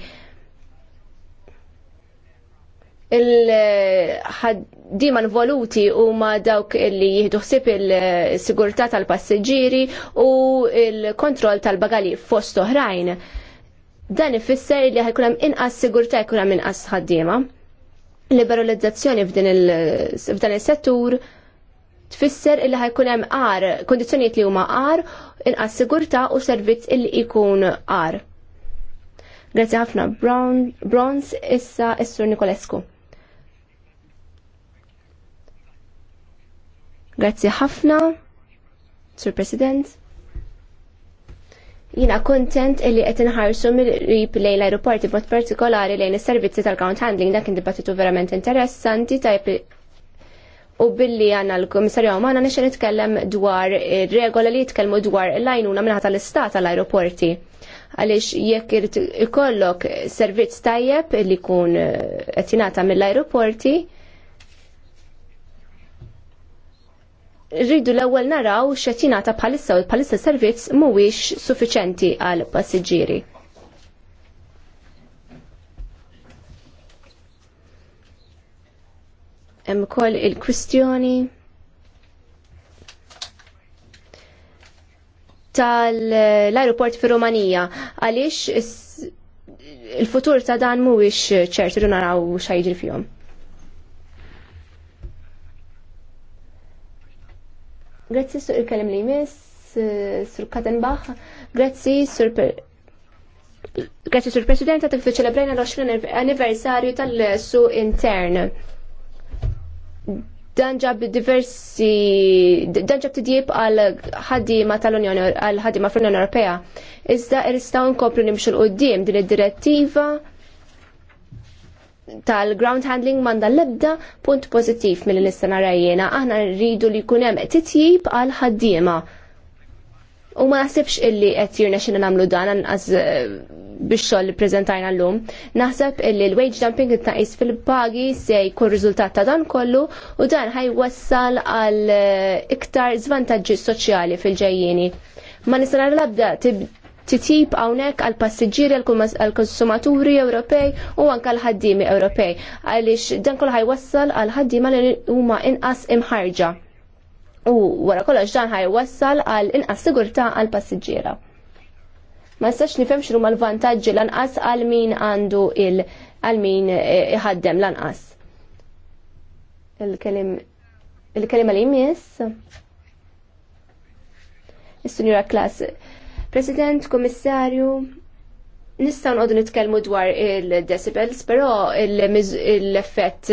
Il-ħaddiema involuti huma dawk li jieħdu ħsieb il-sigurtà tal-passiġġieri u il-kontroll tal-bagali fost oħrajn. Dan ifisser li ħajkun hemm inqas sigurtà jkun hemm inqas ħaddiema. Liberalizzazzjoni f'dan is-settur tfisser illi ħajkun hemm qar, kondizzjonijiet li huma qar, inqas sigurtà u servizz illi jkun qar. Grazzi ħafna Bronze issa Essur Nikolescu. Grazzi ħafna, Sur President jina kontent illi qed inħarsu mill-rib lejn l-aeroporti b'mod partikolari lejn is-servizzi tal-ground handling dak kien dibattitu verament interessanti tajb u billi għanna l-komissarju għamana nixen nitkellem dwar regola li jitkellmu dwar l-lajnuna minna tal-istat tal-aeroporti. Għalix jekk ikollok servizz tajjeb li kun eh, għetinata mill-aeroporti, rridu l-ewwel naraw x'qed jingħata bħalissa u bħalissa servizz mhuwiex suffiċenti għal passiġġieri. Hemm ukoll il-kwistjoni tal-aeroport fi Rumanija għaliex il-futur ta' dan mhuwiex ċertu irdu naraw x'għajġri fihom. Grazzi sur il-kelem li jmiss, eh, sur Katenbach, grazzi sur Grazie sur Presidente, ta' tiftu ċelebrajna l-20 anniversarju tal-su intern. Dan ġab diversi, dan ġab tidjib għal ma tal-Unjoni, għal ħadima fl-Unjoni Ewropea. Iżda irristaw nkopru nimxu l-qoddim din id-direttiva tal-ground handling manda l-ebda punt pozittiv mill l-istana rajjena. Aħna rridu li kunem titjib għal ħaddiema. U ma nasibx illi qed jirna xina namlu dan għaz eh, biex xoll li prezentajna l-lum. Naħseb illi l-wage dumping it-naqis fil-pagi se jkun riżultat ta' dan kollu u dan ħajwassal għal eh, iktar zvantaġġi soċjali fil ġejjini Ma nista l-abda titjib hawnhekk għal passiġġieri għal konsumaturi Ewropej u anke għal ħaddimi Ewropej għaliex dan kolħaj ħajwassal għal ħaddiema li huma inqas imħarġa. U wara kollox dan ħajwassal għal inqas sigurtà għal passiġġiera ma nistax nifhem x'ru l-vantaġġi lanqas għal min għandu il għal min eh, iħaddem lanqas. Il-kelim il-kelima li jmiss. is President, Komissarju, nistaw nqogħdu nitkellmu dwar il-decibels, però l-effett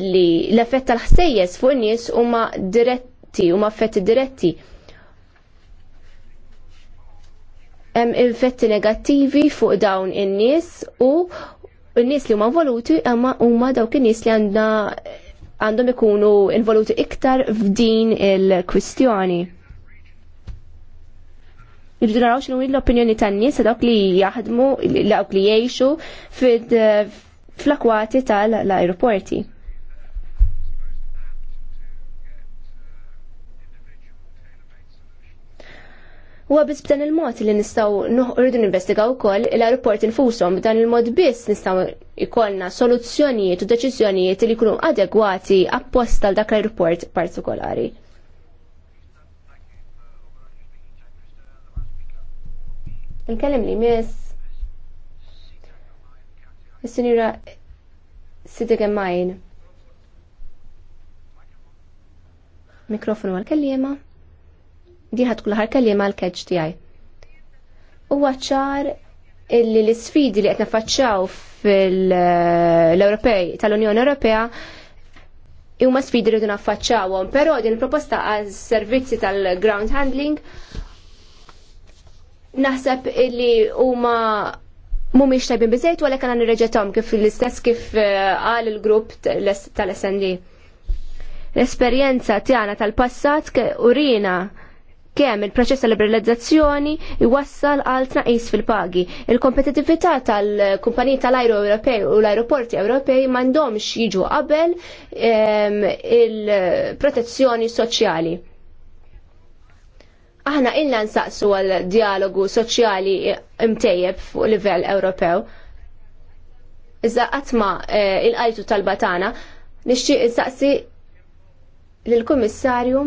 li l-effett tal-ħsejjes fuq in-nies huma diretti, huma effetti diretti. Hemm effetti negattivi fuq dawn in-nies u n-nies li huma involuti huma huma dawk in-nies li għandna għandhom ikunu involuti iktar f'din il-kwistjoni. Irridu naraw x'inhu l-opinjoni tan-nies dawk li jaħdmu dawk li jgħixu eh, fl-akwati tal-ajruporti. Huwa biss b'dan il-mod li nistgħu rridu ninvestigaw ukoll l-aeroport infushom b'dan il-mod biss nistgħu ikollna soluzzjonijiet u deċiżjonijiet li jkunu adegwati apposta għal dak l-aeroport partikolari. Nkellem li miss. Is-sinjura Sidik Emmajn. Mikrofonu għal-kellima. Diħat kull ħar kellima għal-keċ tijaj. U għacċar illi l-sfidi li qed naffaċċaw fil europej tal-Unjoni Ewropea huma sfidi rridu naffaċċawhom, però din il-proposta għaż servizzi tal-ground handling naħseb illi huma mumiex tajbin bizzejt u għalek għan nirreġetom kif l-istess kif għal eh, il-grupp tal-SND. L-esperienza tijana tal-passat urina kemm il-proċess tal liberalizzazzjoni wassal għal tnaqis fil-pagi. Il-kompetitività tal-kumpaniji tal-ajru Ewropej u l-aeroporti Ewropej mandomx jiġu qabel ehm, il-protezzjoni soċjali aħna illa nsaqsu għal dialogu soċjali imtejjeb fuq livell Ewropew. Iżda qatma eh, il-qajtu tal-batana, nixtieq nsaqsi lill-Kummissarju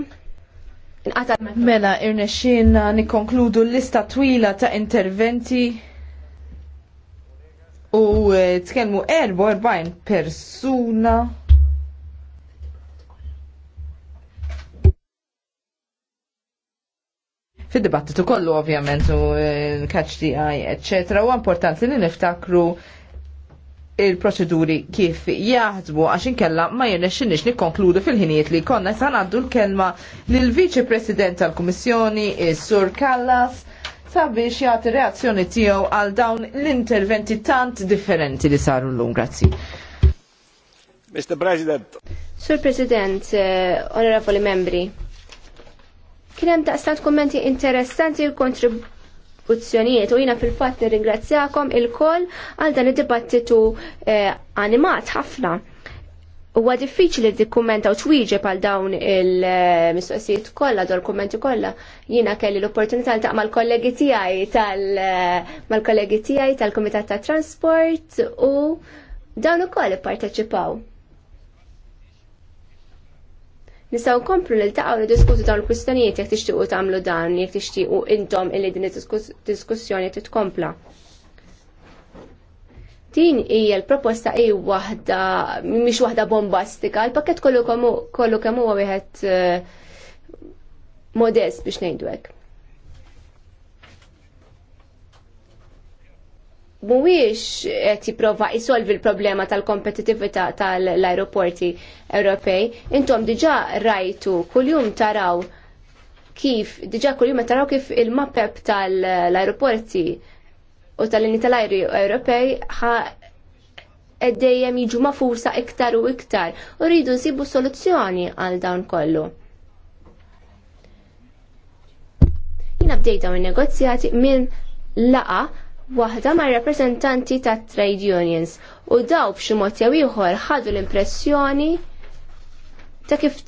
Mela, irnexxina nikkonkludu l-lista twila ta' interventi u eh, tkellmu 44 persuna. fid-dibattitu kollu ovvjament u eh, catch the eye, eccetera, u importanti li niftakru il-proċeduri kif jaħdmu għax inkella ma jirnexxinix nikkonkludu fil-ħinijiet li konna sa għaddu l-kelma l viċi President tal-Kummissjoni, Sur Kallas, sabiex jagħti reazzjoni tiegħu għal dawn l-interventi tant differenti li saru llum. Grazzi. Mr. President. Sur President, eh, onorevoli membri, Kien hemm daqstant kummenti interessanti u kontribuzzjonijiet u jiena fil-fatt nirringrazzjakom il-koll għal dan id-dibattitu eh, animat ħafna. Huwa diffiċli dikkumenta u twieġeb għal dawn il-mistoqsijiet kollha dwar kummenti kollha. Jiena kelli l-opportunità li taqma' l-kollegi tiegħi tal mal-kollegi tiegħi tal-Kumitat tat Transport u dawn ukoll ipparteċipaw. Nistaw komplu li l-taqaw li diskutu dawn il kustanijiet jek tixtiqu tagħmlu dan, jek tixtiqu intom illi din id-diskussjoni titkompla. Din hija l-proposta hi waħda mhix waħda bombastika, l pakket kollu kollu kemm huwa wieħed eh, modest biex ngħidu hekk. mhuwiex qed jipprova jsolvi l-problema tal-kompetitività tal-aeroporti Ewropej. Intom diġà rajtu kuljum taraw kif diġà kuljum taraw kif il-mappep tal-aeroporti u tal-inni tal-ajri Ewropej ħa dejjem jiġu mafusa iktar u iktar u rridu nsibu soluzzjoni għal dawn kollu. Jina bdejta minn negozjati minn laqa waħda ma' rappresentanti ta' trade unions u daw b'xi mod jew ieħor ħadu l-impressjoni ta' kif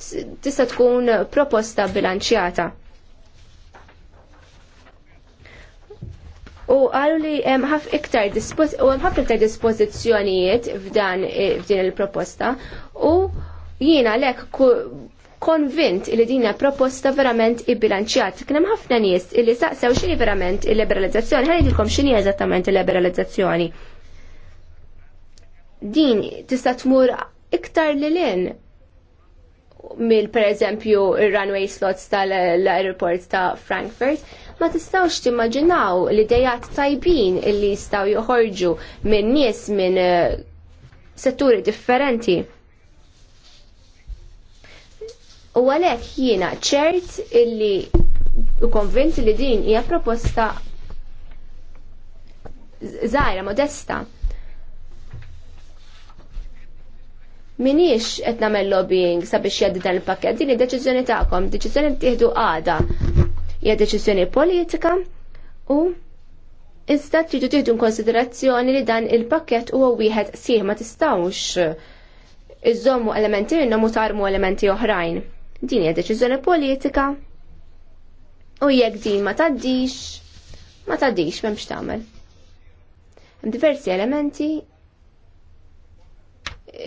tista' tkun proposta bilanċjata. U għalu li hemm ħaf iktar u hemm ħafna iktar dispożizzjonijiet f'dan f'din il-proposta u jiena lek konvint li dinja proposta verament ibbilanċjat. Kien hemm ħafna nies illi saqsew xini verament il-liberalizzazzjoni, ħa dilkom x'inhi eżattament il-liberalizzazzjoni. Din tista' tmur iktar li lin mill per eżempju il runway slots tal-aeroport ta' Frankfurt, ma tistawx timmaġinaw li dejat tajbin illi jistaw joħorġu minn nies minn eh, setturi differenti. U għalek jiena ċert illi u konvint li din hija proposta zaħira modesta. Minix qed nagħmel lobbying sabiex jgħaddi dan il-pakket, din id-deċiżjoni tagħkom, deċiżjoni tieħdu għada. Hija deċiżjoni politika u iżda tridu tieħdu konsiderazzjoni li dan il-pakket huwa wieħed sieħ ma tistgħux iżommu elementi minnhom u tarmu elementi oħrajn. Din hija deċiżjoni politika u jekk din ma taddix, ma taddix m'hemmx tagħmel. Hemm diversi elementi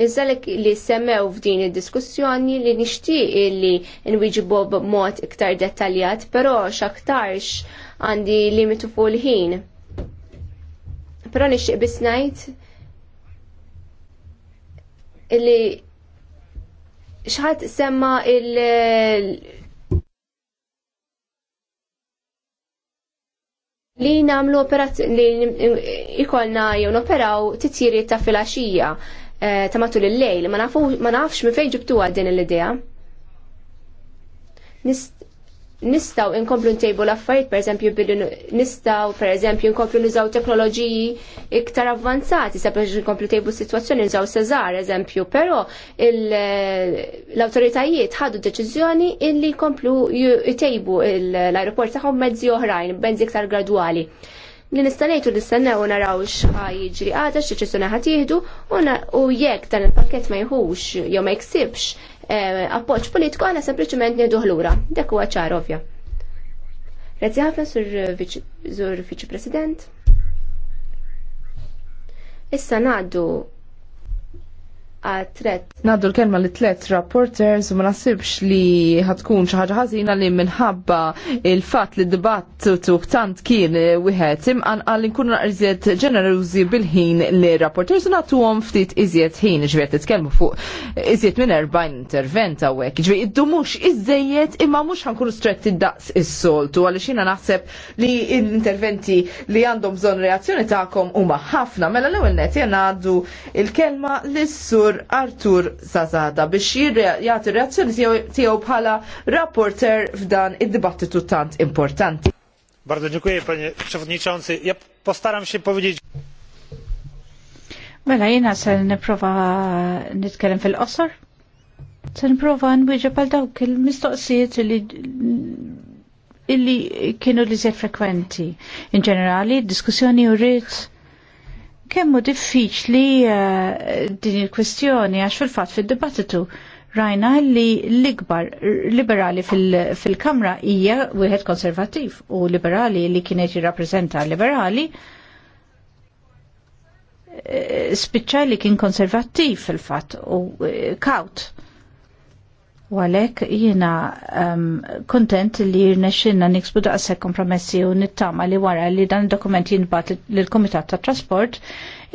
iżda li semmew f'din id-diskussjoni li nixtieq li nwiġibu b'mod iktar dettaljat, però x'aktarx għandi limitu fuq il-ħin. Però nixtieq biss ngħid li xħat semma il- li namlu operazzjoni li ikolna jew operaw titjiri ta' filaxija eh, ta' matul il-lejl, ma nafx minn fejn ġibtuha din l-idea. Nis nistaw inkomplu ntejbu l-affarijiet, per eżempju, nistaw, per eżempju, inkomplu nizaw teknoloġiji iktar avvanzati, sabiex inkomplu ntejbu situazzjoni nizaw Cezar, eżempju, pero l-autoritajiet ħadu deċizjoni illi komplu jtejbu l-aeroport taħħom mezzi oħrajn, benzi iktar gradwali. Li nistanejtu nistennew u naraw xħaj jiġri għada, xċiċizjoni ħatijħdu, u jekk dan il-pakket ma jħux, jew ma jksibx Eh, appoċ politiku għana sempliċement nieduh lura. Dek huwa ċar ovvja. Grazzi ħafna sur Viċi President. Issa ngħaddu għat-tret. Naddu l-kelma li tlet rapporters u ma nasibx li ħatkun xi ħaġa ħażina li minħabba il-fatt li d-dibattu tant kien wieħed imqan għallin nkunu iżjed ġenerużi bil-ħin li rapporters u nagħtuhom ftit iżjed ħin t titkellmu fuq iżjed minn 40 intervent hawnhekk. Ġifier iddumux iżejjed imma mhux ħankunu stretti daqs is-soltu għaliex jiena naħseb li l-interventi li għandhom bżonn reazzjoni tagħkom huma ħafna mela l-ewwel net jena għaddu il-kelma lis-sur dottor Artur Zazada biex jagħti reazzjoni tiegħu bħala rapporter f'dan id-dibattitu tant importanti. Bardzo dziękuję panie przewodniczący. Ja postaram się powiedzieć Mela jiena se nipprova nitkellem fil-qosor. Se nipprova nwieġeb għal dawk il-mistoqsijiet li illi kienu li zjed frekwenti. In ġenerali, diskussjoni u rrit kemmu diffiċli eh, din il-kwestjoni għax fil-fat fil-dibattitu rajna li l-ikbar liberali fil-Kamra hija wieħed konservativ u liberali li kienet jirrappreżenta liberali eh, spiċċa li kien konservattiv fil-fatt u eh, kaut U għalek jina um, kontent li jirnexinna niksbu daqse kompromessi u nittama li wara li dan dokument jinbat l-Komitat ta' Trasport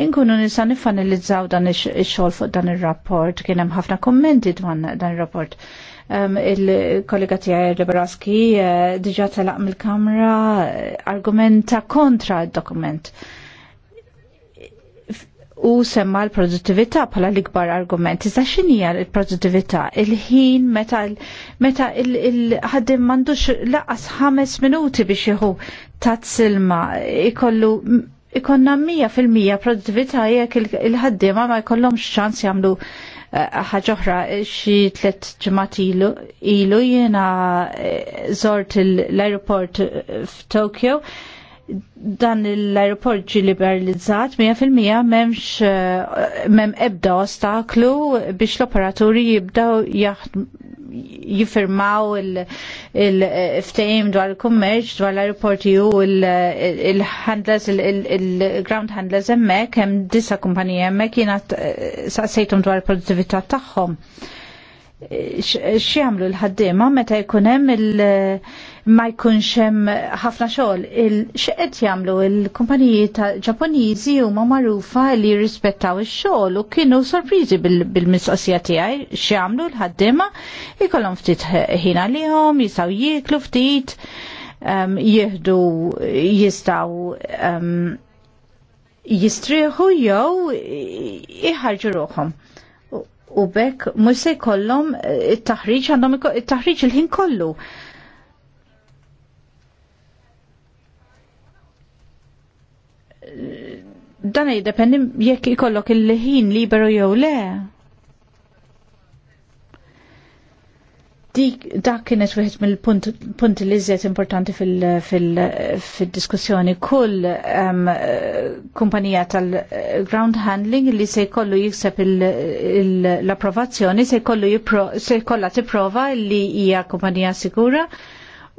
inkunu nisa nifanalizzaw dan il-xol fuq dan il-rapport kienem ħafna kommenti dwan dan il-rapport. Um, Il-kollega tijaj Rebraski uh, eh, diġa telaq mill-kamra eh, argumenta kontra il-dokument. il dokument u semma l-produttività bħala l-ikbar argument. Iżda xinija l-produttività? Il-ħin meta meta il-ħaddim m'għandux laqas ħames minuti biex jieħu tazz ikollu ikonna 100% produttività jekk il-ħaddiema ma jkollhomx ċans jagħmlu eh, ħagħuħra xi tlet ġemat ilu, ilu jiena eh, zort l-aeroport eh, f'Tokyo dan l-aeroport ġi liberalizzat 100% memx eh, mem ebda ostaklu biex l-operaturi jibdaw jifirmaw il-ftejim eh, dwar il-kummerċ dwar l-aeroporti u il-handlers il-ground handlers emmek hemm disa kumpanija emmek jina eh, saqsejtum dwar il-produttività tagħhom. għamlu l-ħaddiema meta jkun hemm il- ma jkunx hemm ħafna xogħol. Il-xeqed jagħmlu il-kumpaniji ta' Ġapponiżi huma magħrufa li jirrispettaw ix-xogħol u kienu sorpriżi bil-mistoqsija tiegħi x'jagħmlu l-ħaddiema jkollhom ftit ħin għalihom, jistgħu jieklu ftit, ehm, jieħdu jistgħu ehm, jistrieħu jew iħarġu ruħhom u bekk mhux se jkollhom it-taħriġ eh, għandhom it-taħriġ il-ħin kollu. dan jiddependi jekk ikollok il-ħin liberu jew le. Dik, dak kienet wieħed mill-punti li żiet importanti fil-diskussjoni. Kull kumpanija tal-ground handling li se jkollu jikseb l-approvazzjoni se jkollu se jkollha tipprova li hija kumpanija sigura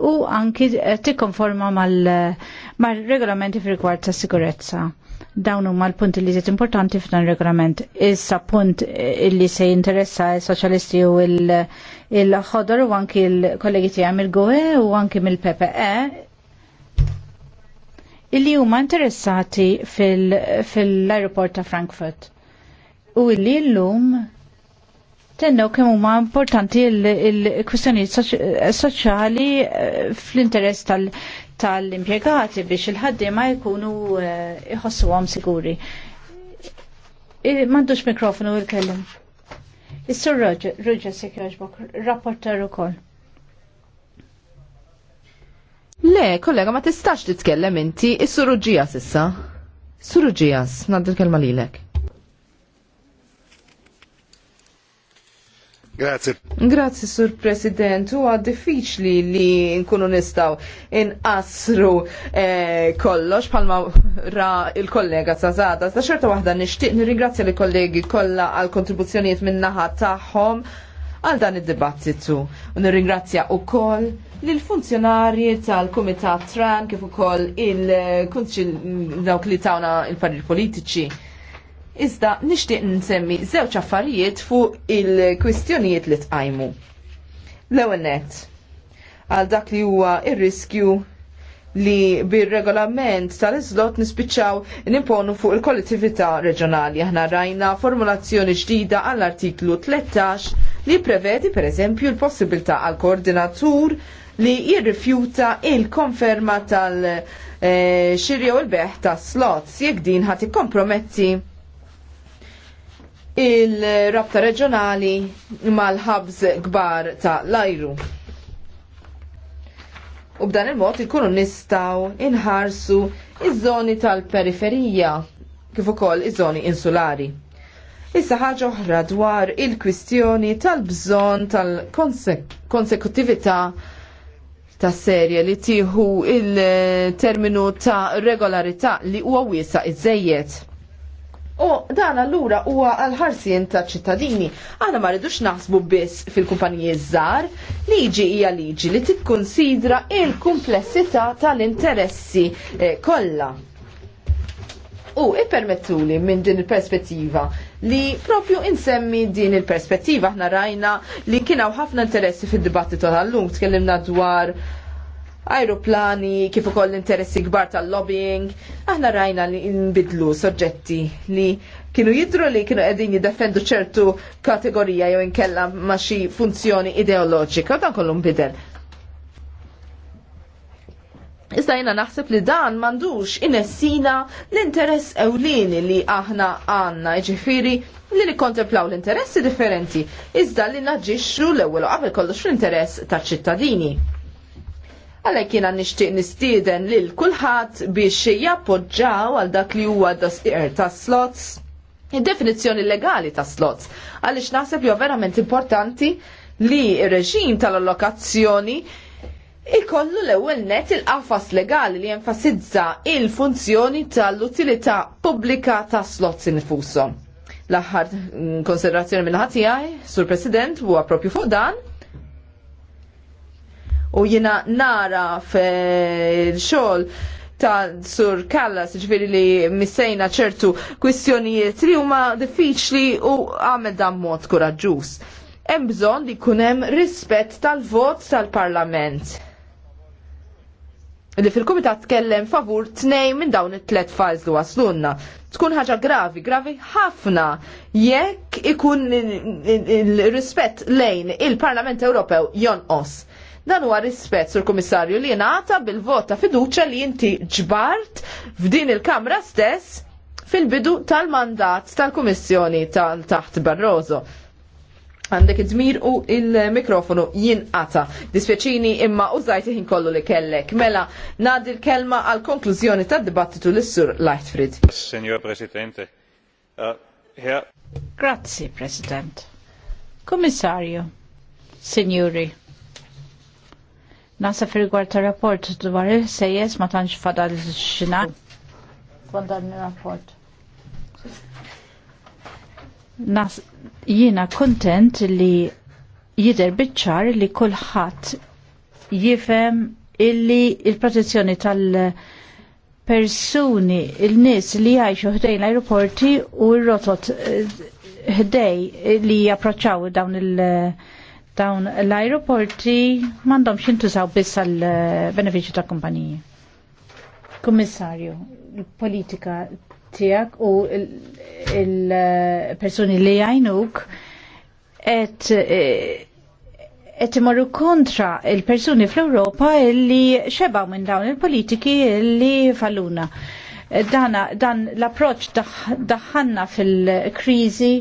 u anki eh, tikkonforma mal-regolamenti mal eh, fil-rigward ta' sigurezza. Dawn huma l-punti li jiet importanti f'dan regolament. Issa punt eh, illi se jinteressa s-soċjalisti u l-ħodor u anki l-kollegi tiegħi mill-GUE u anki mill-PPE illi huma interessati fil-aeroport fil ta' Frankfurt. U illi l-lum tennew kemm huma importanti l-kwistjonijiet soċjali eh, fl-interess tal-impjegati biex il-ħaddiema jkunu eh, iħossuhom siguri. M'għandux mikrofonu il-kellim. Is-Sur Roger Sekjaġbok, rapporter ukoll. Le, kollega, ma tistax titkellem inti, is-suruġijas issa. Suruġijas, naddil kelma lilek. Grazie. Grazie, Sur President. Huwa diffiċli li nkunu nistaw inqasru eh, kollox palma ra il-kollega Zazada. Ta' xorta waħda nixtieq nirringrazzja li kollegi kollha għal kontribuzzjonijiet min-naħa tagħhom għal dan id-dibattitu. U nirringrazzja wkoll lill-funzjonarji tal-Kumitat Tran kif ukoll il-kunċil dawk li tawna il-parir politiċi iżda nixtieq nsemmi żewġ affarijiet fuq il-kwistjonijiet li tqajmu. L-ewwel nett, għal dak li huwa ir-riskju li bir-regolament tal-iżlot nispiċċaw nimponu fuq il-kollettività reġjonali. Aħna rajna formulazzjoni ġdida għall-artiklu 13 li prevedi pereżempju l-possibilità għal koordinatur li jirrifjuta il-konferma tal-xirja eh, u l-beħ ta' slots jekk din ħati komprometti il-rabta reġjonali mal-ħabs kbar ta' lajru. U b'dan il-mod ikunu nistaw inħarsu iż-żoni tal-periferija kif ukoll iż-żoni insulari. Issa ħaġa oħra dwar il-kwistjoni tal-bżonn tal-konsekutività ta' serje li tieħu il-terminu ta' regolarità li huwa wiesa' iżejjed U dan allura huwa għal ħarsien ta' ċittadini. Aħna ma rridux naħsbu biss fil-kumpaniji żgħar, liġi hija liġi li tikkunsidra il-kumplessità tal-interessi eh, kollha. U ippermettuli minn din il-perspettiva li propju insemmi din il-perspettiva aħna rajna li kienaw ħafna interessi fid-dibattitu tal-lum tkellimna dwar aeroplani, kif ukoll interessi kbar tal-lobbying, aħna rajna li nbidlu soġġetti li kienu jidru li kienu qegħdin jiddefendu ċertu kategorija jew inkella ma xi funzjoni ideoloġika, dan kollu nbidel. Iżda jina naħseb li dan mandux inessina l-interess ewlieni li aħna għanna, iġifiri li kontemplaw l-interessi differenti, iżda li naġġixxu l-ewwel qabel kollox l interess taċ-ċittadini. Għalhekk jiena nixtieq nistieden lil kulħadd biex jappoġġaw għal dak li huwa dossier ta' slots id-definizzjoni legali ta' slots għaliex naħseb jo verament importanti li r-reġim tal-allokazzjoni Ikollu l-ewwel net il-qafas legali li jenfasizza il-funzjoni tal-utilità pubblika ta' slots infushom. L-aħħar konsiderazzjoni mill-ħati għaj, Sur President, huwa propju fuq dan, u jina nara fil-xol ta' Sur Kallas, ġviri li missejna ċertu kwistjonijiet li huma diffiċli u għamel dan mod kuraġġuż. Hemm bżonn li jkun hemm rispett tal-vot tal-Parlament. Li fil-Kumitat tkellem favur tnejn minn dawn it-tlet fajs li waslunna. Tkun ħaġa gravi, gravi ħafna jekk ikun il-rispett lejn il-Parlament Ewropew jonqos Dan huwa rispett sur kummissarju li jingħata bil-vot ta' fiduċja li inti ġbart f'din il-Kamra stess fil-bidu tal-mandat tal-Kummissjoni tal-Taħt Barroso għandek id-dmir u il-mikrofonu jinqata. Dispjaċini imma użajt ħin kollu li kellek. Mela, nadi l-kelma għal konklużjoni tad dibattitu l-sur Lightfried. Signor Presidente. Uh, Grazzi, President. Kommissarju, Signori. Nasa fil gwarta rapport dwar il-sejjes ma tantx fadal xina. Kondan il-rapport. Nas jina kontent li jider bitċar li kullħat jifem illi il-protezzjoni tal-persuni, il-nis li jgħajxu ħdejn l-aeroporti u r-rotot ħdej li japproċċaw dawn il- dawn l-aeroporti mandomx jintużaw biss għal eh, beneficju ta' kumpaniji. Kummissarju, l politika tijak u il-personi eh, li għajnuk et eh, et imorru kontra il-personi fl-Europa illi xebaw minn dawn il-politiki illi falluna. dan l-approċ daħanna fil-krizi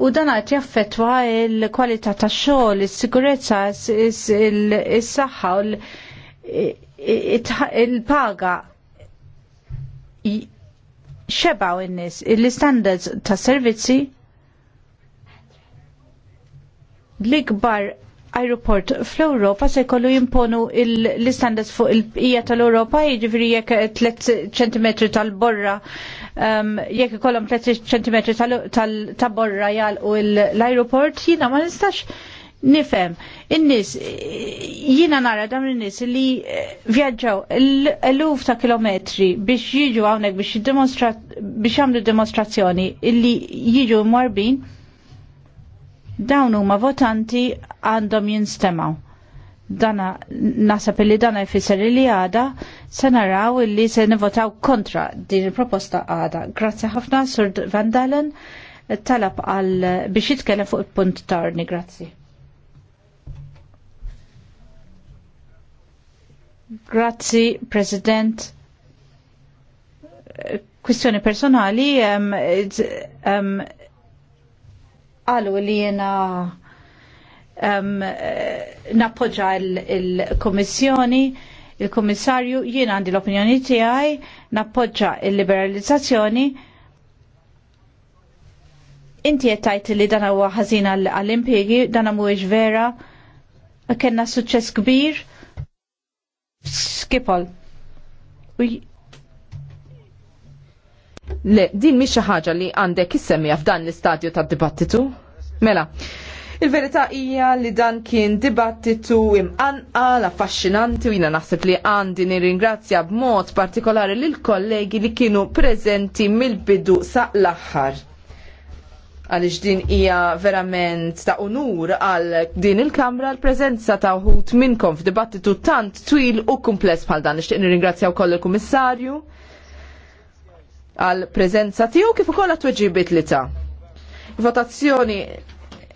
u dan għat jaffetwa il-kwalità ta' xogħol, is-sigurezza, is-saħħa u il-paga xebaw in-nies l-istandards ta' servizzi l-ikbar aeroport fl-Europa se kollu jimponu l-istandards fuq il pija tal-Europa, jiġifieri jekk 3 cm tal-borra jekk ikollhom 30 cm ta' borra jalqu l ajruport jiena ma nistax nifhem. In-nies jiena nara dawn in-nies li eh, vjaġġaw eluf ta' kilometri biex jiġu hawnhekk biex biex jagħmlu dimostrazzjoni illi jiġu mwarbin dawn huma votanti għandhom jinstemaw dana nasab li dana jfisser li għada se naraw li se nivotaw kontra din il-proposta għada. Grazzi ħafna, Sur Van Dalen, talab għal biex jitkellem fuq il-punt tarni, grazzi. Grazzi, President. Kwistjoni personali, għalu um, um, li jena um, eh, nappoġġa il-Komissjoni, il il-Komissarju, jien għandi l-opinjoni tiegħi, nappoġġa il-liberalizzazzjoni. Inti qed li dan huwa ħażin għall-impjegi, dan mhuwiex vera, kellna suċċess kbir. Skipol. Le, din mhix xi ħaġa li għandek issemmija f'dan l-istadju tad-dibattitu? Mela, Il-verità hija li dan kien dibattitu imqanqal, affaxxinanti u jiena naħseb li għandi nirringrazzja b'mod partikolari lil kollegi li kienu preżenti mill-bidu sa l-aħħar. Għaliex din hija verament ta' unur għal din il-Kamra l prezenza ta' uħut minnkom f'dibattitu tant twil u kumpless bħal dan. Nixtieq nirringrazzja wkoll il-Kummissarju għal prezenza tiegħu kif ukoll għat-tweġibiet li ta' votazzjoni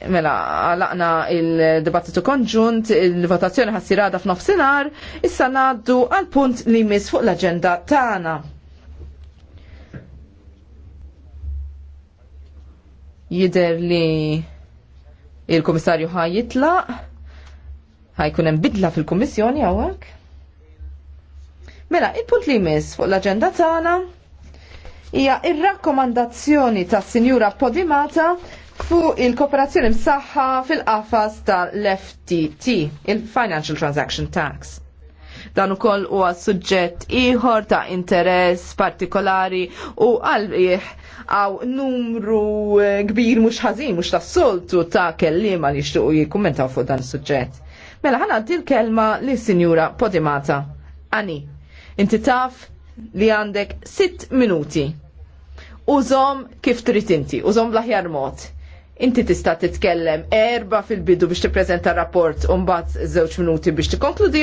Mela, għalaqna il-dibattitu konġunt, il-votazzjoni ħassirada f'nofsinhar, issa ngħaddu għal punt li jmiss fuq l-aġenda tagħna. Jider li il-komissarju ħaj jitlaq, ħajkun hemm bidla fil-kummissjoni hawnhekk. Mela, il-punt li jmiss fuq l-aġenda tagħna hija ir-rakkomandazzjoni tas-Sinjura Podimata fuq il-kooperazzjoni msaħħa fil-qafas tal-FTT, il-Financial Transaction Tax dan ukoll huwa suġġett ieħor ta' interess partikolari u għalbih għaw numru eh, kbir mhux ħażin mhux tas soltu ta' kelliema li jixtiequ jikkummentaw fuq dan is-suġġett. Mela ħana għaddi l-kelma li sinjura Podimata. Ani, inti taf li għandek sitt minuti. Użom kif trid inti, użom aħjar mod inti tista' titkellem erba' fil-bidu biex tippreżenta rapport u mbagħad żewġ minuti biex tikkonkludi